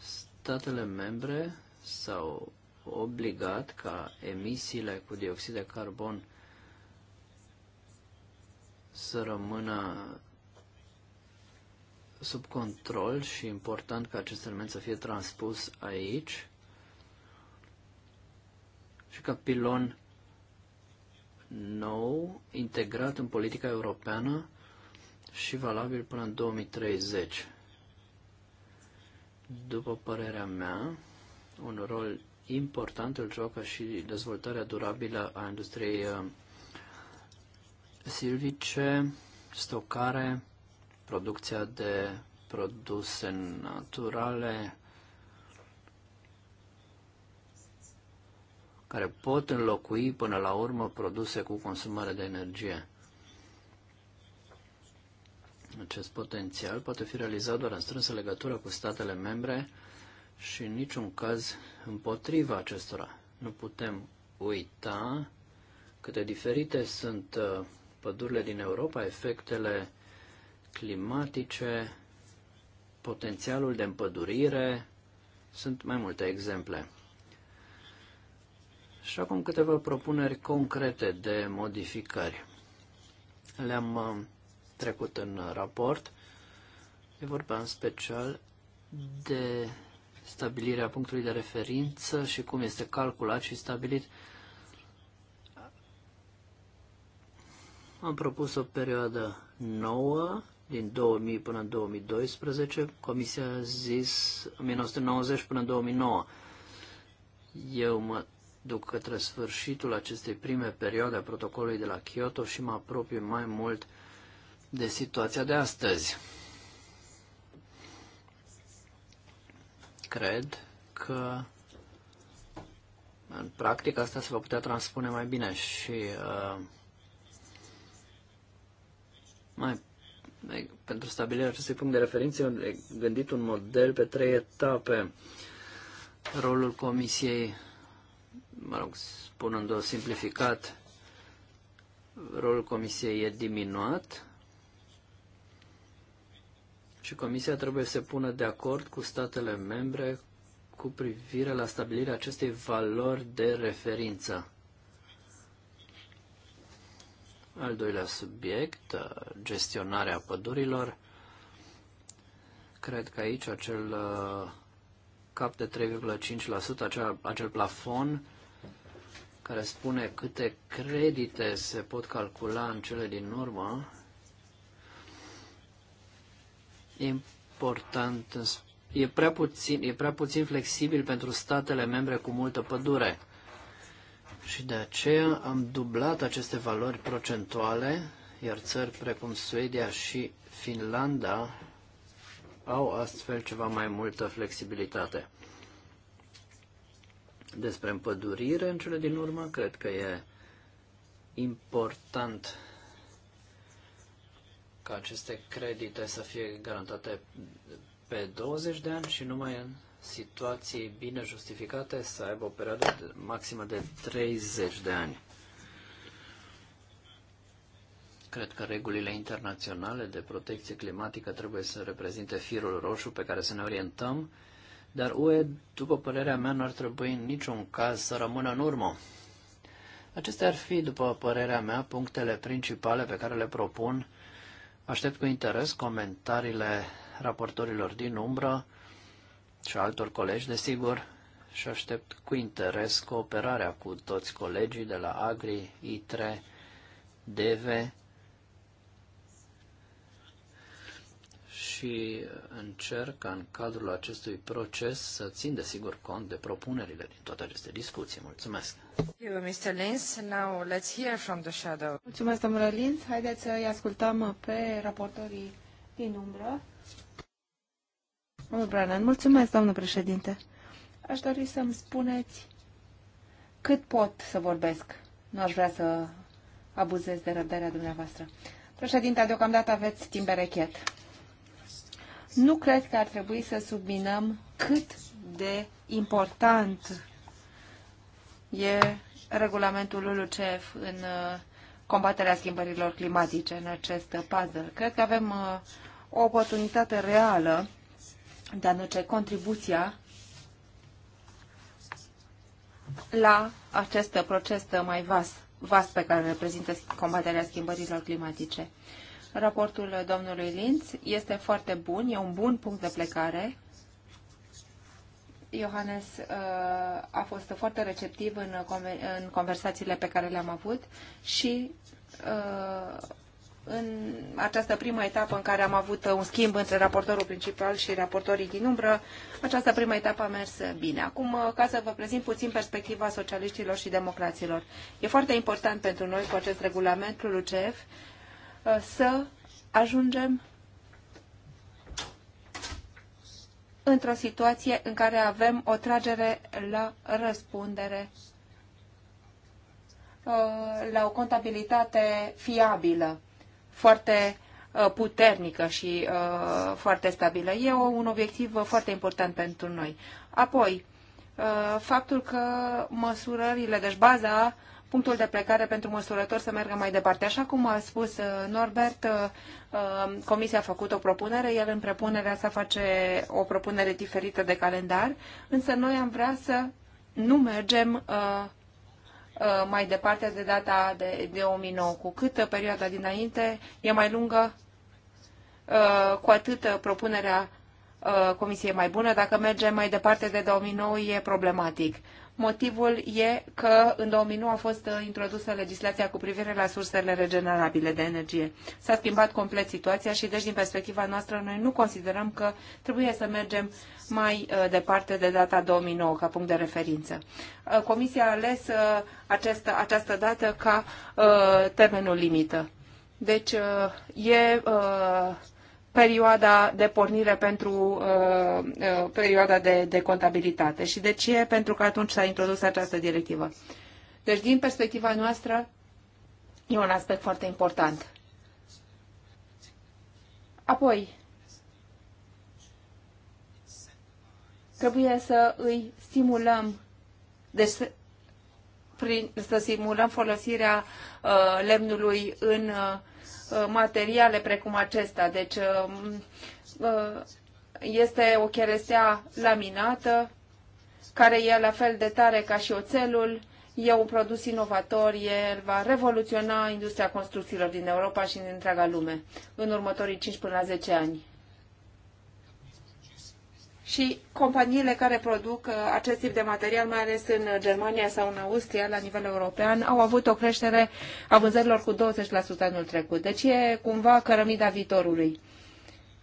Statele membre s-au obligat ca emisiile cu dioxid de carbon să rămână sub control și important ca acest element să fie transpus aici și ca pilon nou, integrat în politica europeană și valabil până în 2030. După părerea mea, un rol important îl joacă și dezvoltarea durabilă a industriei uh, silvice, stocare, producția de produse naturale care pot înlocui până la urmă produse cu consumare de energie. Acest potențial poate fi realizat doar în strânsă legătură cu statele membre și în niciun caz împotriva acestora. Nu putem uita cât de diferite sunt uh, pădurile din Europa, efectele climatice, potențialul de împădurire, sunt mai multe exemple. Și acum câteva propuneri concrete de modificări. Le-am uh, trecut în raport. E vorba în special de stabilirea punctului de referință și cum este calculat și stabilit. Am propus o perioadă nouă din 2000 până în 2012, Comisia a zis 1990 până în 2009. Eu mă duc către sfârșitul acestei prime perioade a protocolului de la Kyoto și mă apropii mai mult de situația de astăzi. Cred că în practică asta se va putea transpune mai bine și uh, mai pentru stabilirea acestui punct de referință, am gândit un model pe trei etape. Rolul comisiei, mă rog, spunând-o simplificat, rolul comisiei e diminuat și comisia trebuie să se pună de acord cu statele membre cu privire la stabilirea acestei valori de referință. Al doilea subiect, uh, gestionarea pădurilor. Cred că aici acel uh, cap de 3,5%, acel, acel plafon care spune câte credite se pot calcula în cele din urmă, e important, e prea puțin, e prea puțin flexibil pentru statele membre cu multă pădure. Și de aceea am dublat aceste valori procentuale, iar țări precum Suedia și Finlanda au astfel ceva mai multă flexibilitate. Despre împădurire, în cele din urmă, cred că e important ca aceste credite să fie garantate pe 20 de ani și numai în situației bine justificate să aibă o perioadă de, maximă de 30 de ani. Cred că regulile internaționale de protecție climatică trebuie să reprezinte firul roșu pe care să ne orientăm, dar UE, după părerea mea, nu ar trebui în niciun caz să rămână în urmă. Acestea ar fi, după părerea mea, punctele principale pe care le propun. Aștept cu interes comentariile raportorilor din umbră și altor colegi, desigur, și aștept cu interes cooperarea cu toți colegii de la Agri, ITRE, DEVE și încerc în cadrul acestui proces să țin desigur cont de propunerile din toate aceste discuții. Mulțumesc! Mulțumesc, domnule Linz. Haideți să-i ascultăm pe raportorii din umbră. Domnul Brannan, mulțumesc, domnul președinte. Aș dori să-mi spuneți cât pot să vorbesc. Nu aș vrea să abuzez de răbdarea dumneavoastră. Președinte, deocamdată aveți timp berechet. Nu cred că ar trebui să subminăm cât de important e regulamentul LULUCF în uh, combaterea schimbărilor climatice în acest puzzle. Cred că avem uh, o oportunitate reală de a duce contribuția la acest proces mai vast, vast pe care reprezintă combaterea schimbărilor climatice. Raportul domnului Linz este foarte bun, e un bun punct de plecare. uh, a fost foarte receptiv în, conversațiile pe care le-am avut și uh, în această primă etapă în care am avut uh, un schimb între raportorul principal și raportorii din umbră, această primă etapă a mers bine. Acum, uh, ca să vă prezint puțin perspectiva socialiștilor și democraților. E foarte important pentru noi cu acest regulament LUCF uh, să ajungem într-o situație în care avem o tragere la răspundere la o contabilitate fiabilă foarte uh, puternică și uh, foarte stabilă. E un obiectiv uh, foarte important pentru noi. Apoi, faptul că măsurările, deci baza, punctul de plecare pentru măsurător să meargă mai departe. Așa cum a spus Norbert, Comisia a făcut o propunere, el în propunerea sa face o propunere diferită de calendar, însă noi am vrea să nu mergem uh, Uh, mai departe de data de, de 2009. Cu cât perioada dinainte e mai lungă, uh, cu atât propunerea uh, Comisiei mai bună. Dacă mergem mai departe de 2009, e problematic. Motivul e că în 2009 a fost uh, introdusă legislația cu privire la sursele regenerabile de energie. S-a schimbat complet situația și deci din perspectiva noastră noi nu considerăm că trebuie să mergem mai uh, departe de data 2009 ca punct de referință. Uh, Comisia a ales această, această dată ca termenul limită. Deci e perioada de pornire pentru uh, uh, perioada de, de contabilitate. Și de ce? Pentru că atunci s-a introdus această directivă. Deci, din perspectiva noastră, e un aspect foarte important. Apoi, trebuie să îi stimulăm, deci să, prin, să stimulăm folosirea uh, lemnului în uh, Uh, materiale precum acesta. Deci uh, uh, este o cherestea laminată, care e la fel de tare ca și oțelul, e un produs inovator, el va revoluționa industria construcțiilor din Europa și din întreaga lume în următorii 5 până la 10 ani și companiile care produc uh, acest tip de material, mai ales în Germania sau în Austria, la nivel european, au avut o creștere a vânzărilor cu 20% anul trecut. Deci e cumva cărămida viitorului.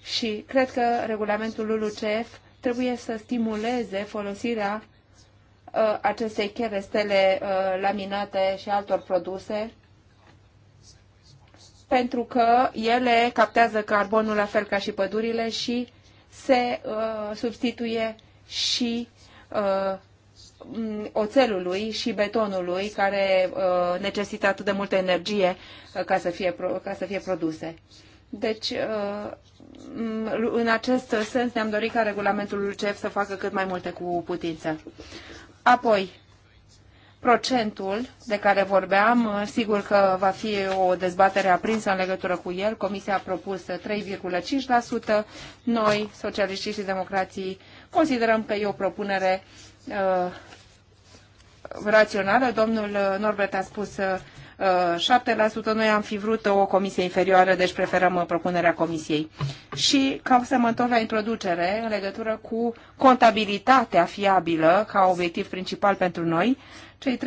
Și cred că regulamentul LULUCF trebuie să stimuleze folosirea uh, acestei cherestele uh, laminate și altor produse pentru că ele captează carbonul la fel ca și pădurile și se uh, substituie și uh, oțelului și betonului care uh, necesită atât de multă energie uh, ca, să fie, ca să fie produse. Deci, uh, în acest sens ne-am dorit ca regulamentul CEF să facă cât mai multe cu putință. Apoi, Procentul de care vorbeam, sigur că va fi o dezbatere aprinsă în legătură cu el. Comisia a propus 3,5%. Noi, socialiștii și democrații, considerăm că e o propunere uh, rațională. Domnul Norbert a spus uh, 7%. Noi am fi vrut o comisie inferioară, deci preferăm uh, propunerea comisiei. Și ca să mă întorc la introducere, în legătură cu contabilitatea fiabilă ca obiectiv principal pentru noi, cei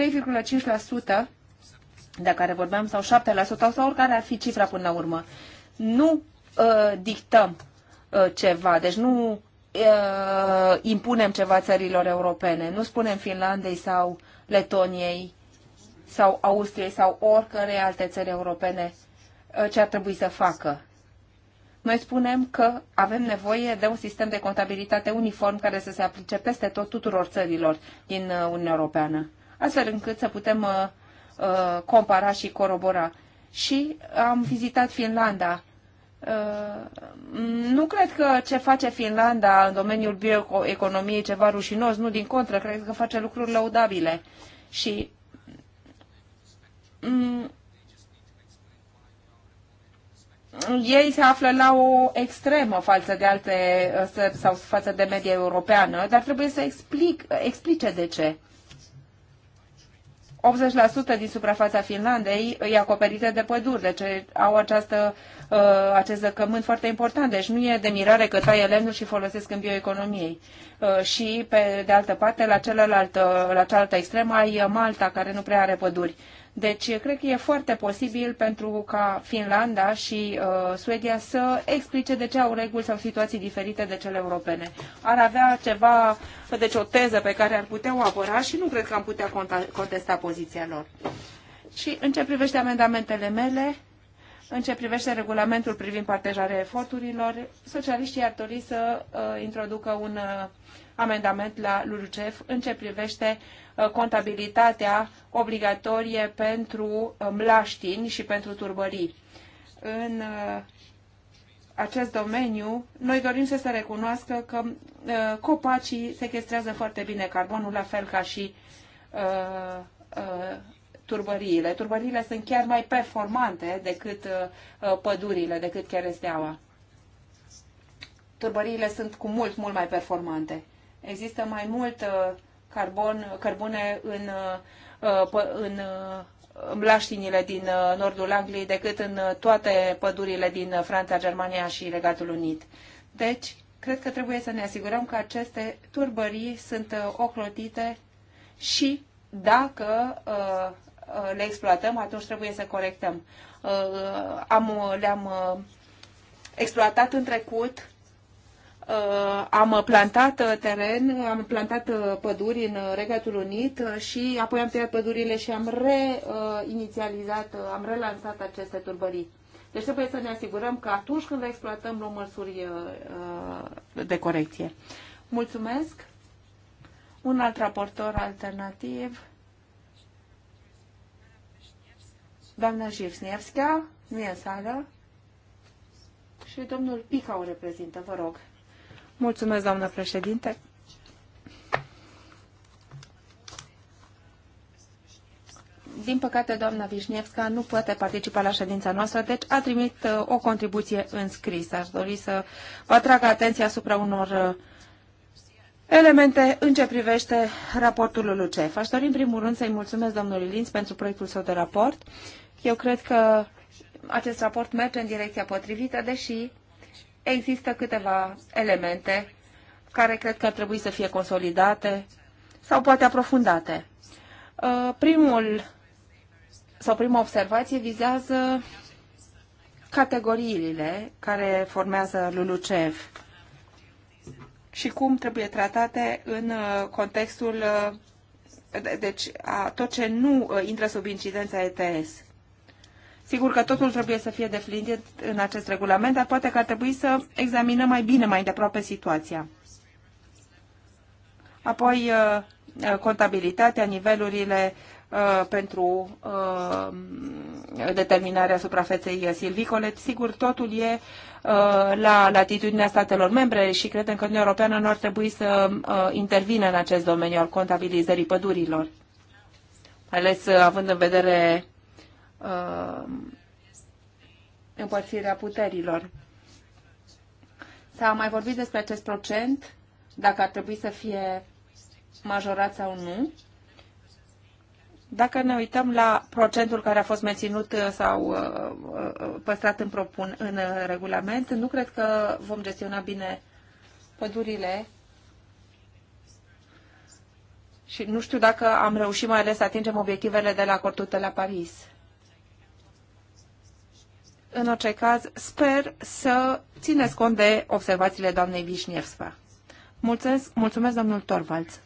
3,5% de care vorbeam, sau 7%, sau oricare ar fi cifra până la urmă. Nu uh, dictăm uh, ceva, deci nu uh, impunem ceva țărilor europene, nu spunem Finlandei sau Letoniei sau Austriei sau oricărei alte țări europene uh, ce ar trebui să facă. Noi spunem că avem nevoie de un sistem de contabilitate uniform care să se aplice peste tot tuturor țărilor din uh, Uniunea Europeană, astfel încât să putem uh, uh, compara și corobora. Și am vizitat Finlanda. Uh, nu cred că ce face Finlanda în domeniul bioeconomiei e ceva rușinos, nu din contră, cred că face lucruri laudabile. Și Mm, ei se află la o extremă față de alte uh, țări sau față de media europeană, dar trebuie să explic, uh, explice de ce. 80% din suprafața Finlandei e acoperită de păduri, deci au această, uh, acest zăcământ foarte important. Deci nu e de mirare că taie lemnul și folosesc în bioeconomiei. Și pe de altă parte, la, celălalt, la cealaltă extremă ai Malta, care nu prea are păduri. Deci, cred că e foarte posibil pentru ca Finlanda și uh, Suedia să explice de ce au reguli sau situații diferite de cele europene. Ar avea ceva, deci o teză pe care ar putea o apăra și nu cred că am putea contesta poziția lor. Și în ce privește amendamentele mele, în ce privește regulamentul privind partajarea eforturilor, socialiștii ar dori să uh, introducă un uh, amendament la LULUCEF în ce privește Uh, contabilitatea obligatorie pentru mlaștini um, și pentru turbării. În uh, acest domeniu, noi dorim să se recunoască că uh, copacii sequestrează foarte bine carbonul, la fel ca și turbăriile. Turbăriile sunt chiar mai performante decât pădurile, decât cheresteaua. Turbăriile sunt cu mult, mult mai performante. Există mai mult uh, carbon, cărbune în, uh, în uh, mlaștinile din uh, nordul Angliei decât în toate pădurile din Franța, Germania și Regatul Unit. Deci, cred că trebuie să ne asigurăm că aceste turbării sunt ocrotite și dacă le exploatăm, atunci trebuie să corectăm. Am, le-am exploatat în trecut Uh, am plantat uh, teren, am plantat uh, păduri în Regatul Unit și apoi am tăiat pădurile și am reinițializat, am relansat aceste turbării. Deci trebuie să ne asigurăm că atunci când le exploatăm, luăm măsuri de corecție. Mulțumesc! Un alt raportor alternativ, doamna Jivsnievska, nu e sală, și domnul o reprezintă, vă rog. Mulțumesc, doamnă președinte. Din păcate, doamna Vișnievska nu poate participa la ședința noastră, deci a trimit uh, o contribuție în scris. Aș dori să vă atrag atenția asupra unor uh, elemente în ce privește raportul LUCEF. Aș dori, în primul rând, să-i mulțumesc domnului Linz pentru proiectul său de raport. Eu cred că acest raport merge în direcția potrivită, deși există câteva elemente care cred că ar trebui să fie consolidate sau poate aprofundate. Uh, primul sau prima observație vizează categoriile care formează LULUCEV și cum trebuie tratate în uh, contextul uh, deci a tot ce nu intră sub incidența ETS. Sigur că totul trebuie să fie definit în acest regulament, dar poate că ar trebui să examinăm mai bine, mai de aproape situația. Apoi, uh, uh, contabilitatea, nivelurile uh, pentru determinarea suprafeței silvicole. Sigur, totul e la latitudinea statelor membre și credem că Uniunea Europeană nu ar trebui să intervină în acest domeniu al contabilizării pădurilor, ales având în vedere uh, împărțirea puterilor. S-a mai vorbit despre acest procent, dacă ar trebui să fie majorat sau nu. Dacă ne uităm la procentul care a fost menținut uh, sau uh, uh, păstrat în, propun, în regulament, nu cred că vom gestiona bine pădurile și nu știu dacă am reușit mai ales să atingem obiectivele de la Cortută la Paris. În orice caz, sper să țineți cont de observațiile doamnei Vișnievsva. Mulțumesc, mulțumesc domnul Torvalds.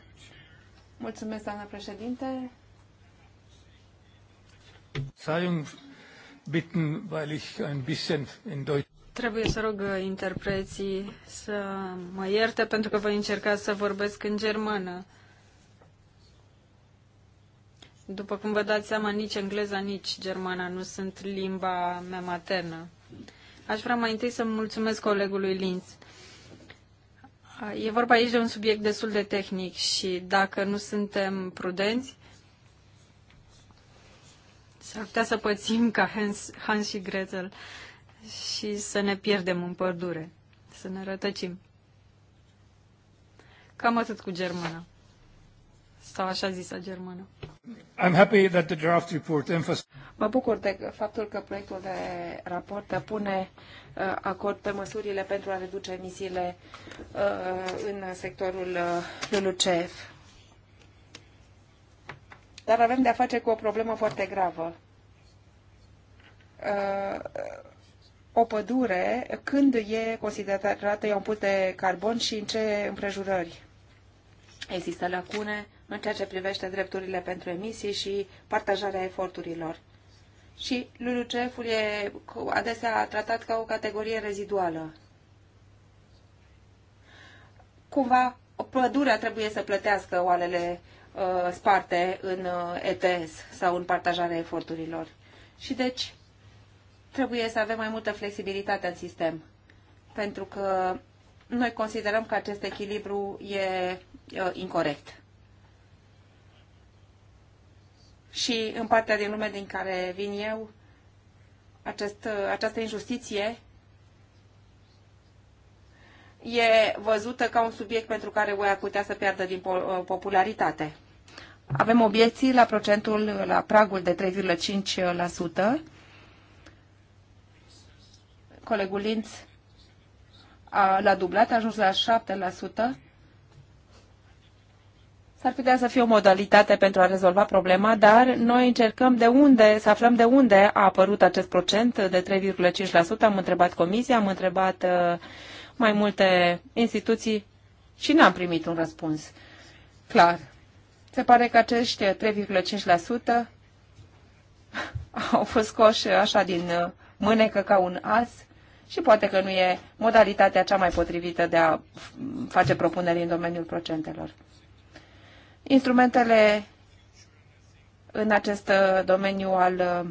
Mulțumesc, doamna președinte. bitten, weil ich ein bisschen in Deutsch Trebuie să rog interpreții să mă ierte pentru că voi încerca să vorbesc în germană. După cum vă dați seama, nici engleza, nici germana nu sunt limba mea maternă. Aș vrea mai întâi să mulțumesc colegului Linz. E vorba aici de un subiect destul de tehnic și dacă nu suntem prudenți, s-ar putea să pățim ca Hans, Hans și Gretel și să ne pierdem în pădure, să ne rătăcim. Cam atât cu germana. Sau așa zisa germană. I'm happy that the draft report emphasizes... Mă bucur de faptul că proiectul de raport pune uh, acord pe măsurile pentru a reduce emisiile uh, în sectorul uh, LULUCEF. Dar avem de-a face cu o problemă foarte gravă. O pădure, când e considerată ea un put de carbon și în ce împrejurări? Există lacune în ceea ce privește drepturile pentru emisii și partajarea eforturilor. Și luluceful ul e adesea tratat ca o categorie reziduală. Cumva, pădurea trebuie să plătească oalele uh, sparte în uh, ETS sau în partajarea eforturilor. Și deci, trebuie să avem mai multă flexibilitate în sistem, pentru că noi considerăm că acest echilibru e uh, incorrect. și în partea din lume din care vin eu, acest, această injustiție e văzută ca un subiect pentru care voi ar putea să piardă din uh, popularitate. Avem obiecții la procentul, la pragul de 3,5%. Colegul Linț l-a dublat, a ajuns la 7%. S-ar putea să fie o modalitate pentru a rezolva problema, dar noi încercăm de unde, să aflăm de unde a apărut acest procent de 3,5%. Am întrebat comisia, am întrebat uh, mai multe instituții și n-am primit un răspuns clar. Se pare că acești 3,5% *laughs* au fost scoși așa din uh, mânecă ca un as și poate că nu e modalitatea cea mai potrivită de a mm, face propuneri în domeniul procentelor. Instrumentele în acest uh, domeniu al uh,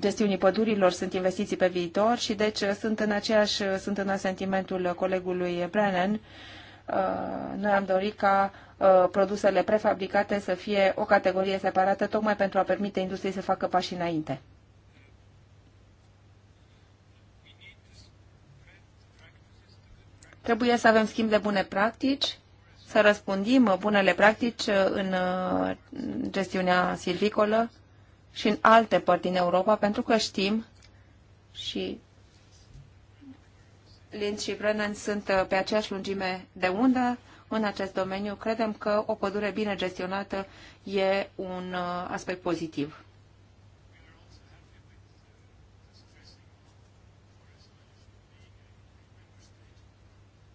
gestiunii pădurilor sunt investiții pe viitor și deci uh, sunt în aceeași, sunt în asentimentul colegului Brennan. Noi am dorit ca produsele prefabricate să fie o categorie separată tocmai pentru a permite industriei să facă pași înainte. Trebuie să avem schimb de bune practici să răspândim bunele practici uh, în uh, gestiunea silvicolă și în alte părți din Europa, pentru că știm și Lind și Brennan sunt uh, pe aceeași lungime de undă în acest domeniu. Credem că o pădure bine gestionată e un aspect pozitiv.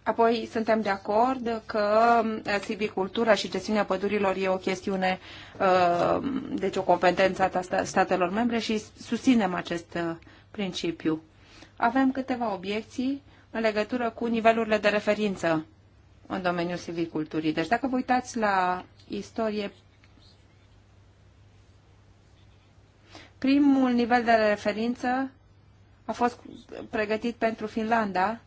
Apoi suntem de acord că uh, silvicultura și gestiunea pădurilor e o chestiune, uh, deci o competență a statelor membre și susținem acest uh, principiu. Avem câteva obiecții în legătură cu nivelurile de referință în domeniul silviculturii. Deci dacă vă uitați la istorie, primul nivel de referință a fost pregătit pentru Finlanda,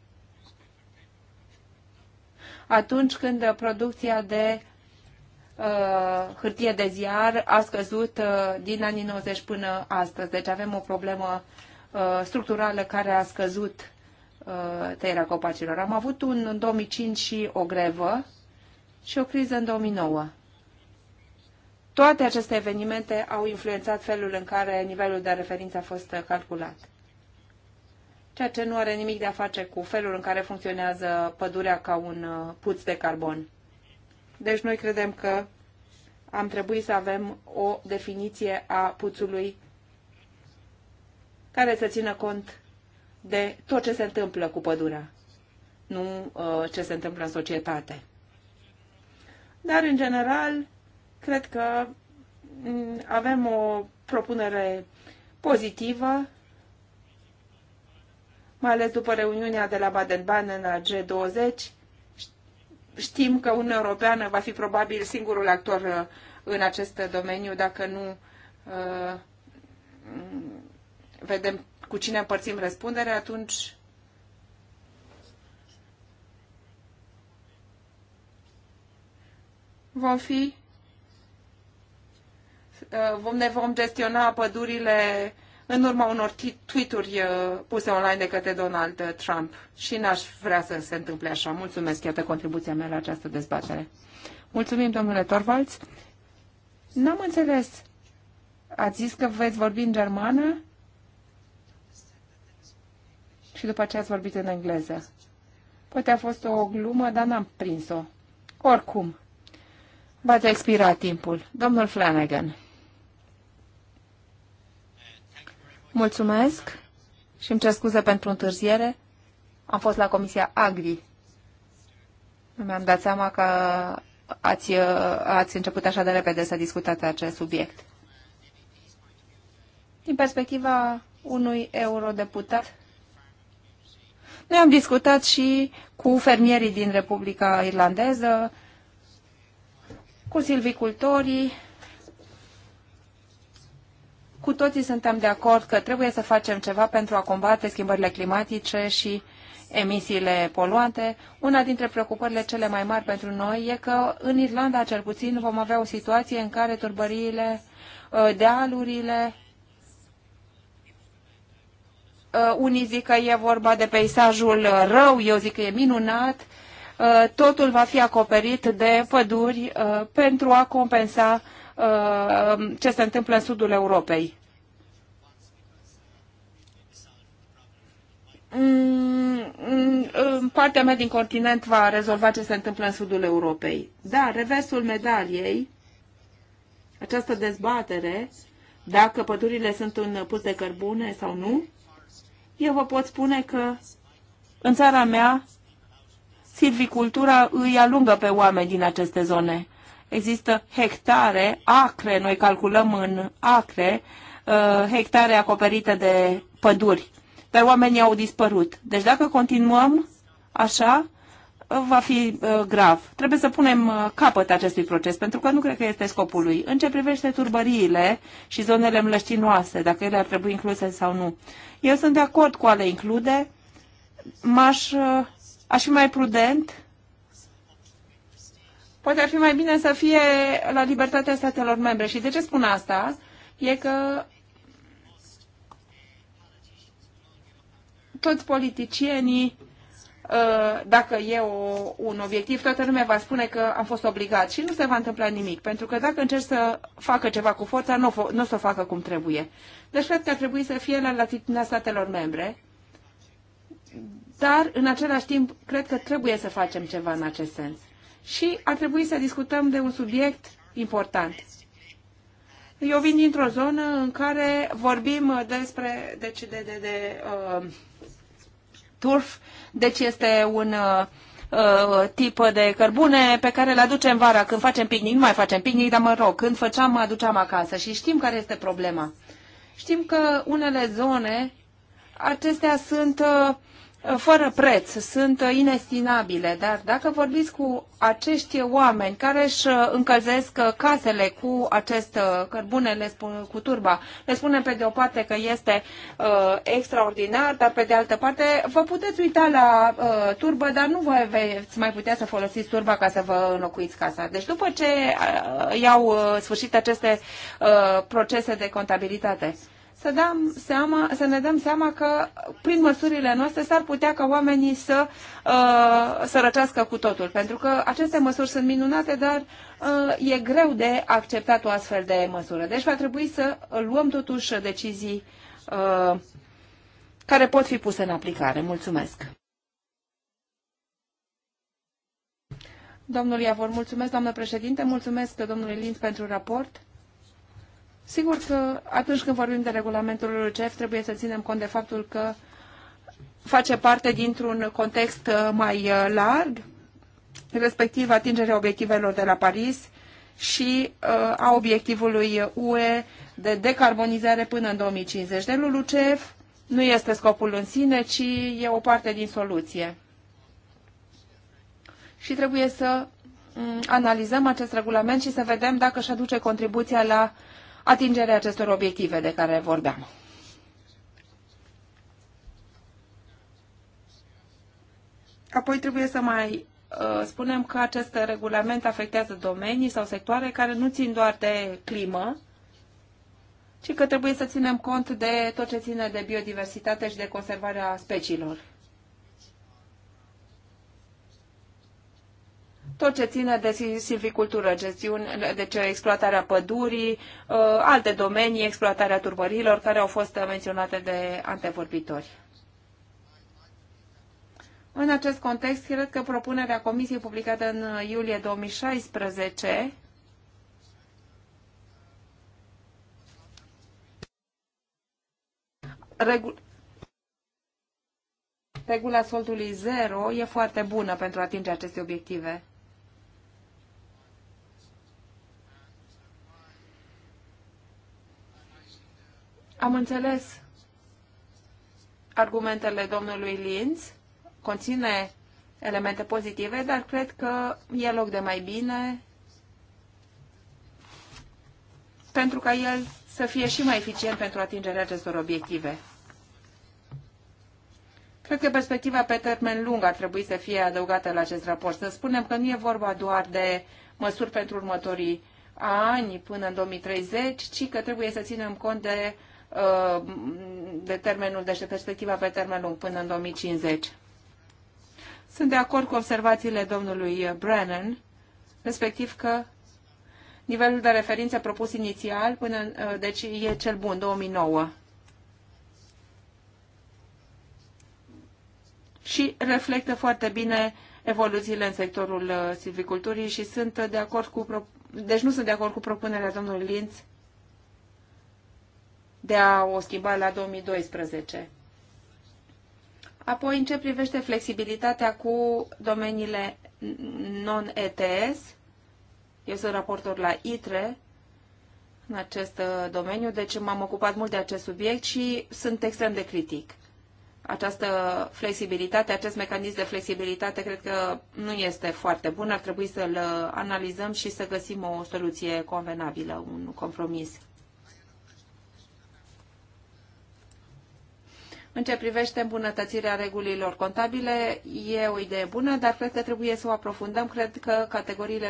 atunci când producția de uh, hârtie de ziar a scăzut uh, din anii 90 până astăzi. Deci avem o problemă uh, structurală care a scăzut uh, tăierea copacilor. Am avut un, în 2005 și o grevă și o criză în 2009. Toate aceste evenimente au influențat felul în care nivelul de referință a fost uh, calculat ceea ce nu are nimic de a face cu felul în care funcționează pădurea ca un uh, puț de carbon. Deci noi credem că am trebuit să avem o definiție a puțului care să țină cont de tot ce se întâmplă cu pădurea, nu uh, ce se întâmplă în societate. Dar, în general, cred că mm, avem o propunere pozitivă mai ales după reuniunea de la Baden-Baden la G20. Știm că Uniunea Europeană va fi probabil singurul actor uh, în acest domeniu, dacă nu uh, vedem cu cine împărțim răspunderea, atunci vom fi uh, vom, ne vom gestiona pădurile în urma unor tweet-uri uh, puse online de către Donald uh, Trump. Și n-aș vrea să se întâmple așa. Mulțumesc, iată contribuția mea la această dezbatere. Mulțumim, domnule Torvalds. N-am înțeles. Ați zis că veți vorbi în germană? Și după aceea ați vorbit în engleză. Poate a fost o glumă, dar n-am prins-o. Oricum, v-ați expirat timpul. Domnul Flanagan. Mulțumesc și îmi cer scuze pentru întârziere. Am fost la Comisia Agri. Mi-am dat seama că ați, ați început așa de repede să discutați acest subiect. Din perspectiva unui eurodeputat, noi am discutat și cu fermierii din Republica Irlandeză, cu silvicultorii, cu toții suntem de acord că trebuie să facem ceva pentru a combate schimbările climatice și emisiile poluante. Una dintre preocupările cele mai mari pentru noi e că în Irlanda, cel puțin, vom avea o situație în care turbăriile, ă, dealurile, ă, unii zic că e vorba de peisajul rău, eu zic că e minunat, ă, totul va fi acoperit de păduri pentru a compensa Uh, ce se întâmplă în sudul Europei. Mm, mm, partea mea din continent va rezolva ce se întâmplă în sudul Europei. Da, reversul medaliei, această dezbatere, dacă pădurile sunt un pus de cărbune sau nu, eu vă pot spune că în țara mea silvicultura îi alungă pe oameni din aceste zone există hectare, acre, noi calculăm în acre, uh, hectare acoperite de păduri. Dar oamenii au dispărut. Deci dacă continuăm așa, va fi uh, grav. Trebuie să punem uh, capăt acestui proces, pentru că nu cred că este scopul lui. În ce privește turbăriile și zonele mlăștinoase, dacă ele ar trebui incluse sau nu, eu sunt de acord cu a le include. M-aș, aș fi mai prudent Poate ar fi mai bine să fie la libertatea statelor membre. Și de ce spun asta? E că toți politicienii, uh, dacă e o, un obiectiv, toată lumea va spune că am fost obligat și nu se va întâmpla nimic, pentru că dacă încerci să facă ceva cu forța, nu, nu o să o facă cum trebuie. Deci cred că ar trebui să fie la latitudinea statelor membre, dar în același timp cred că trebuie să facem ceva în acest sens și ar trebui să discutăm de un subiect important. Eu vin dintr-o zonă în care vorbim despre, deci de, de, de uh, turf, deci este un uh, uh tip de cărbune pe care le aducem vara când facem picnic, nu mai facem picnic, dar mă rog, când făceam, mă aduceam acasă și știm care este problema. Știm că unele zone, acestea sunt uh, fără preț, sunt inestimabile, dar dacă vorbiți cu acești oameni care își uh, încălzesc uh, casele cu acest uh, cărbune le spun, cu turba, le spunem pe de o parte că este uh, extraordinar, dar pe de altă parte vă puteți uita la uh, turbă, dar nu vă veți mai putea să folosiți turba ca să vă înlocuiți casa. Deci după ce uh, iau uh, sfârșit aceste uh, procese de contabilitate să, dăm seama, să ne dăm seama că prin măsurile noastre s-ar putea ca oamenii să uh, sărăcească cu totul, pentru că aceste măsuri sunt minunate, dar uh, e greu de acceptat o astfel de măsură. Deci va trebui să luăm totuși decizii uh, care pot fi puse în aplicare. Mulțumesc! Domnul Iavor, mulțumesc, doamnă președinte, mulțumesc domnului Lind pentru raport. Sigur că atunci când vorbim de regulamentul RCF trebuie să ținem cont de faptul că face parte dintr-un context uh, mai uh, larg, respectiv atingerea obiectivelor de la Paris și uh, a obiectivului UE de decarbonizare până în 2050. De LULUCEF nu este scopul în sine, ci e o parte din soluție. Și trebuie să mm, analizăm acest regulament și să vedem dacă își aduce contribuția la uh, atingerea acestor obiective de care vorbeam. Apoi trebuie să mai uh, spunem că acest regulament afectează domenii sau sectoare care nu țin doar de climă, ci că trebuie să ținem cont de tot ce ține de biodiversitate și de conservarea speciilor. tot ce ține de silvicultură, gestiune, deci exploatarea pădurii, uh, alte domenii, exploatarea turbărilor, care au fost menționate de antevorbitori. În acest context, cred că propunerea Comisiei publicată în iulie 2016 Regul regula soldului zero e foarte bună pentru a atinge aceste obiective. Am înțeles argumentele domnului Linz, conține elemente pozitive, dar cred că e loc de mai bine pentru ca el să fie și mai eficient pentru atingerea acestor obiective. Cred că perspectiva pe termen lung ar trebui să fie adăugată la acest raport. Să spunem că nu e vorba doar de măsuri pentru următorii ani până în 2030, ci că trebuie să ținem cont de Uh, de termenul, deci de perspectiva pe termen lung până în 2050. Sunt de acord cu observațiile domnului Brennan, respectiv că nivelul de referință propus inițial, până, uh, deci e cel bun, 2009. Și reflectă foarte bine evoluțiile în sectorul uh, silviculturii și sunt de acord cu, deci nu sunt de acord cu propunerea domnului Linz de a o schimba la 2012. Apoi, în ce privește flexibilitatea cu domeniile non-ETS, eu sunt raportor la ITRE în acest uh, domeniu, deci m-am ocupat mult de acest subiect și sunt extrem de critic. Această flexibilitate, acest mecanism de flexibilitate, cred că nu este foarte bun. Ar trebui să-l uh, analizăm și să găsim o soluție convenabilă, un compromis. În ce privește îmbunătățirea regulilor contabile, e o idee bună, dar cred că trebuie să o aprofundăm. Cred că categoriile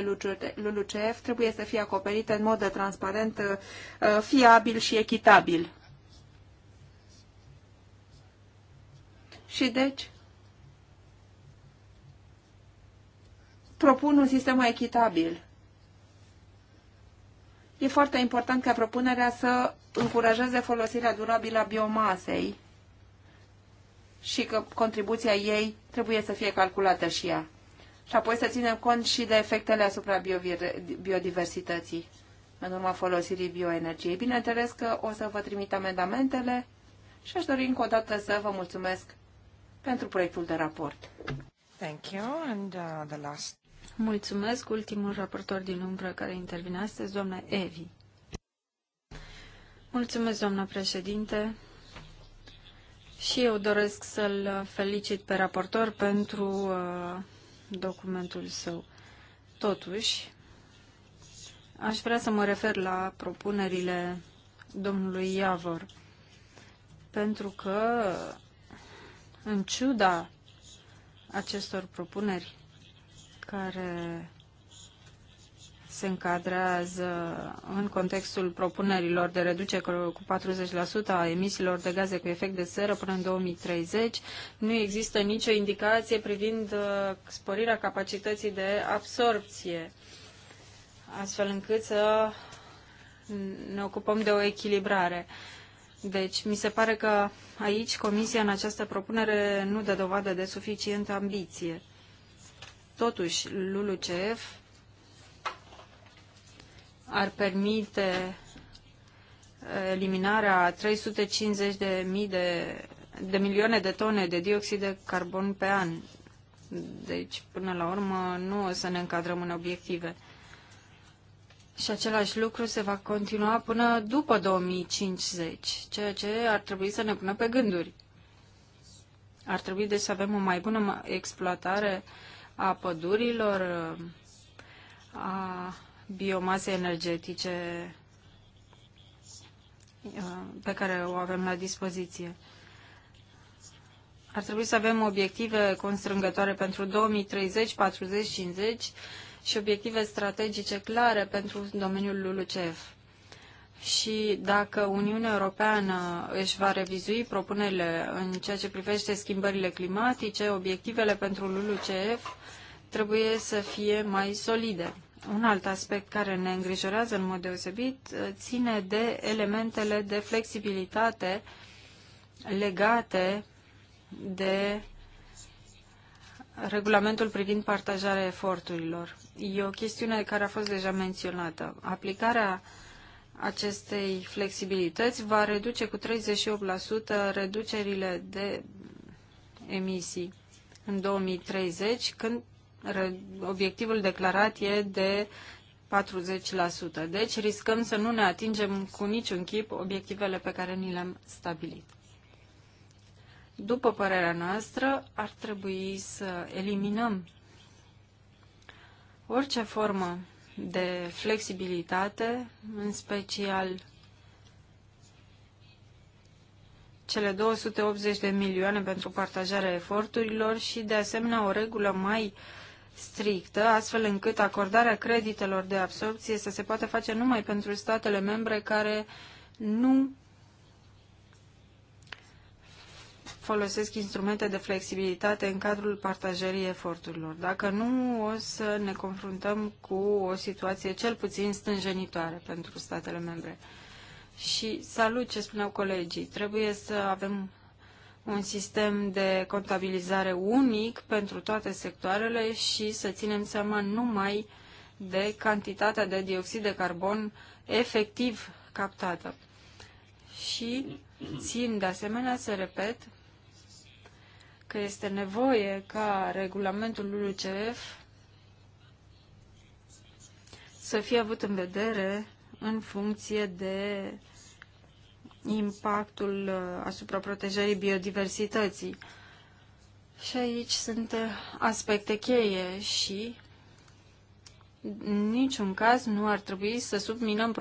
LULUCF trebuie să fie acoperite în mod transparent, uh, fiabil și echitabil. Și deci, propun un sistem mai echitabil. E foarte important ca propunerea să încurajeze folosirea durabilă a biomasei și că contribuția ei trebuie să fie calculată și ea. Și apoi să ținem cont și de efectele asupra biodiversității în urma folosirii bioenergiei. Bineînțeles că o să vă trimit amendamentele și aș dori încă o dată să vă mulțumesc pentru proiectul de raport. Thank you. And, uh, the last... Mulțumesc. Ultimul raportor din umbră care intervine astăzi, doamna Evi. Mulțumesc, doamna președinte. Și eu doresc să-l felicit pe raportor pentru uh, documentul său. Totuși, aș vrea să mă refer la propunerile domnului Iavor, pentru că, în ciuda acestor propuneri care se încadrează în contextul propunerilor de reducere cu 40% a emisiilor de gaze cu efect de seră până în 2030. Nu există nicio indicație privind uh, sporirea capacității de absorpție, astfel încât să ne ocupăm de o echilibrare. Deci, mi se pare că aici Comisia, în această propunere, nu dă dovadă de suficientă ambiție. Totuși, LULUCF ar permite uh, eliminarea 350 de, mii de, de milioane de tone de dioxid de carbon pe an. Deci, până la urmă, nu o să ne încadrăm în obiective. Și același lucru se va continua până după 2050, ceea ce ar trebui să ne pună pe gânduri. Ar trebui deci să avem o mai bună exploatare a pădurilor, a biomase energetice uh, pe care o avem la dispoziție. Ar trebui să avem obiective constrângătoare pentru 2030, 40, 50 și obiective strategice clare pentru domeniul LULUCF. Și dacă Uniunea Europeană își va revizui propunerile în ceea ce privește schimbările climatice, obiectivele pentru LULUCF trebuie să fie mai solide. Un alt aspect care ne îngrijorează în mod deosebit uh, ține de elementele de flexibilitate legate de regulamentul privind partajarea eforturilor. E o chestiune care a fost deja menționată. Aplicarea acestei flexibilități va reduce cu 38% reducerile de emisii în 2030, când obiectivul declarat e de 40%. Deci riscăm să nu ne atingem cu niciun chip obiectivele pe care ni le-am stabilit. După părerea noastră, ar trebui să eliminăm orice formă de flexibilitate, în special cele 280 de milioane pentru partajarea eforturilor și, de asemenea, o regulă mai uh, strictă, astfel încât acordarea creditelor de absorpție să se poată face numai pentru statele membre care nu folosesc instrumente de flexibilitate în cadrul partajării eforturilor. Dacă nu, o să ne confruntăm cu o situație cel puțin stânjenitoare pentru statele membre. Și salut ce spuneau colegii. Trebuie să avem un sistem de contabilizare unic pentru toate sectoarele și să ținem seama numai de cantitatea de dioxid de carbon efectiv captată. Și țin de asemenea să repet că este nevoie ca regulamentul LULUCF să fie avut în vedere în funcție de impactul uh, asupra protejării biodiversității. Și aici sunt uh, aspecte cheie și în niciun caz nu ar trebui să subminăm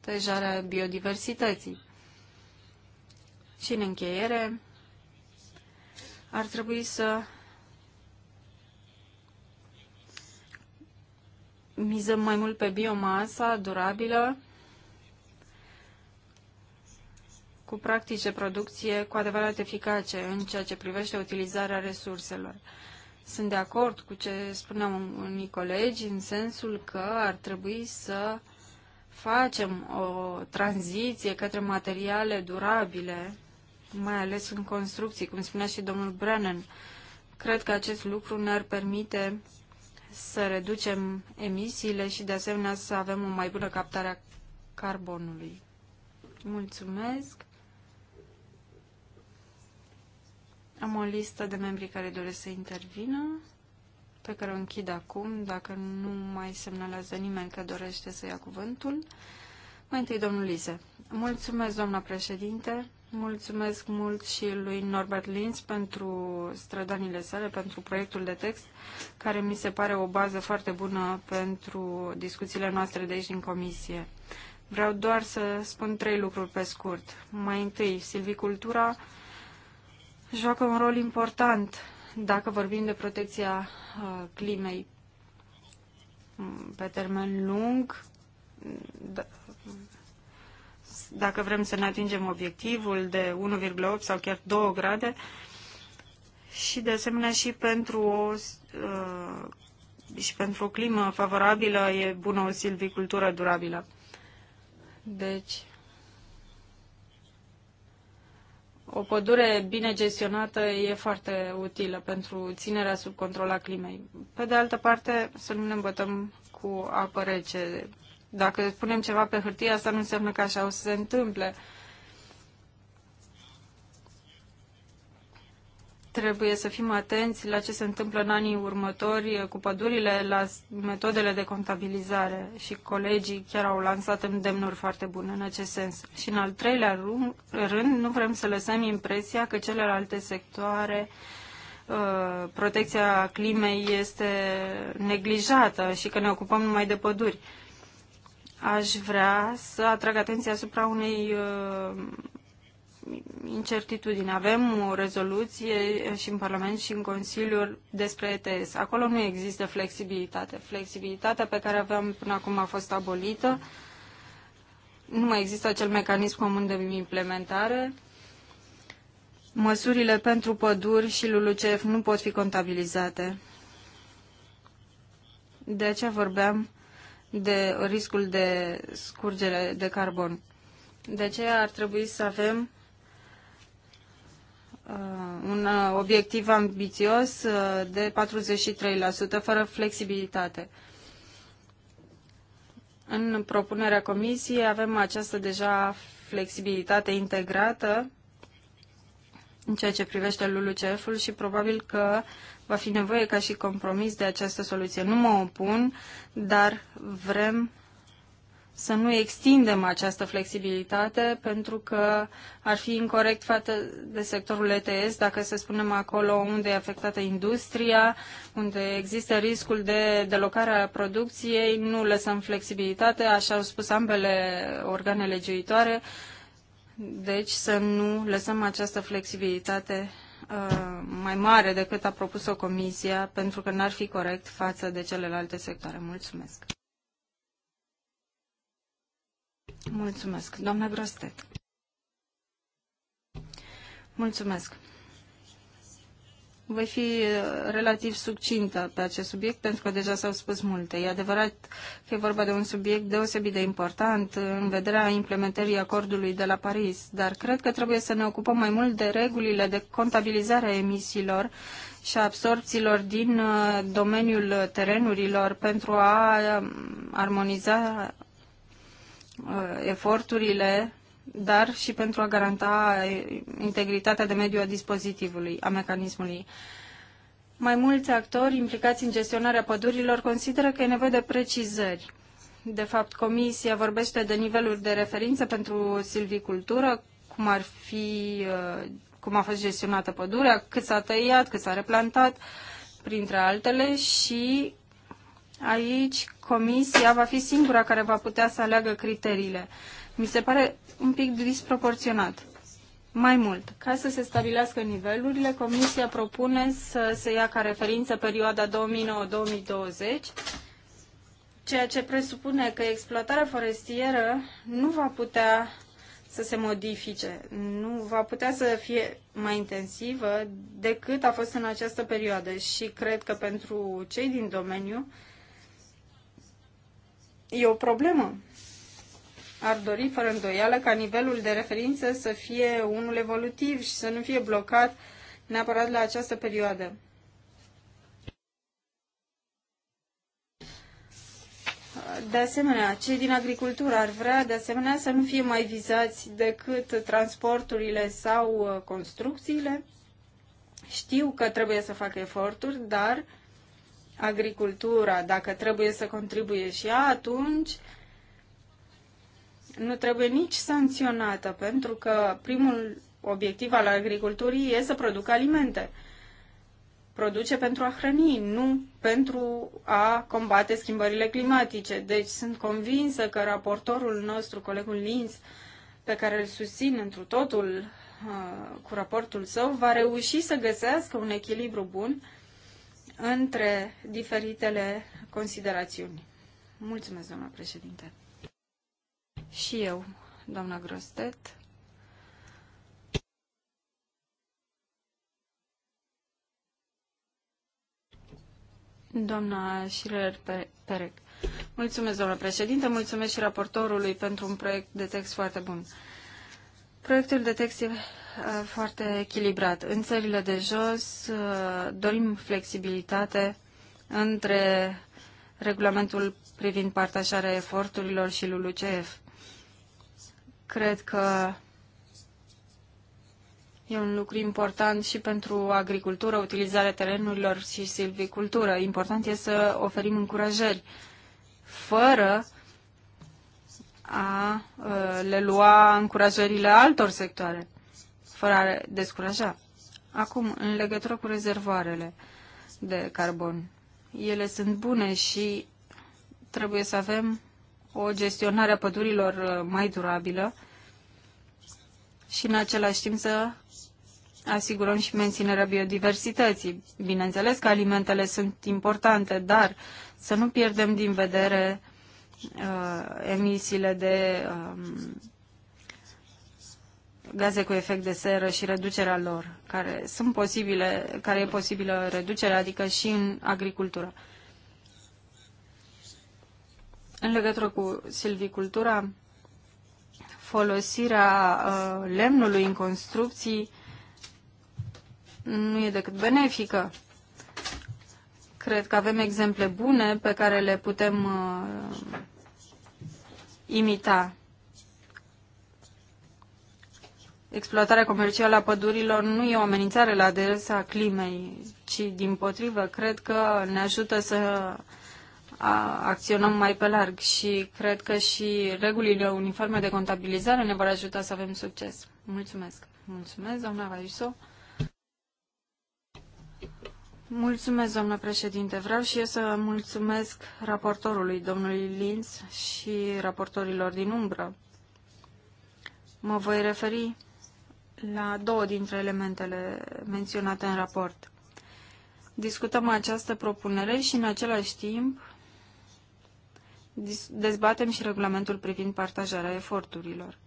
protejarea biodiversității. Și în încheiere, ar trebui să mizăm mai mult pe biomasa durabilă cu practici de producție cu adevărat eficace în ceea ce privește utilizarea resurselor. Sunt de acord cu ce spuneau unii colegi în sensul că ar trebui să facem o tranziție către materiale durabile, mai ales în construcții, cum spunea și domnul Brennan. Cred că acest lucru ne-ar permite să reducem emisiile și de asemenea să avem o mai bună captare a carbonului. Mulțumesc. Am o listă de membri care doresc să intervină, pe care o închid acum, dacă nu mai semnalează nimeni că dorește să ia cuvântul. Mai întâi, domnul Lize. Mulțumesc, doamna președinte. Mulțumesc mult și lui Norbert Linz pentru strădanile sale, pentru proiectul de text, care mi se pare o bază foarte bună pentru discuțiile noastre de aici din comisie. Vreau doar să spun trei lucruri pe scurt. Mai întâi, silvicultura joacă un rol important dacă vorbim de protecția uh, climei mm, pe termen lung, da, dacă vrem să ne atingem obiectivul de 1,8 sau chiar 2 grade, și de asemenea și pentru o uh, și pentru o climă favorabilă e bună o silvicultură durabilă. Deci, O pădure bine gestionată e foarte utilă pentru ținerea sub control a climei. Pe de altă parte, să nu ne îmbătăm cu apă rece. Dacă punem ceva pe hârtie, asta nu înseamnă că așa o să se întâmple. Uh, trebuie să fim atenți la ce se întâmplă în anii următori cu pădurile, la metodele de contabilizare și colegii chiar au lansat îndemnuri foarte bune în acest sens. Și în al treilea rând, nu vrem să lăsăm impresia că celelalte sectoare uh, protecția climei este neglijată și că ne ocupăm numai de păduri. Aș vrea să atrag atenția asupra unei uh, incertitudine. Avem o rezoluție și în Parlament și în Consiliu despre ETS. Acolo nu există flexibilitate. Flexibilitatea pe care aveam până acum a fost abolită. Nu mai există acel mecanism comun de implementare. Măsurile pentru păduri și LULUCEF nu pot fi contabilizate. De aceea vorbeam de riscul de scurgere de carbon. De aceea ar trebui să avem Uh, un uh, obiectiv ambițios uh, de 43% fără flexibilitate. În propunerea comisiei avem această deja flexibilitate integrată în ceea ce privește LULUCF-ul și probabil că va fi nevoie ca și compromis de această soluție. Nu mă opun, dar vrem să nu extindem această flexibilitate pentru că ar fi incorrect față de sectorul ETS dacă să spunem acolo unde e afectată industria, unde există riscul de delocare a producției, nu lăsăm flexibilitate, așa au spus ambele organe legiuitoare, deci să nu lăsăm această flexibilitate uh, mai mare decât a propus-o Comisia, pentru că n-ar fi corect față de celelalte sectoare. Mulțumesc! Mulțumesc. Doamna Grostet. Mulțumesc. Voi fi uh, relativ succintă pe acest subiect, pentru că deja s-au spus multe. E adevărat că e vorba de un subiect deosebit de important uh, în vederea implementării acordului de la Paris, dar cred că trebuie să ne ocupăm mai mult de regulile de contabilizare a emisiilor și a absorpțiilor din uh, domeniul terenurilor pentru a um, armoniza Uh, eforturile, dar și pentru a garanta uh, integritatea de mediu a dispozitivului, a mecanismului. Mai mulți actori implicați în gestionarea pădurilor consideră că e nevoie de precizări. De fapt, Comisia vorbește de niveluri de referință pentru silvicultură, cum ar fi, uh, cum a fost gestionată pădurea, cât s-a tăiat, cât s-a replantat, printre altele, și aici comisia va fi singura care va putea să aleagă criteriile. Mi se pare un pic disproporționat. Mai mult, ca să se stabilească nivelurile, Comisia propune să se ia ca referință perioada 2009-2020, ceea ce presupune că exploatarea forestieră nu va putea să se modifice, nu va putea să fie mai intensivă decât a fost în această perioadă și cred că pentru cei din domeniu e o problemă. Ar dori, fără îndoială, ca nivelul de referință să fie unul evolutiv și să nu fie blocat neapărat la această perioadă. De asemenea, cei din agricultură ar vrea, de asemenea, să nu fie mai vizați decât transporturile sau uh, construcțiile. Știu că trebuie să facă eforturi, dar agricultura, dacă trebuie să contribuie și ea, atunci nu trebuie nici sancționată, pentru că primul obiectiv al agriculturii e să producă alimente. Produce pentru a hrăni, nu pentru a combate schimbările climatice. Deci sunt convinsă că raportorul nostru, colegul Linz, pe care îl susțin întru totul uh, cu raportul său, va reuși să găsească un echilibru bun între diferitele considerațiuni. Mulțumesc, doamna președinte. Și eu, doamna Grostet. Doamna Schiller Perec. Mulțumesc, doamna președinte, mulțumesc și raportorului pentru un proiect de text foarte bun. Proiectul de text Uh, foarte echilibrat. În țările de jos uh, dorim flexibilitate între regulamentul privind partajarea eforturilor și LULUCF. Cred că e un lucru important și pentru agricultură, utilizarea terenurilor și silvicultură. Important e să oferim încurajări fără a uh, le lua încurajările altor sectoare fără a descuraja. Acum, în legătură cu rezervoarele de carbon, ele sunt bune și trebuie să avem o gestionare a pădurilor uh, mai durabilă și în același timp să asigurăm și menținerea biodiversității. Bineînțeles că alimentele sunt importante, dar să nu pierdem din vedere uh, emisiile de uh, gaze cu efect de seră și reducerea lor, care sunt posibile, care e posibilă reducerea, adică și în agricultură. În legătură cu silvicultura, folosirea uh, lemnului în construcții nu e decât benefică. Cred că avem exemple bune pe care le putem uh, imita exploatarea comercială a pădurilor nu e o amenințare la adresa climei, ci din potrivă, cred că ne ajută să acționăm mai pe larg și cred că și regulile uniforme de contabilizare ne vor ajuta să avem succes. Mulțumesc! Mulțumesc, doamna Vaiso! Mulțumesc, doamnă președinte. Vreau și eu să mulțumesc raportorului, domnului Linz, și raportorilor din umbră. Mă voi referi la două dintre elementele menționate în raport. Discutăm această propunere și în același timp dezbatem și regulamentul privind partajarea eforturilor.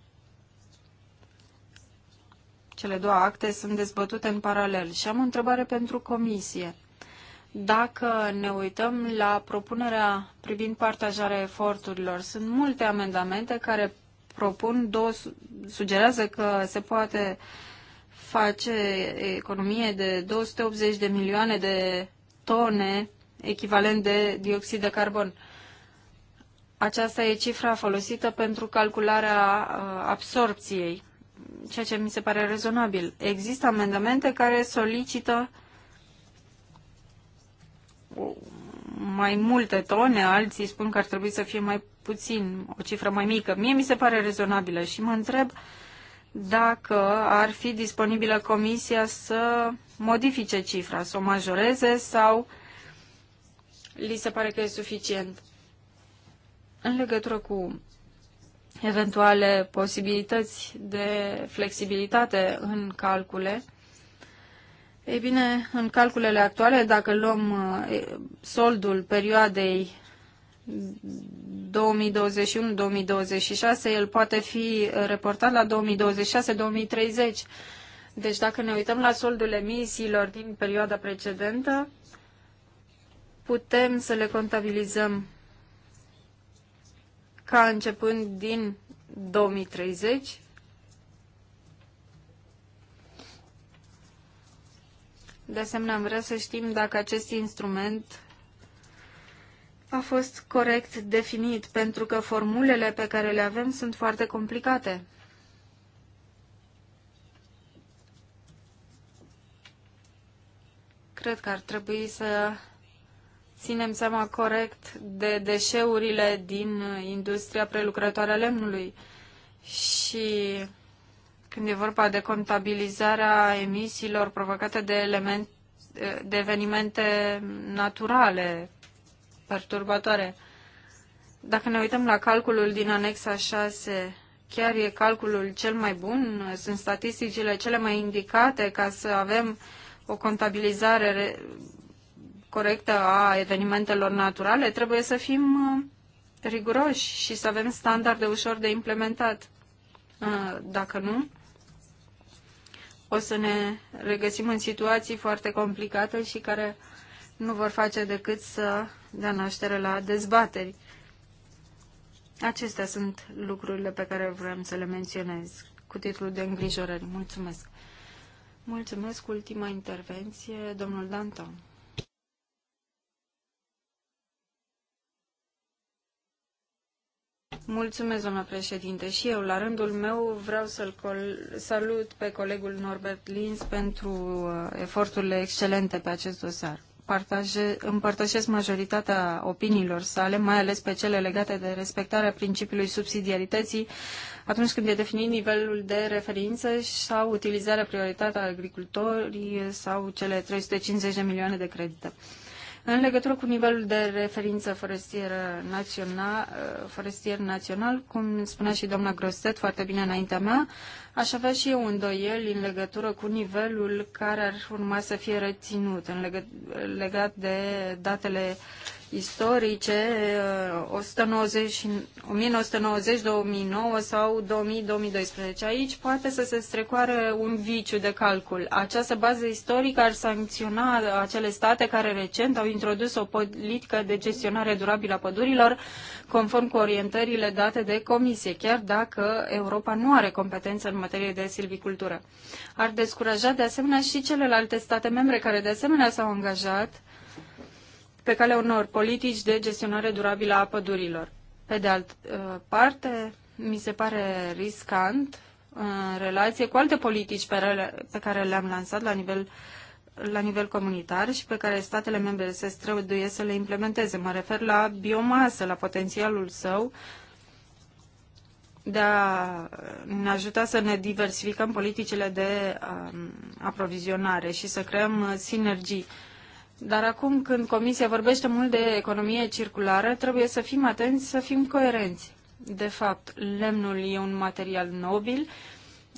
Cele două acte sunt dezbătute în paralel și am o întrebare pentru comisie. Dacă ne uităm la propunerea privind partajarea eforturilor, sunt multe amendamente care propun, două sugerează că se poate face economie de 280 de milioane de tone echivalent de dioxid de carbon. Aceasta e cifra folosită pentru calcularea uh, absorpției, ceea ce mi se pare rezonabil. Există amendamente care solicită mai multe tone, alții spun că ar trebui să fie mai puțin, o cifră mai mică. Mie mi se pare rezonabilă și mă întreb dacă ar fi disponibilă comisia să modifice cifra, să o majoreze sau li se pare că e suficient. În legătură cu eventuale posibilități de flexibilitate în calcule, ei bine, în calculele actuale, dacă luăm uh, soldul perioadei 2021-2026, el poate fi uh, reportat la 2026-2030. Deci dacă ne uităm la soldul emisiilor din perioada precedentă, putem să le contabilizăm ca începând din 2030 De asemenea, am vrea să știm dacă acest instrument a fost corect definit, pentru că formulele pe care le avem sunt foarte complicate. Cred că ar trebui să ținem seama corect de deșeurile din industria prelucrătoare a lemnului și când e vorba de contabilizarea emisiilor provocate de, element, de evenimente naturale perturbatoare. Dacă ne uităm la calculul din anexa 6, chiar e calculul cel mai bun? Sunt statisticile cele mai indicate ca să avem o contabilizare corectă a evenimentelor naturale? Trebuie să fim uh, riguroși și să avem standarde ușor de implementat. Uh, dacă nu, o să ne regăsim în situații foarte complicate și care nu vor face decât să dea naștere la dezbateri. Acestea sunt lucrurile pe care vrem să le menționez cu titlul de îngrijorări. Mulțumesc! Mulțumesc! Ultima intervenție, domnul Danton. Mulțumesc, doamna președinte. Și eu, la rândul meu, vreau să-l salut pe colegul Norbert Lins pentru uh, eforturile excelente pe acest dosar. Partaje, împărtășesc majoritatea opiniilor sale, mai ales pe cele legate de respectarea principiului subsidiarității atunci când e definit nivelul de referință sau utilizarea prioritară a agricultorii sau cele 350 de milioane de credite. În legătură cu nivelul de referință forestieră național, forestier național, cum spunea și doamna Grostet foarte bine înaintea mea, aș avea și eu îndoieli în legătură cu nivelul care ar urma să fie reținut în legă- legat de datele istorice 1990, uh, 2009 sau 2000-2012. Aici poate să se strecoare un viciu de calcul. Această bază istorică ar sancționa acele state care recent au introdus o politică de gestionare durabilă a pădurilor conform cu orientările date de Comisie, chiar dacă Europa nu are competență în materie de silvicultură. Ar descuraja de asemenea și celelalte state membre care de asemenea s-au angajat pe calea unor politici de gestionare durabilă a pădurilor. Pe de altă uh, parte, mi se pare riscant uh, în relație cu alte politici pe care le-am lansat la nivel la nivel comunitar și pe care statele membre se străduie să le implementeze. Mă refer la biomasă, la potențialul său de a ne ajuta să ne diversificăm politicile de um, aprovizionare și să creăm uh, sinergii. Dar acum când Comisia vorbește mult de economie circulară, trebuie să fim atenți, să fim coerenți. De fapt, lemnul e un material nobil,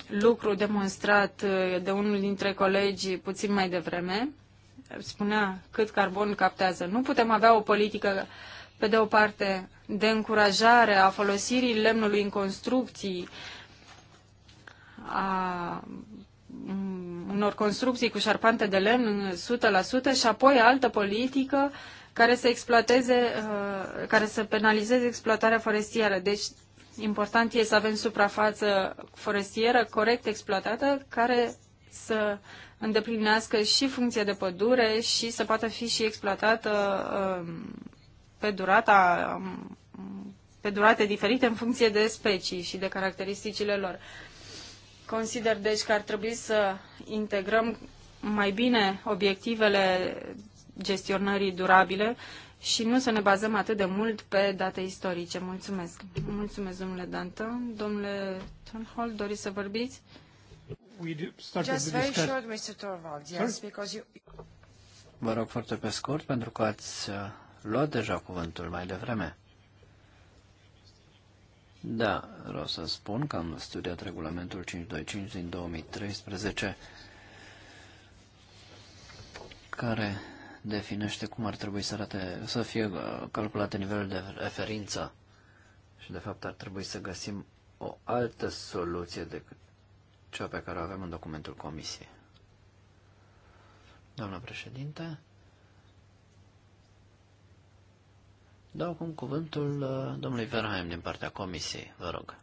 lucru demonstrat uh, de unul dintre colegi puțin mai devreme. Spunea cât carbon captează. Nu putem avea o politică, pe de o parte, de încurajare a folosirii lemnului în construcții, a unor construcții cu șarpante de lemn 100% și apoi altă politică care să exploateze, uh, care să penalizeze exploatarea forestieră. Deci important e să avem suprafață forestieră corect exploatată care să îndeplinească și funcția de pădure și să poată fi și exploatată uh, pe durata um, pe durate diferite în funcție de specii și de caracteristicile lor. Consider deci că ar trebui să integrăm mai bine obiectivele gestionării durabile și nu să ne bazăm atât de mult pe date istorice. Mulțumesc. Mulțumesc, domnule Dantă. Domnule Turnhall, doriți să vorbiți? Vă rog foarte pe scurt, pentru că ați uh, luat deja cuvântul mai devreme. Da, vreau să spun că am studiat regulamentul 525 din 2013 care definește cum ar trebui să, arate, să fie uh, calculate nivelul de referință și de fapt ar trebui să găsim o altă soluție decât cea pe care o avem în documentul comisiei. Doamna președinte, Dau acum cuvântul uh, domnului Verheim din partea comisiei. Vă rog.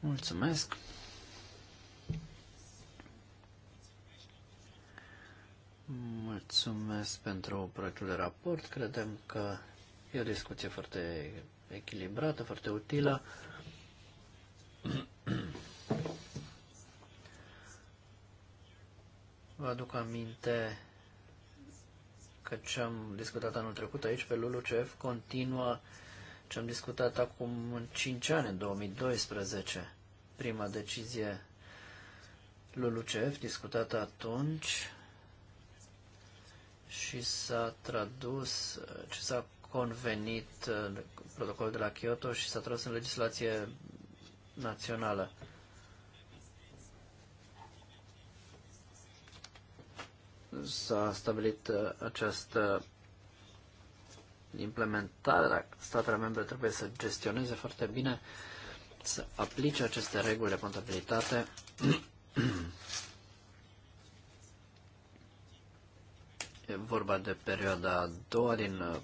Mulțumesc. Mulțumesc pentru proiectul de raport. Credem că e o discuție foarte echilibrată, foarte utilă. Vă aduc aminte că ce am discutat anul trecut aici pe LULUCF continuă ce am discutat acum 5 ani, în 2012. Prima decizie LULUCF discutată atunci și s-a tradus, ce s-a convenit uh, protocolul de la Kyoto și s-a tradus în legislație națională. s-a stabilit uh, această implementare, statele membre trebuie să gestioneze foarte bine, să aplice aceste reguli de contabilitate. *clears throat* E vorba de perioada a doua din uh,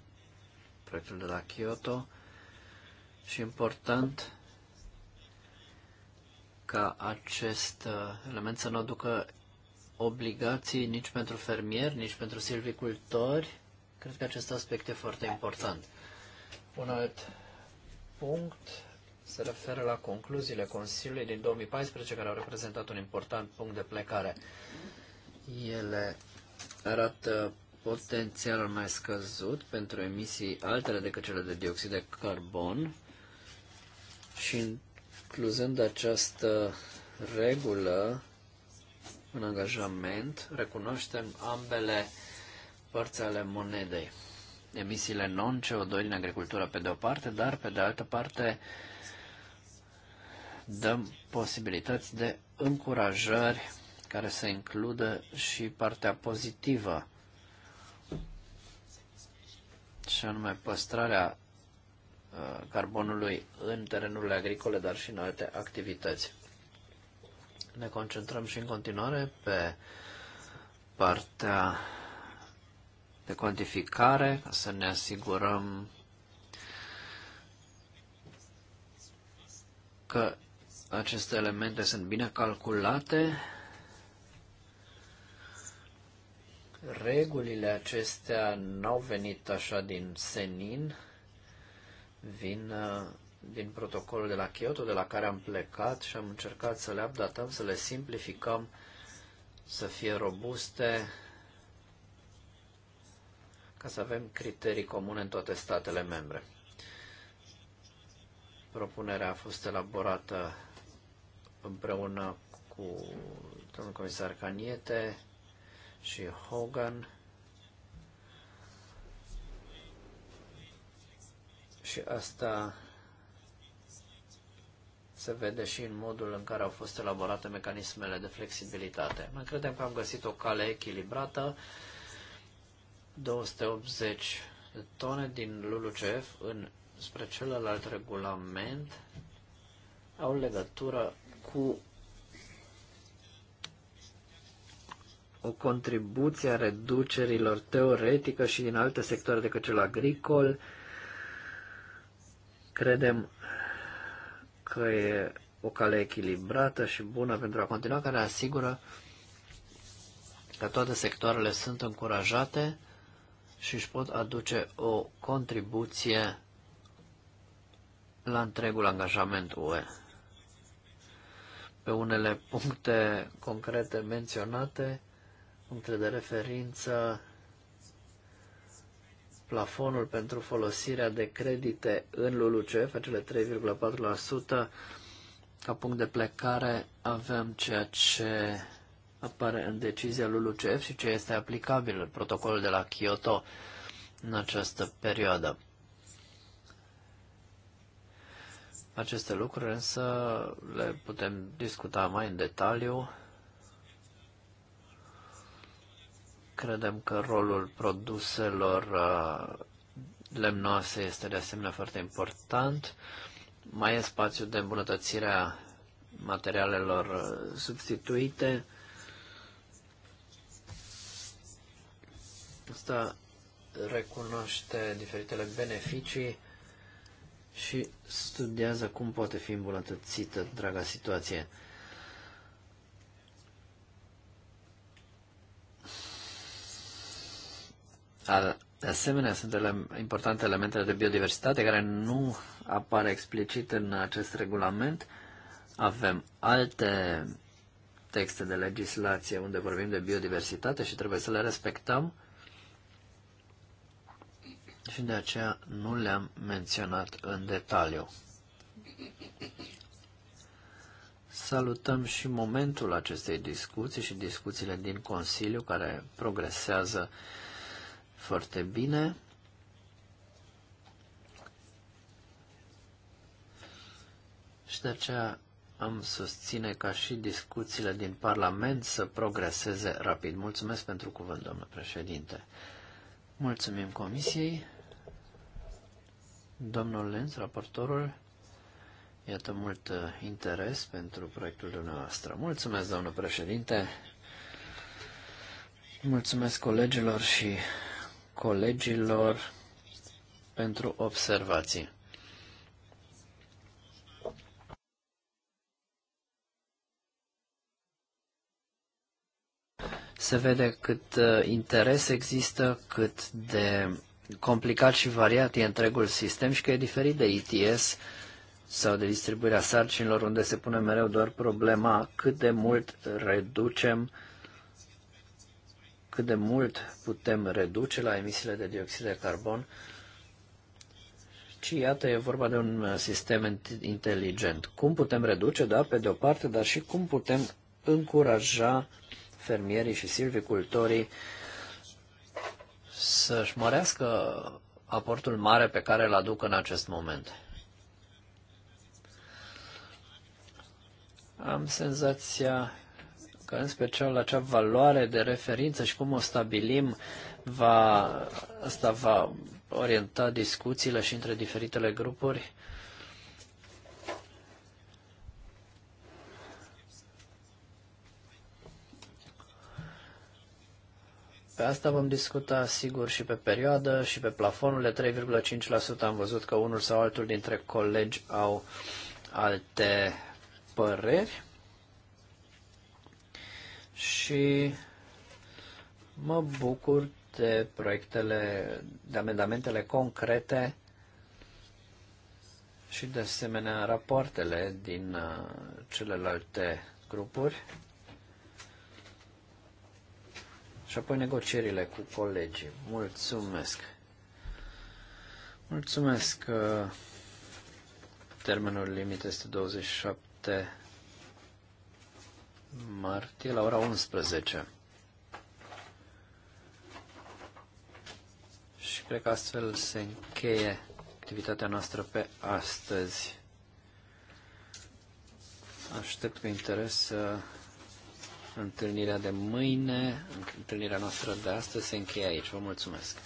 proiectul de la Kyoto și important ca acest uh, element să nu aducă obligații nici pentru fermieri, nici pentru silvicultori. Cred că acest aspect e foarte important. Un alt punct se referă la concluziile Consiliului din 2014, care au reprezentat un important punct de plecare. Ele arată potențial mai scăzut pentru emisii altele decât cele de dioxid de carbon și incluzând această regulă în angajament, recunoaștem ambele părți ale monedei. Emisiile non-CO2 din agricultură pe de o parte, dar pe de altă parte dăm posibilități de încurajări care să includă și partea pozitivă, și anume păstrarea uh, carbonului în terenurile agricole, dar și în alte activități. Ne concentrăm și în continuare pe partea de cuantificare, ca să ne asigurăm că aceste elemente sunt bine calculate, regulile acestea n-au venit așa din senin, vin uh, din protocolul de la Kyoto, de la care am plecat și am încercat să le updatăm, să le simplificăm, să fie robuste, ca să avem criterii comune în toate statele membre. Propunerea a fost elaborată împreună cu domnul comisar Caniete și Hogan și asta se vede și în modul în care au fost elaborate mecanismele de flexibilitate. Noi credem că am găsit o cale echilibrată, 280 de tone din LULUCF în, spre celălalt regulament au legătură cu o contribuție a reducerilor teoretică și din alte sectoare decât cel agricol. Credem că e o cale echilibrată și bună pentru a continua, care asigură că toate sectoarele sunt încurajate și își pot aduce o contribuție la întregul angajament UE. Pe unele puncte concrete menționate, puncte de referință, plafonul pentru folosirea de credite în LULUCF, acele 3,4%, ca punct de plecare avem ceea ce apare în decizia LULUCF și ce este aplicabil în protocolul de la Kyoto în această perioadă. Aceste lucruri însă le putem discuta mai în detaliu Credem că rolul produselor uh, lemnoase este de asemenea foarte important. Mai e spațiu de îmbunătățirea a materialelor uh, substituite. Asta recunoaște diferitele beneficii și studiază cum poate fi îmbunătățită draga situație. De asemenea, sunt ele, importante elementele de biodiversitate care nu apar explicit în acest regulament. Avem alte texte de legislație unde vorbim de biodiversitate și trebuie să le respectăm și de aceea nu le-am menționat în detaliu. Salutăm și momentul acestei discuții și discuțiile din Consiliu care progresează foarte bine. Și de aceea am susține ca și discuțiile din Parlament să progreseze rapid. Mulțumesc pentru cuvânt, domnule președinte. Mulțumim Comisiei. Domnul Lenz, raportorul, iată mult uh, interes pentru proiectul dumneavoastră. Mulțumesc, domnule președinte. Mulțumesc colegilor și colegilor pentru observații. Se vede cât uh, interes există, cât de complicat și variat e întregul sistem și că e diferit de ITS sau de distribuirea sarcinilor, unde se pune mereu doar problema cât de mult reducem uh, cât de mult putem reduce la emisiile de dioxid de carbon, ci iată, e vorba de un uh, sistem inteligent. Cum putem reduce, da, pe de-o parte, dar și cum putem încuraja fermierii și silvicultorii să-și mărească aportul mare pe care îl aduc în acest moment. Am senzația că în special la acea valoare de referință și cum o stabilim, va, asta va orienta discuțiile și între diferitele grupuri. Pe asta vom discuta, sigur, și pe perioadă și pe plafonul de 3,5%. Am văzut că unul sau altul dintre colegi au alte păreri și mă bucur de proiectele, de amendamentele concrete și de asemenea rapoartele din uh, celelalte grupuri și apoi negocierile cu colegii. Mulțumesc! Mulțumesc! Uh, termenul limit este 27 martie la ora 11. Și cred că astfel se încheie activitatea noastră pe astăzi. Aștept cu interes uh, întâlnirea de mâine, întâlnirea noastră de astăzi se încheie aici. Vă mulțumesc!